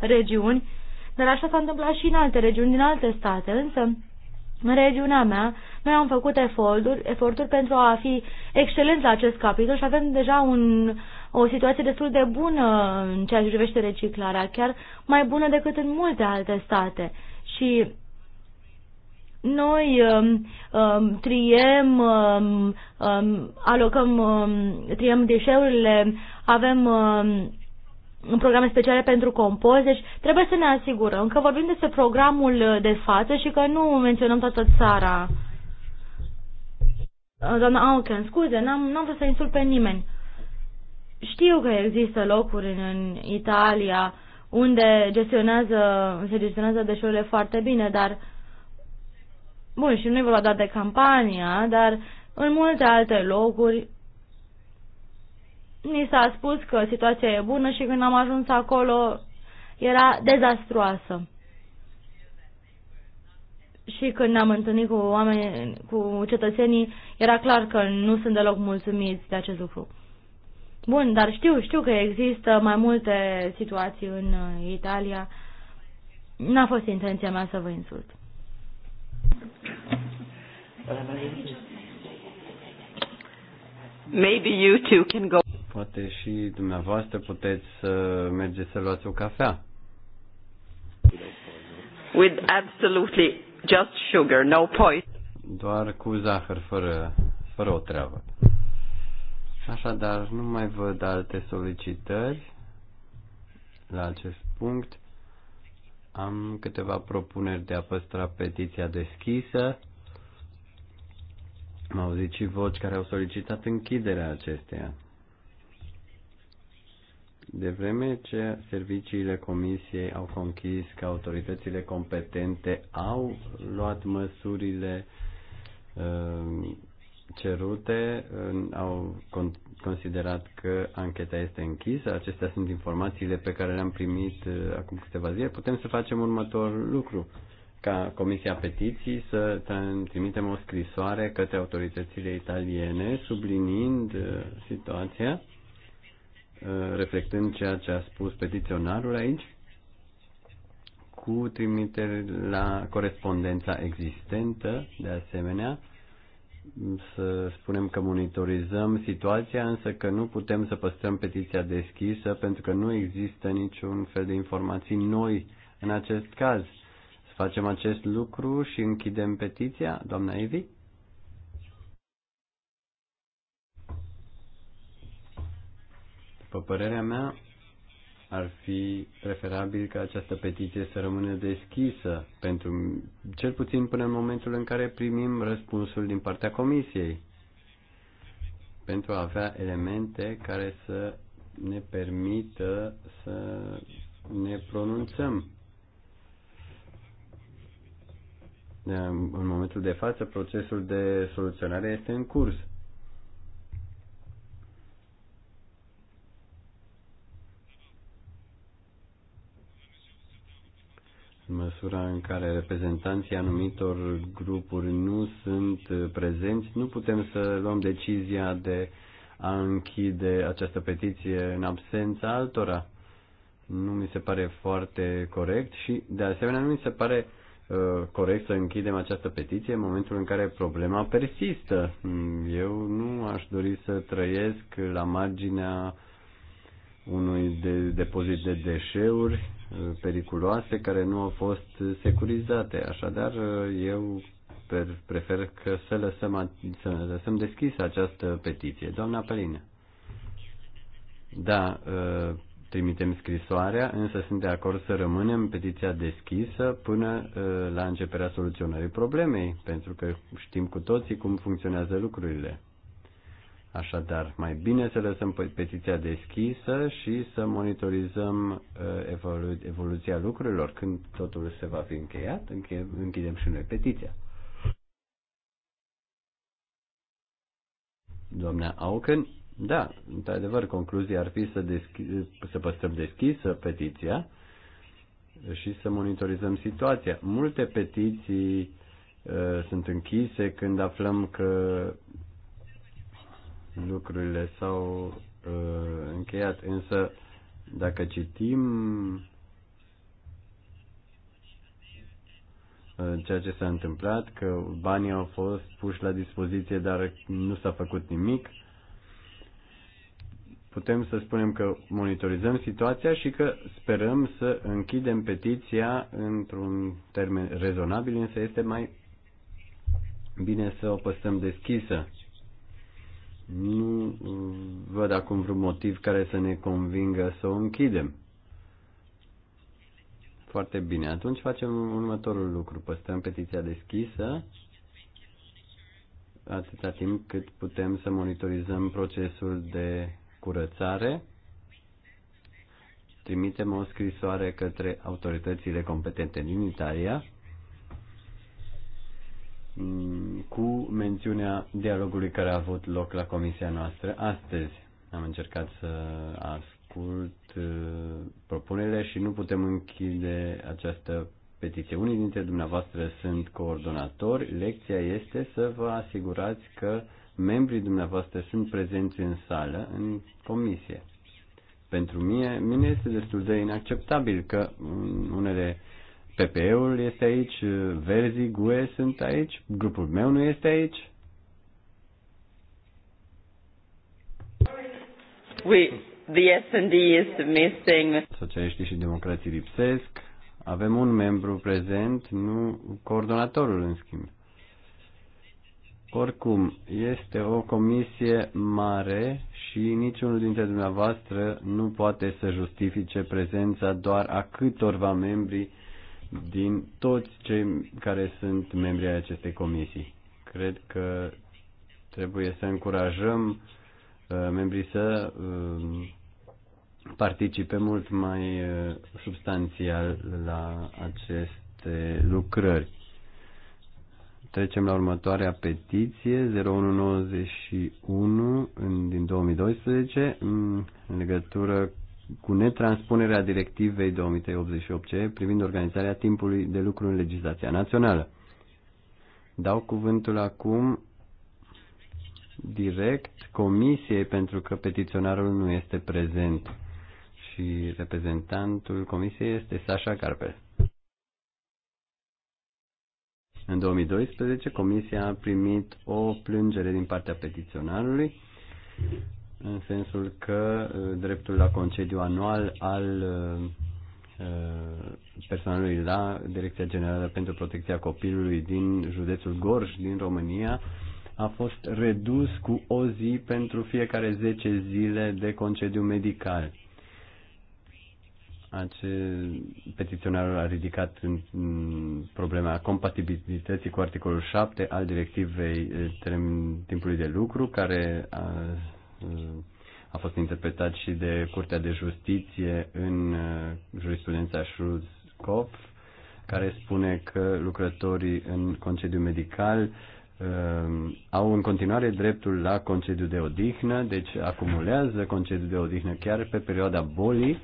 regiuni, dar așa s-a întâmplat și în alte regiuni din alte state. Însă, în regiunea mea, noi am făcut eforturi, eforturi pentru a fi excelenți la acest capitol și avem deja un o situație destul de bună în ceea ce privește reciclarea, chiar mai bună decât în multe alte state. Și noi um, um, triem, um, um, alocăm, um, triem deșeurile, avem um, în programe speciale pentru compost, deci trebuie să ne asigurăm că vorbim despre programul de față și că nu menționăm toată țara. Doamna Auken, scuze, n-am, n-am vrut să insult pe nimeni. Știu că există locuri în, în Italia unde gestionează, se gestionează deșeurile foarte bine, dar bun, și nu e vorba doar de campania, dar în multe alte locuri ni s-a spus că situația e bună și când am ajuns acolo era dezastruoasă. Și când ne-am întâlnit cu oameni, cu cetățenii, era clar că nu sunt deloc mulțumiți de acest lucru. Bun, dar știu, știu că există mai multe situații în uh, Italia. N-a fost intenția mea să vă insult. Maybe you two can go. Poate și dumneavoastră puteți să mergeți să luați o cafea. With absolutely just sugar, no point. Doar cu zahăr, fără, fără o treabă. Așadar, nu mai văd alte solicitări la acest punct. Am câteva propuneri de a păstra petiția deschisă. Am auzit și voci care au solicitat închiderea acesteia. De vreme ce serviciile comisiei au conchis că autoritățile competente au luat măsurile uh, cerute au considerat că ancheta este închisă. Acestea sunt informațiile pe care le-am primit uh, acum câteva zile. Putem să facem următorul lucru ca Comisia Petiții să trimitem o scrisoare către autoritățile italiene subliniind uh, situația, uh, reflectând ceea ce a spus petiționarul aici, cu trimitere la corespondența existentă, de asemenea, să spunem că monitorizăm situația, însă că nu putem să păstrăm petiția deschisă pentru că nu există niciun fel de informații noi în acest caz. Să facem acest lucru și închidem petiția, doamna Evi? După părerea mea, ar fi preferabil ca această petiție să rămână deschisă, pentru cel puțin până în momentul în care primim răspunsul din partea Comisiei, pentru a avea elemente care să ne permită să ne pronunțăm. În momentul de față, procesul de soluționare este în curs măsura în care reprezentanții anumitor grupuri nu sunt prezenți, nu putem să luăm decizia de a închide această petiție în absența altora. Nu mi se pare foarte corect și, de asemenea, nu mi se pare uh, corect să închidem această petiție în momentul în care problema persistă. Eu nu aș dori să trăiesc la marginea unui de depozit de deșeuri periculoase care nu au fost securizate. Așadar, eu prefer că să lăsăm, să lăsăm deschisă această petiție. Doamna Peline. Da, uh, trimitem scrisoarea, însă sunt de acord să rămânem petiția deschisă până uh, la începerea soluționării problemei, pentru că știm cu toții cum funcționează lucrurile. Așadar, mai bine să lăsăm petiția deschisă și să monitorizăm uh, evolu- evoluția lucrurilor. Când totul se va fi încheiat, închidem și noi petiția. Doamna Auken, da, într-adevăr, concluzia ar fi să, deschi- să păstrăm deschisă petiția și să monitorizăm situația. Multe petiții uh, sunt închise când aflăm că lucrurile s-au uh, încheiat. Însă, dacă citim uh, ceea ce s-a întâmplat, că banii au fost puși la dispoziție, dar nu s-a făcut nimic. Putem să spunem că monitorizăm situația și că sperăm să închidem petiția într-un termen rezonabil, însă este mai bine să o păstrăm deschisă. Nu uh, văd acum vreun motiv care să ne convingă să o închidem. Foarte bine. Atunci facem următorul lucru. Păstrăm petiția deschisă atâta timp cât putem să monitorizăm procesul de curățare. Trimitem o scrisoare către autoritățile competente din Italia Mm, cu mențiunea dialogului care a avut loc la comisia noastră astăzi. Am încercat să ascult uh, propunerile și nu putem închide această petiție. Unii dintre dumneavoastră sunt coordonatori. Lecția este să vă asigurați că membrii dumneavoastră sunt prezenți în sală, în comisie. Pentru mine, mine este destul de inacceptabil că unele uh, PPE-ul este aici, Verzi, GUE sunt aici, grupul meu nu este aici. We, the S&D is missing. Socialiștii și democrații lipsesc. Avem un membru prezent, nu coordonatorul în schimb. Oricum, este o comisie mare și niciunul dintre dumneavoastră nu poate să justifice prezența doar a câtorva membri din toți cei care sunt membri ai acestei comisii. Cred că trebuie să încurajăm uh, membrii să um, participe mult mai uh, substanțial la aceste lucrări. Trecem la următoarea petiție 0191 din 2012 în legătură cu netranspunerea directivei 2088 privind organizarea timpului de lucru în legislația națională. Dau cuvântul acum direct comisiei pentru că petiționarul nu este prezent și reprezentantul comisiei este Sasha Carpel. În 2012, comisia a primit o plângere din partea petiționarului în sensul că uh, dreptul la concediu anual al uh, uh, personalului la Direcția Generală pentru Protecția Copilului din județul Gorj din România a fost redus cu o zi pentru fiecare 10 zile de concediu medical. Ace... Petiționarul a ridicat în, problema compatibilității cu articolul 7 al directivei eh, timpului de lucru, care a, a fost interpretat și de Curtea de Justiție în uh, jurisprudența Schrutzkopf, care spune că lucrătorii în concediu medical uh, au în continuare dreptul la concediu de odihnă, deci acumulează concediu de odihnă chiar pe perioada bolii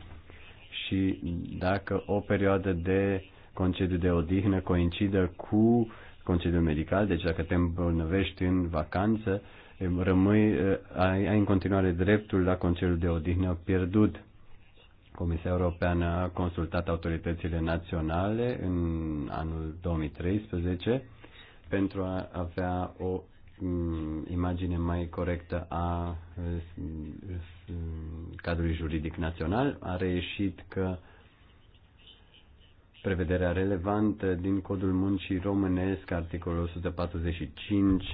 și dacă o perioadă de concediu de odihnă coincidă cu concediu medical, deci dacă te îmbolnăvești în vacanță, uh, rămâi, ai, ai în continuare dreptul la concediu de odihnă pierdut. Comisia Europeană a consultat autoritățile naționale în anul 2013 pentru a avea o imagine mai corectă a cadrului juridic național. A reieșit că prevederea relevantă din Codul Muncii Românesc, articolul 145,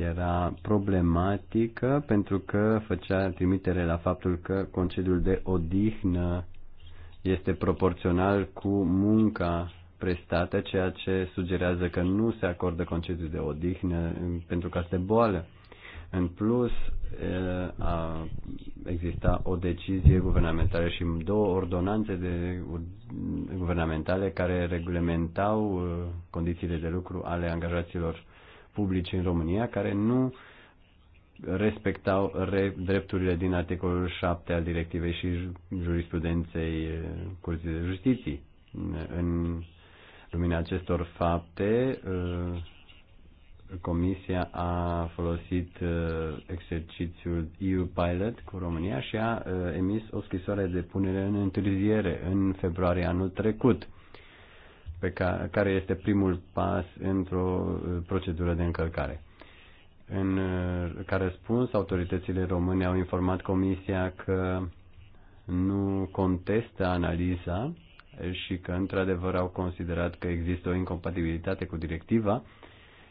era problematică pentru că făcea trimitere la faptul că concediul de odihnă este proporțional cu munca prestată, ceea ce sugerează că nu se acordă concediul de odihnă pentru că este boală. În plus, a exista o decizie guvernamentală și două ordonanțe de guvernamentale care reglementau uh, condițiile de lucru ale angajaților publice în România care nu respectau drepturile din articolul 7 al directivei și jurisprudenței eh, Curții de Justiție. În lumina acestor fapte, eh, Comisia a folosit eh, exercițiul EU Pilot cu România și a emis o scrisoare de punere în întârziere în februarie anul trecut pe care, care este primul pas într-o uh, procedură de încălcare. În, uh, ca răspuns, autoritățile române au informat Comisia că nu contestă analiza și că într-adevăr au considerat că există o incompatibilitate cu directiva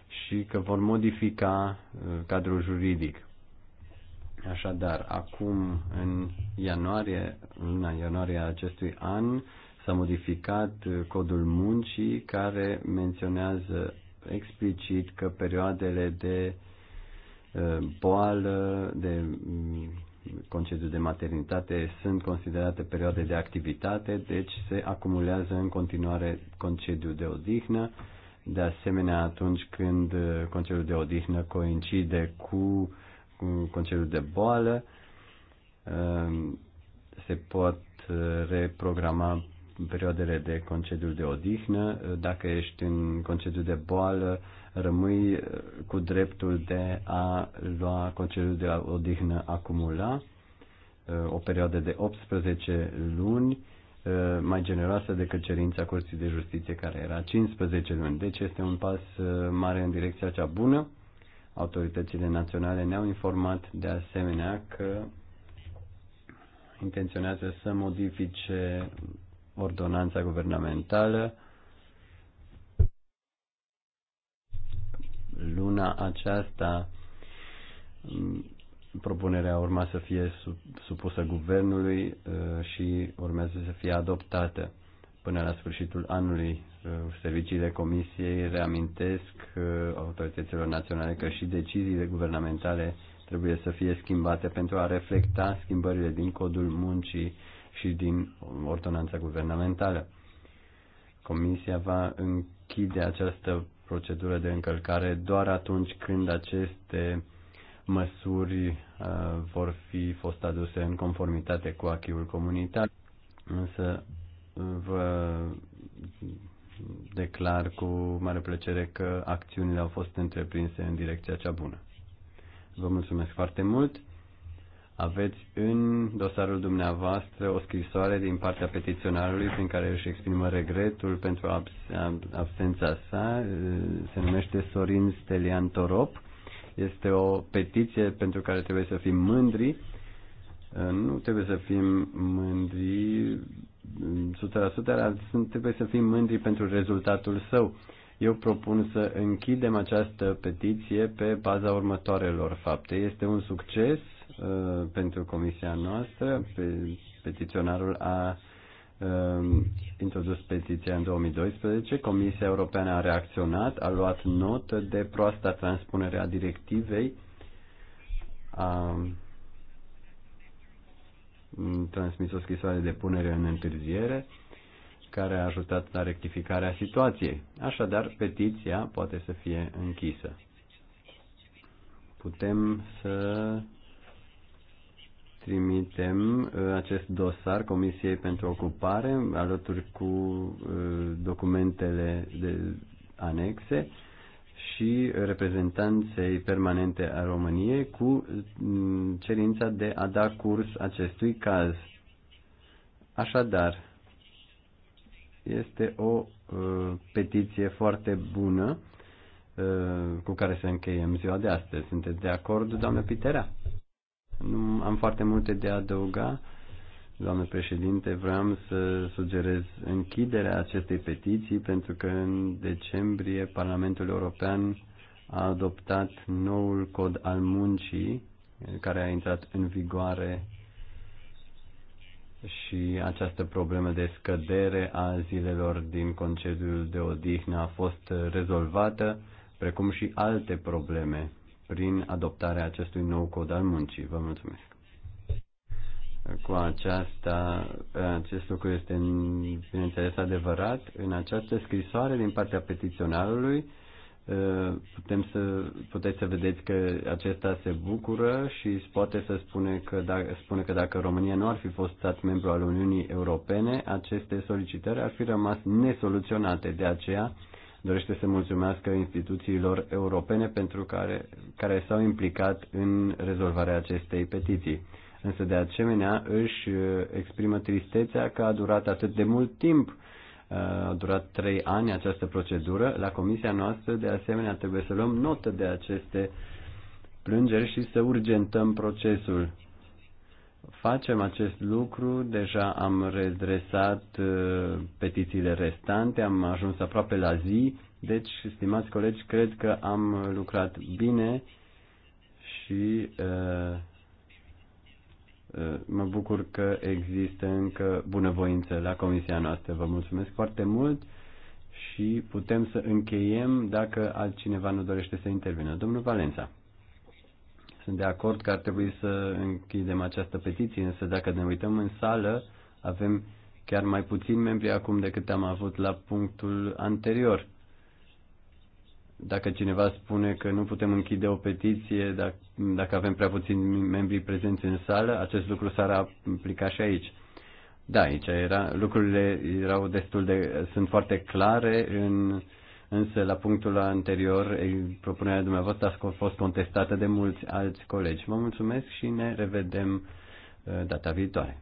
și că vor modifica uh, cadrul juridic. Așadar, acum în ianuarie, luna ianuarie acestui an, S-a modificat uh, codul muncii care menționează explicit că perioadele de uh, boală, de mm, concediu de maternitate sunt considerate perioade de activitate, deci se acumulează în continuare concediu de odihnă. De asemenea, atunci când uh, concediul de odihnă coincide cu concediul de boală, se pot reprograma perioadele de concediu de odihnă, dacă ești în concediu de boală, rămâi uh, cu dreptul de a lua concediu de odihnă acumula, uh, o perioadă de 18 luni, uh, mai generoasă decât cerința Curții de Justiție, care era 15 luni. Deci este un pas mare în direcția cea bună. Autoritățile naționale ne-au informat de asemenea că intenționează să modifice ordonanța guvernamentală. Luna aceasta mm, propunerea urma să fie supusă guvernului uh, și urmează să fie adoptată până la sfârșitul anului. Uh, serviciile Comisiei reamintesc uh, autorităților naționale că și deciziile guvernamentale trebuie să fie schimbate pentru a reflecta schimbările din codul muncii și din ordonanța guvernamentală. Comisia va închide această procedură de încălcare doar atunci când aceste măsuri uh, vor fi fost aduse în conformitate cu acquis comunitar. Însă uh, vă declar cu mare plăcere că acțiunile au fost întreprinse în direcția cea bună. Vă mulțumesc foarte mult. Aveți în dosarul dumneavoastră o scrisoare din partea petiționarului prin care își exprimă regretul pentru abs- absența sa. Se numește Sorin Stelian Torop. Este o petiție pentru care trebuie să fim mândri. Nu trebuie să fim mândri 100%, dar trebuie să fim mândri pentru rezultatul său. Eu propun să închidem această petiție pe baza următoarelor fapte. Este un succes Uh, pentru comisia noastră. Pe, petiționarul a um, introdus petiția în 2012. Comisia Europeană a reacționat, a luat notă de proasta transpunere a directivei, a mm, transmis o scrisoare de punere în întârziere care a ajutat la rectificarea situației. Așadar, petiția poate să fie închisă. Putem să trimitem uh, acest dosar Comisiei pentru Ocupare alături cu uh, documentele de anexe și reprezentanței permanente a României cu mm, cerința de a da curs acestui caz. Așadar, este o uh, petiție foarte bună uh, cu care să încheiem ziua de astăzi. Sunteți de acord, doamnă Pitera? Nu am foarte multe de adăuga. Doamne președinte, vreau să sugerez închiderea acestei petiții pentru că în decembrie Parlamentul European a adoptat noul cod al muncii care a intrat în vigoare și această problemă de scădere a zilelor din concediul de odihnă a fost rezolvată, precum și alte probleme prin adoptarea acestui nou cod al muncii. Vă mulțumesc. Cu aceasta, acest lucru este, bineînțeles, adevărat. În această scrisoare din partea petiționarului, putem să, puteți să vedeți că acesta se bucură și poate să spune că, dacă, spune că dacă România nu ar fi fost stat membru al Uniunii Europene, aceste solicitări ar fi rămas nesoluționate. De aceea, dorește să mulțumească instituțiilor europene pentru care, care s-au implicat în rezolvarea acestei petiții. Însă de asemenea își uh, exprimă tristețea că a durat atât de mult timp, uh, a durat trei ani această procedură. La comisia noastră de asemenea trebuie să luăm notă de aceste plângeri și să urgentăm procesul facem acest lucru, deja am redresat uh, petițiile restante, am ajuns aproape la zi, deci, stimați colegi, cred că am lucrat bine și uh, uh, mă bucur că există încă bunăvoință la comisia noastră. Vă mulțumesc foarte mult și putem să încheiem dacă altcineva nu dorește să intervină. Domnul Valența. Sunt de acord că ar trebui să închidem această petiție, însă dacă ne uităm în sală, avem chiar mai puțini membri acum decât am avut la punctul anterior. Dacă cineva spune că nu putem închide o petiție dacă, dacă avem prea puțini membri prezenți în sală, acest lucru s-ar aplica și aici. Da, aici era, lucrurile erau destul de, sunt foarte clare în însă la punctul anterior propunerea dumneavoastră a fost contestată de mulți alți colegi. Vă mulțumesc și ne revedem uh, data viitoare.